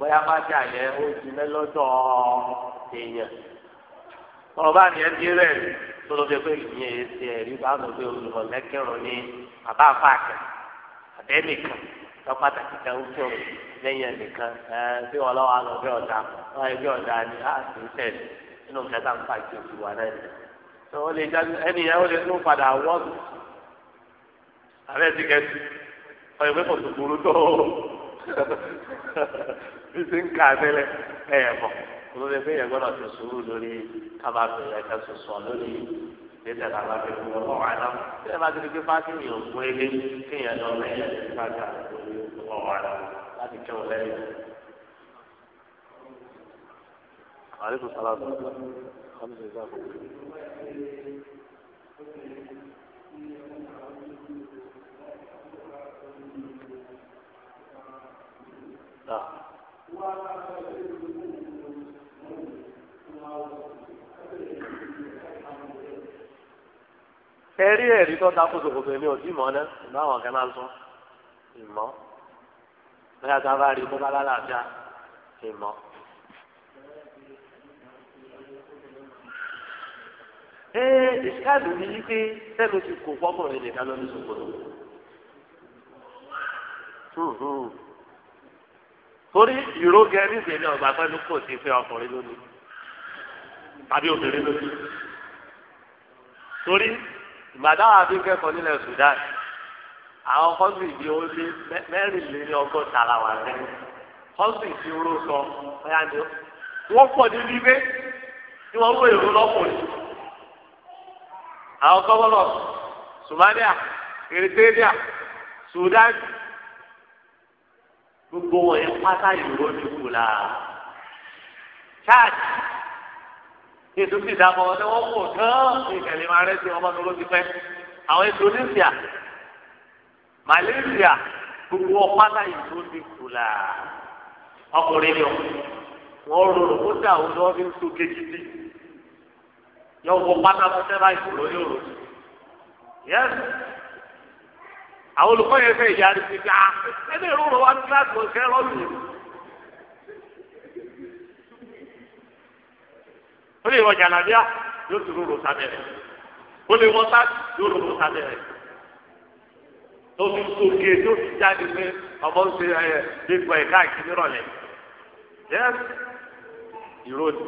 bóyá má dé àyẹ ó jiná lọ́dọ̀ èèyàn ọba ni ẹbí rẹ̀ tó ló fi pé ìyẹn ẹsẹ ẹrí bá lọ pé olùkọ́ lẹ́kẹ̀rún ní bàbá àfàkẹ́ àbẹ́nìkan lọ kan ó tó lẹ́yìn ẹnìkan bí wọn lọ́wọ́ àlọ́ bí ọ̀dà wọn ẹbí ọ̀dà ni á sì ń tẹ̀ nínú kẹta ń pa ìjọsìn wa náà tó o lè já ẹnìyẹn ó lè tún padà wọ́ọ̀dù àbẹ́ẹ̀sì kẹsì ọ̀yọ́ pé tó burú tó ṣíṣe ń kà tẹ́lẹ̀ ẹ̀yẹ̀ mọ̀ olórí ẹgbẹ́ yẹn gbọ́dọ̀ ti sùúrù lórí kábà bẹ̀rẹ̀ ẹ̀ka sọ̀sọ̀ lórí nígbà tá a fún ọlọ́wọ́ àná tí bá ti di pé fáṣí yìí ò fún ilé kí yẹn lọ lẹ́yìn ìgbàgbà lórí ọlọ́wọ́ àná láti kí lẹ́yìn. àríkù sálá tó ń bá ẹ̀rí ẹ̀rí tó dákú sòkòtò èmi ò tí mọ̀ ná báwọn kan náà sọ ìmọ̀ bóyá ká bá rí bóbá lálàáfíà ìmọ̀. ee ìṣáàlù mi yí pé sẹ́nu ti kó fọ́kùnrin nìkan lọ́dún sòkòtò. Hmm, hmm torí ìró gẹ níṣẹ́ ní ọgbà pẹ́ẹ́nu kò sí pé ọkùnrin lónìí àbí obìnrin lónìí torí ìgbàdáwà àbí kẹ́kọ̀ọ́ nílẹ̀ Sudan àwọn kọ́sì ìdí ó lé mẹ́rìnléní ọgọ́ta la wà lẹ́nu kọ́sì ìdí oró sọ ọ̀yà ni wọ́n pọ̀ ní bíbé tí wọ́n wọ èrò lọ́kùnrin àwọn kọ́kọ́ lọ Somalia Eritrea Sudan gbogbo wọn yẹn pátá ìró ti kù la chaati ètò ti dàbọ̀ ọdẹ wọn kò tán ìkẹlẹ máa rẹ ti wọn bá tó ló ti pẹ́ àwọn Indonesia Malaysia gbogbo wọn pátá ìró ti kù la ọkùnrin ni wọn rọrùn kó dà wọn lọ fi ń so kejì sí yọ wọ pátá fún sẹba ìṣòro yóò rò yẹn àwọn olùkọ́ yẹn fẹ́ ìyá rẹ̀ fífi ah ẹgbẹ́ ìrora wa ní kíláàsì wọn fẹ́ rọ́ọ̀lù yìí. ó lè wọ jàlábíà yóò ti rúru sábẹ́rẹ́ ó lè wọ sáàtì yóò rúru sábẹ́rẹ́ tó fi sókè tó fi jáde pé ọmọ ń ṣe ẹ gbégbọ ẹ káàkiri rọlẹ yẹ ìrònì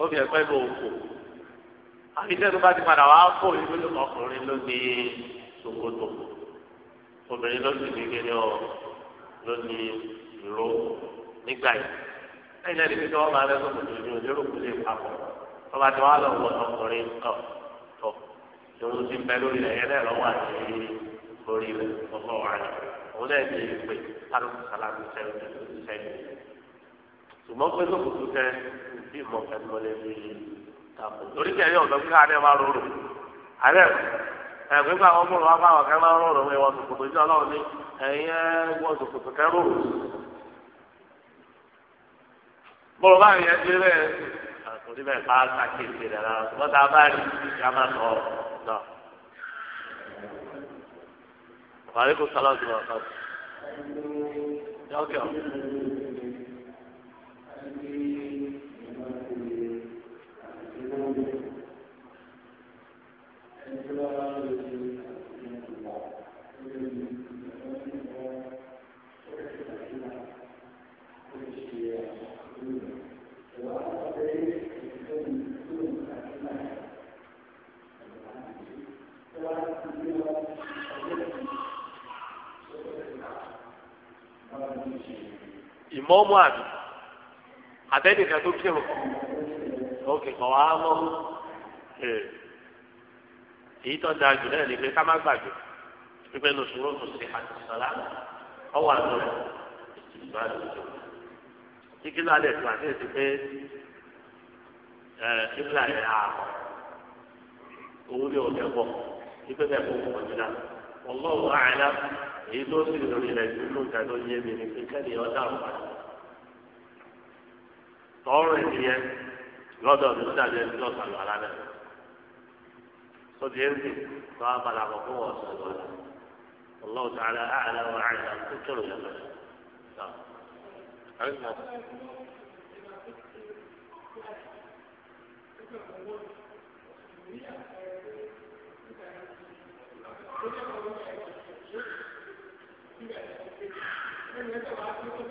ó fi ẹgbẹ́ bò ó kò àbí sẹ́nu bá ti padà wá kó ìlú ọkùnrin lóde ṣòkòtò obìnrin ló sì ní kéde ọ ló ní ìró nígbà yìí lẹ́yìn náà lèmi tó wọn máa rẹ ṣòkòtò ìdí òde rò kúlẹ̀ papọ̀ wọn bá ti wá lọ wọ ọkùnrin ọ tọ ìrún ti bẹ lórí rẹ yẹn náà lọ wà sí orí rẹ ọkọ wa ni òun náà ti pè kálukú sálámù sẹ́yìn sẹ́yìn ṣùgbọ́n pé ṣòkòtò tẹ bí mọ̀kẹ́ni mọ̀lẹ́bí kàpọ̀ torí kẹ́yìn ọ̀dọ́ kíkà ní ẹ máa rọrùn àárẹ̀ ẹgbẹ́ gba àwọn ọmọlúwa bá wọn kẹ́lá ọlọ́run wọn ìwọ sòkòtò ìjọ ọlọ́run ní ẹ̀yìn ẹ̀wọ́ sòkòtò kẹ́rù. bọ́lá bá yẹn ti rẹ̀ àtúndì bẹ́ẹ̀ bá sàkíyèsí rẹ̀ wọ́n ta bá rí ìyá máa sọ ọ́ náà. wàhálà kò sálọ̀ wà mí àtẹnìkan tó kírun òkè kọ̀ wá mọ́ èyí tó da jù náà ni pé ká má gbàgbé pípẹ́ lóṣù sí ìgbà tó àti pé òun ni pípẹ́ bẹ́ẹ̀ kó kọ̀ tọ́rọ̀ ènìyàn lọ́dọ̀ mi lọ́dọ̀ mi lọ́dọ̀ sàlù alánà sọ́dí ẹ̀ńtì tó a padà bọ̀ fún wọn sàlù alánà ọlọ́wọ́ sàlù àlà wọn tó yẹn lọ.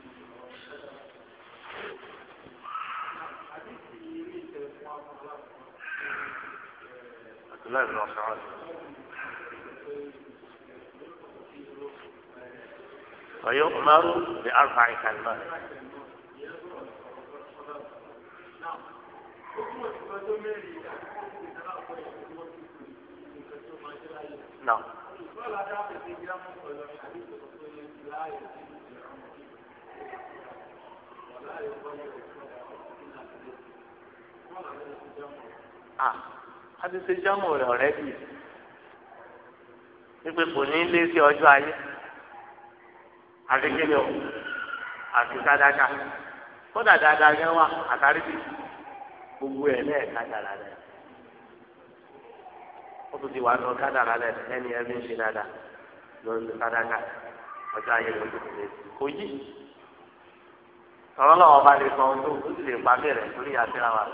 لا لا سعاد ويؤمر بأربع كلمات نعم آه. a ti ṣe jámọ̀ rẹ̀ ọ̀rẹ́ bì í wípé kò ní lé sí ayé àti kíni o àti sádàkà kódà dáadáa yẹn wà àtàrí bì gbogbo ẹ̀ lẹ́ẹ̀ka dára rẹ̀ ó tún ti wà lọ kádàrá rẹ̀ ẹni ẹ ń ṣe dáadáa lọ sí sádàkà ayé ló ti lè kó yí tọ́lọ́lọ́wọ́ bá lè sọ ohun tó lè pa rẹ̀ lórí àti àwọn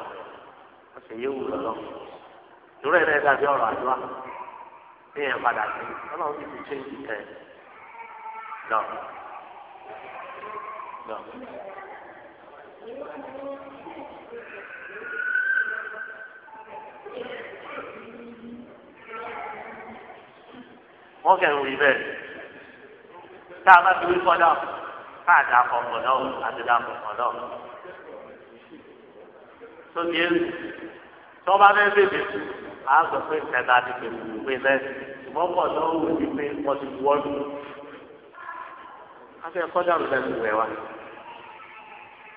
ìrora ẹ̀rẹ́ dàbí ọ̀rọ̀ àdúrà ní ẹ̀ padà sí ọlọ́run ti fi chéńjì kẹ́ lọ. wọ́n kẹ́rin wí bẹ́ẹ̀ tá a bá fi wí kọ́dọ̀ káà dà kọ̀ pọ̀ náà àti dà kọ̀ pọ̀ náà tó ní èrè tó bá fẹ́ bèbè a sọ pé ìtẹ̀ta ti pèsè pé lẹ́sìn ṣùgbọ́n pọ̀ tó ń wù sí pé wọ́n ti wọ́ lù. a fẹ́ kọ́jà lù lẹ́nu rẹ̀ wa.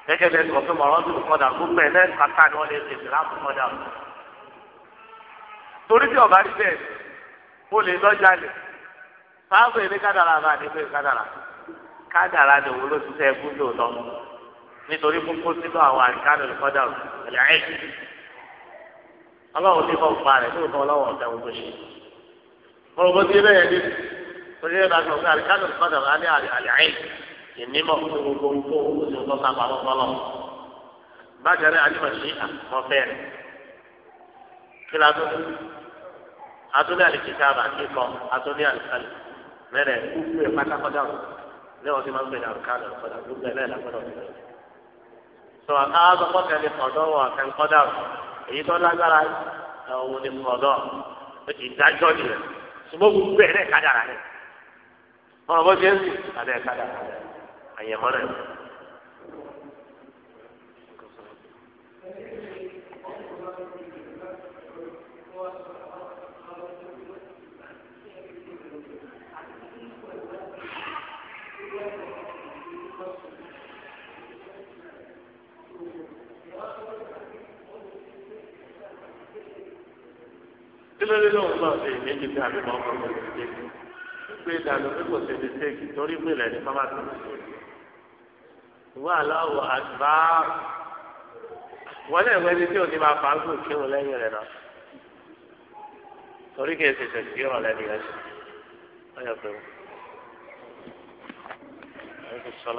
gẹ́gẹ́ bẹ́ẹ̀ kọ́ fún mọ̀rán tó kọ́dà gbogbo ẹ̀ lẹ́nu kàkà ni wọ́n lè ṣèṣe láti kọ́dà. torí tí ọba rí bẹ́ẹ̀ o lè lọ́jà lè fáwọn èmi kádàrà bá ní pé kádàrà kádàrà ni òun ló ti sẹ́ gbúdọ̀ lọ nítorí kókó sínú ọlọ́run ní fọ́n pa rẹ̀ tó tọ́ ọlọ́run ọ̀tẹ̀ ohun tó ṣe. ọ̀rọ̀ bó ti rí bẹ́ẹ̀ ni ó ti rí bá sọ pé àríkánù ìfọ̀dà rà ní àlẹ́ ìnímọ̀ gbogbo tó o sì ń tọ́ sábà lọ́sọ́lọ́. bájẹ́rẹ́ alimọ̀ṣí àkọ́fẹ́ rẹ̀ kí la tó atúndé àlìkíkà bá kíkọ atúndé àlìkálì mẹ́rẹ̀ kúkú ẹ̀ pátápátá lẹ́wọ̀n tí máa ń gbé èyí tó lágbára òun ni kọ̀dọ̀ ìdájọ́ nìyẹn ṣùgbọ́n gbogbo ẹ̀ náà kádàrà rẹ̀ ọ̀rọ̀ bó ṣe ń sìn kádà kádàrà rẹ̀ àyẹ̀mọ́ rẹ̀. ló lé lóun náà ṣe méjì bí àbí mọ́ ọmọ rẹ̀ ṣe pé dànù pé kò ṣe mistake torí pé ilẹ̀ ní pápá tó ṣe. ìwọ aláwọ̀ àgbà wọlé ìwé ni tí ò ní máa fà á gùn kírun lẹ́yìn rẹ̀ náà torí kìí ṣe ṣe sí ọ̀rọ̀ lẹ́nu yẹn ṣe.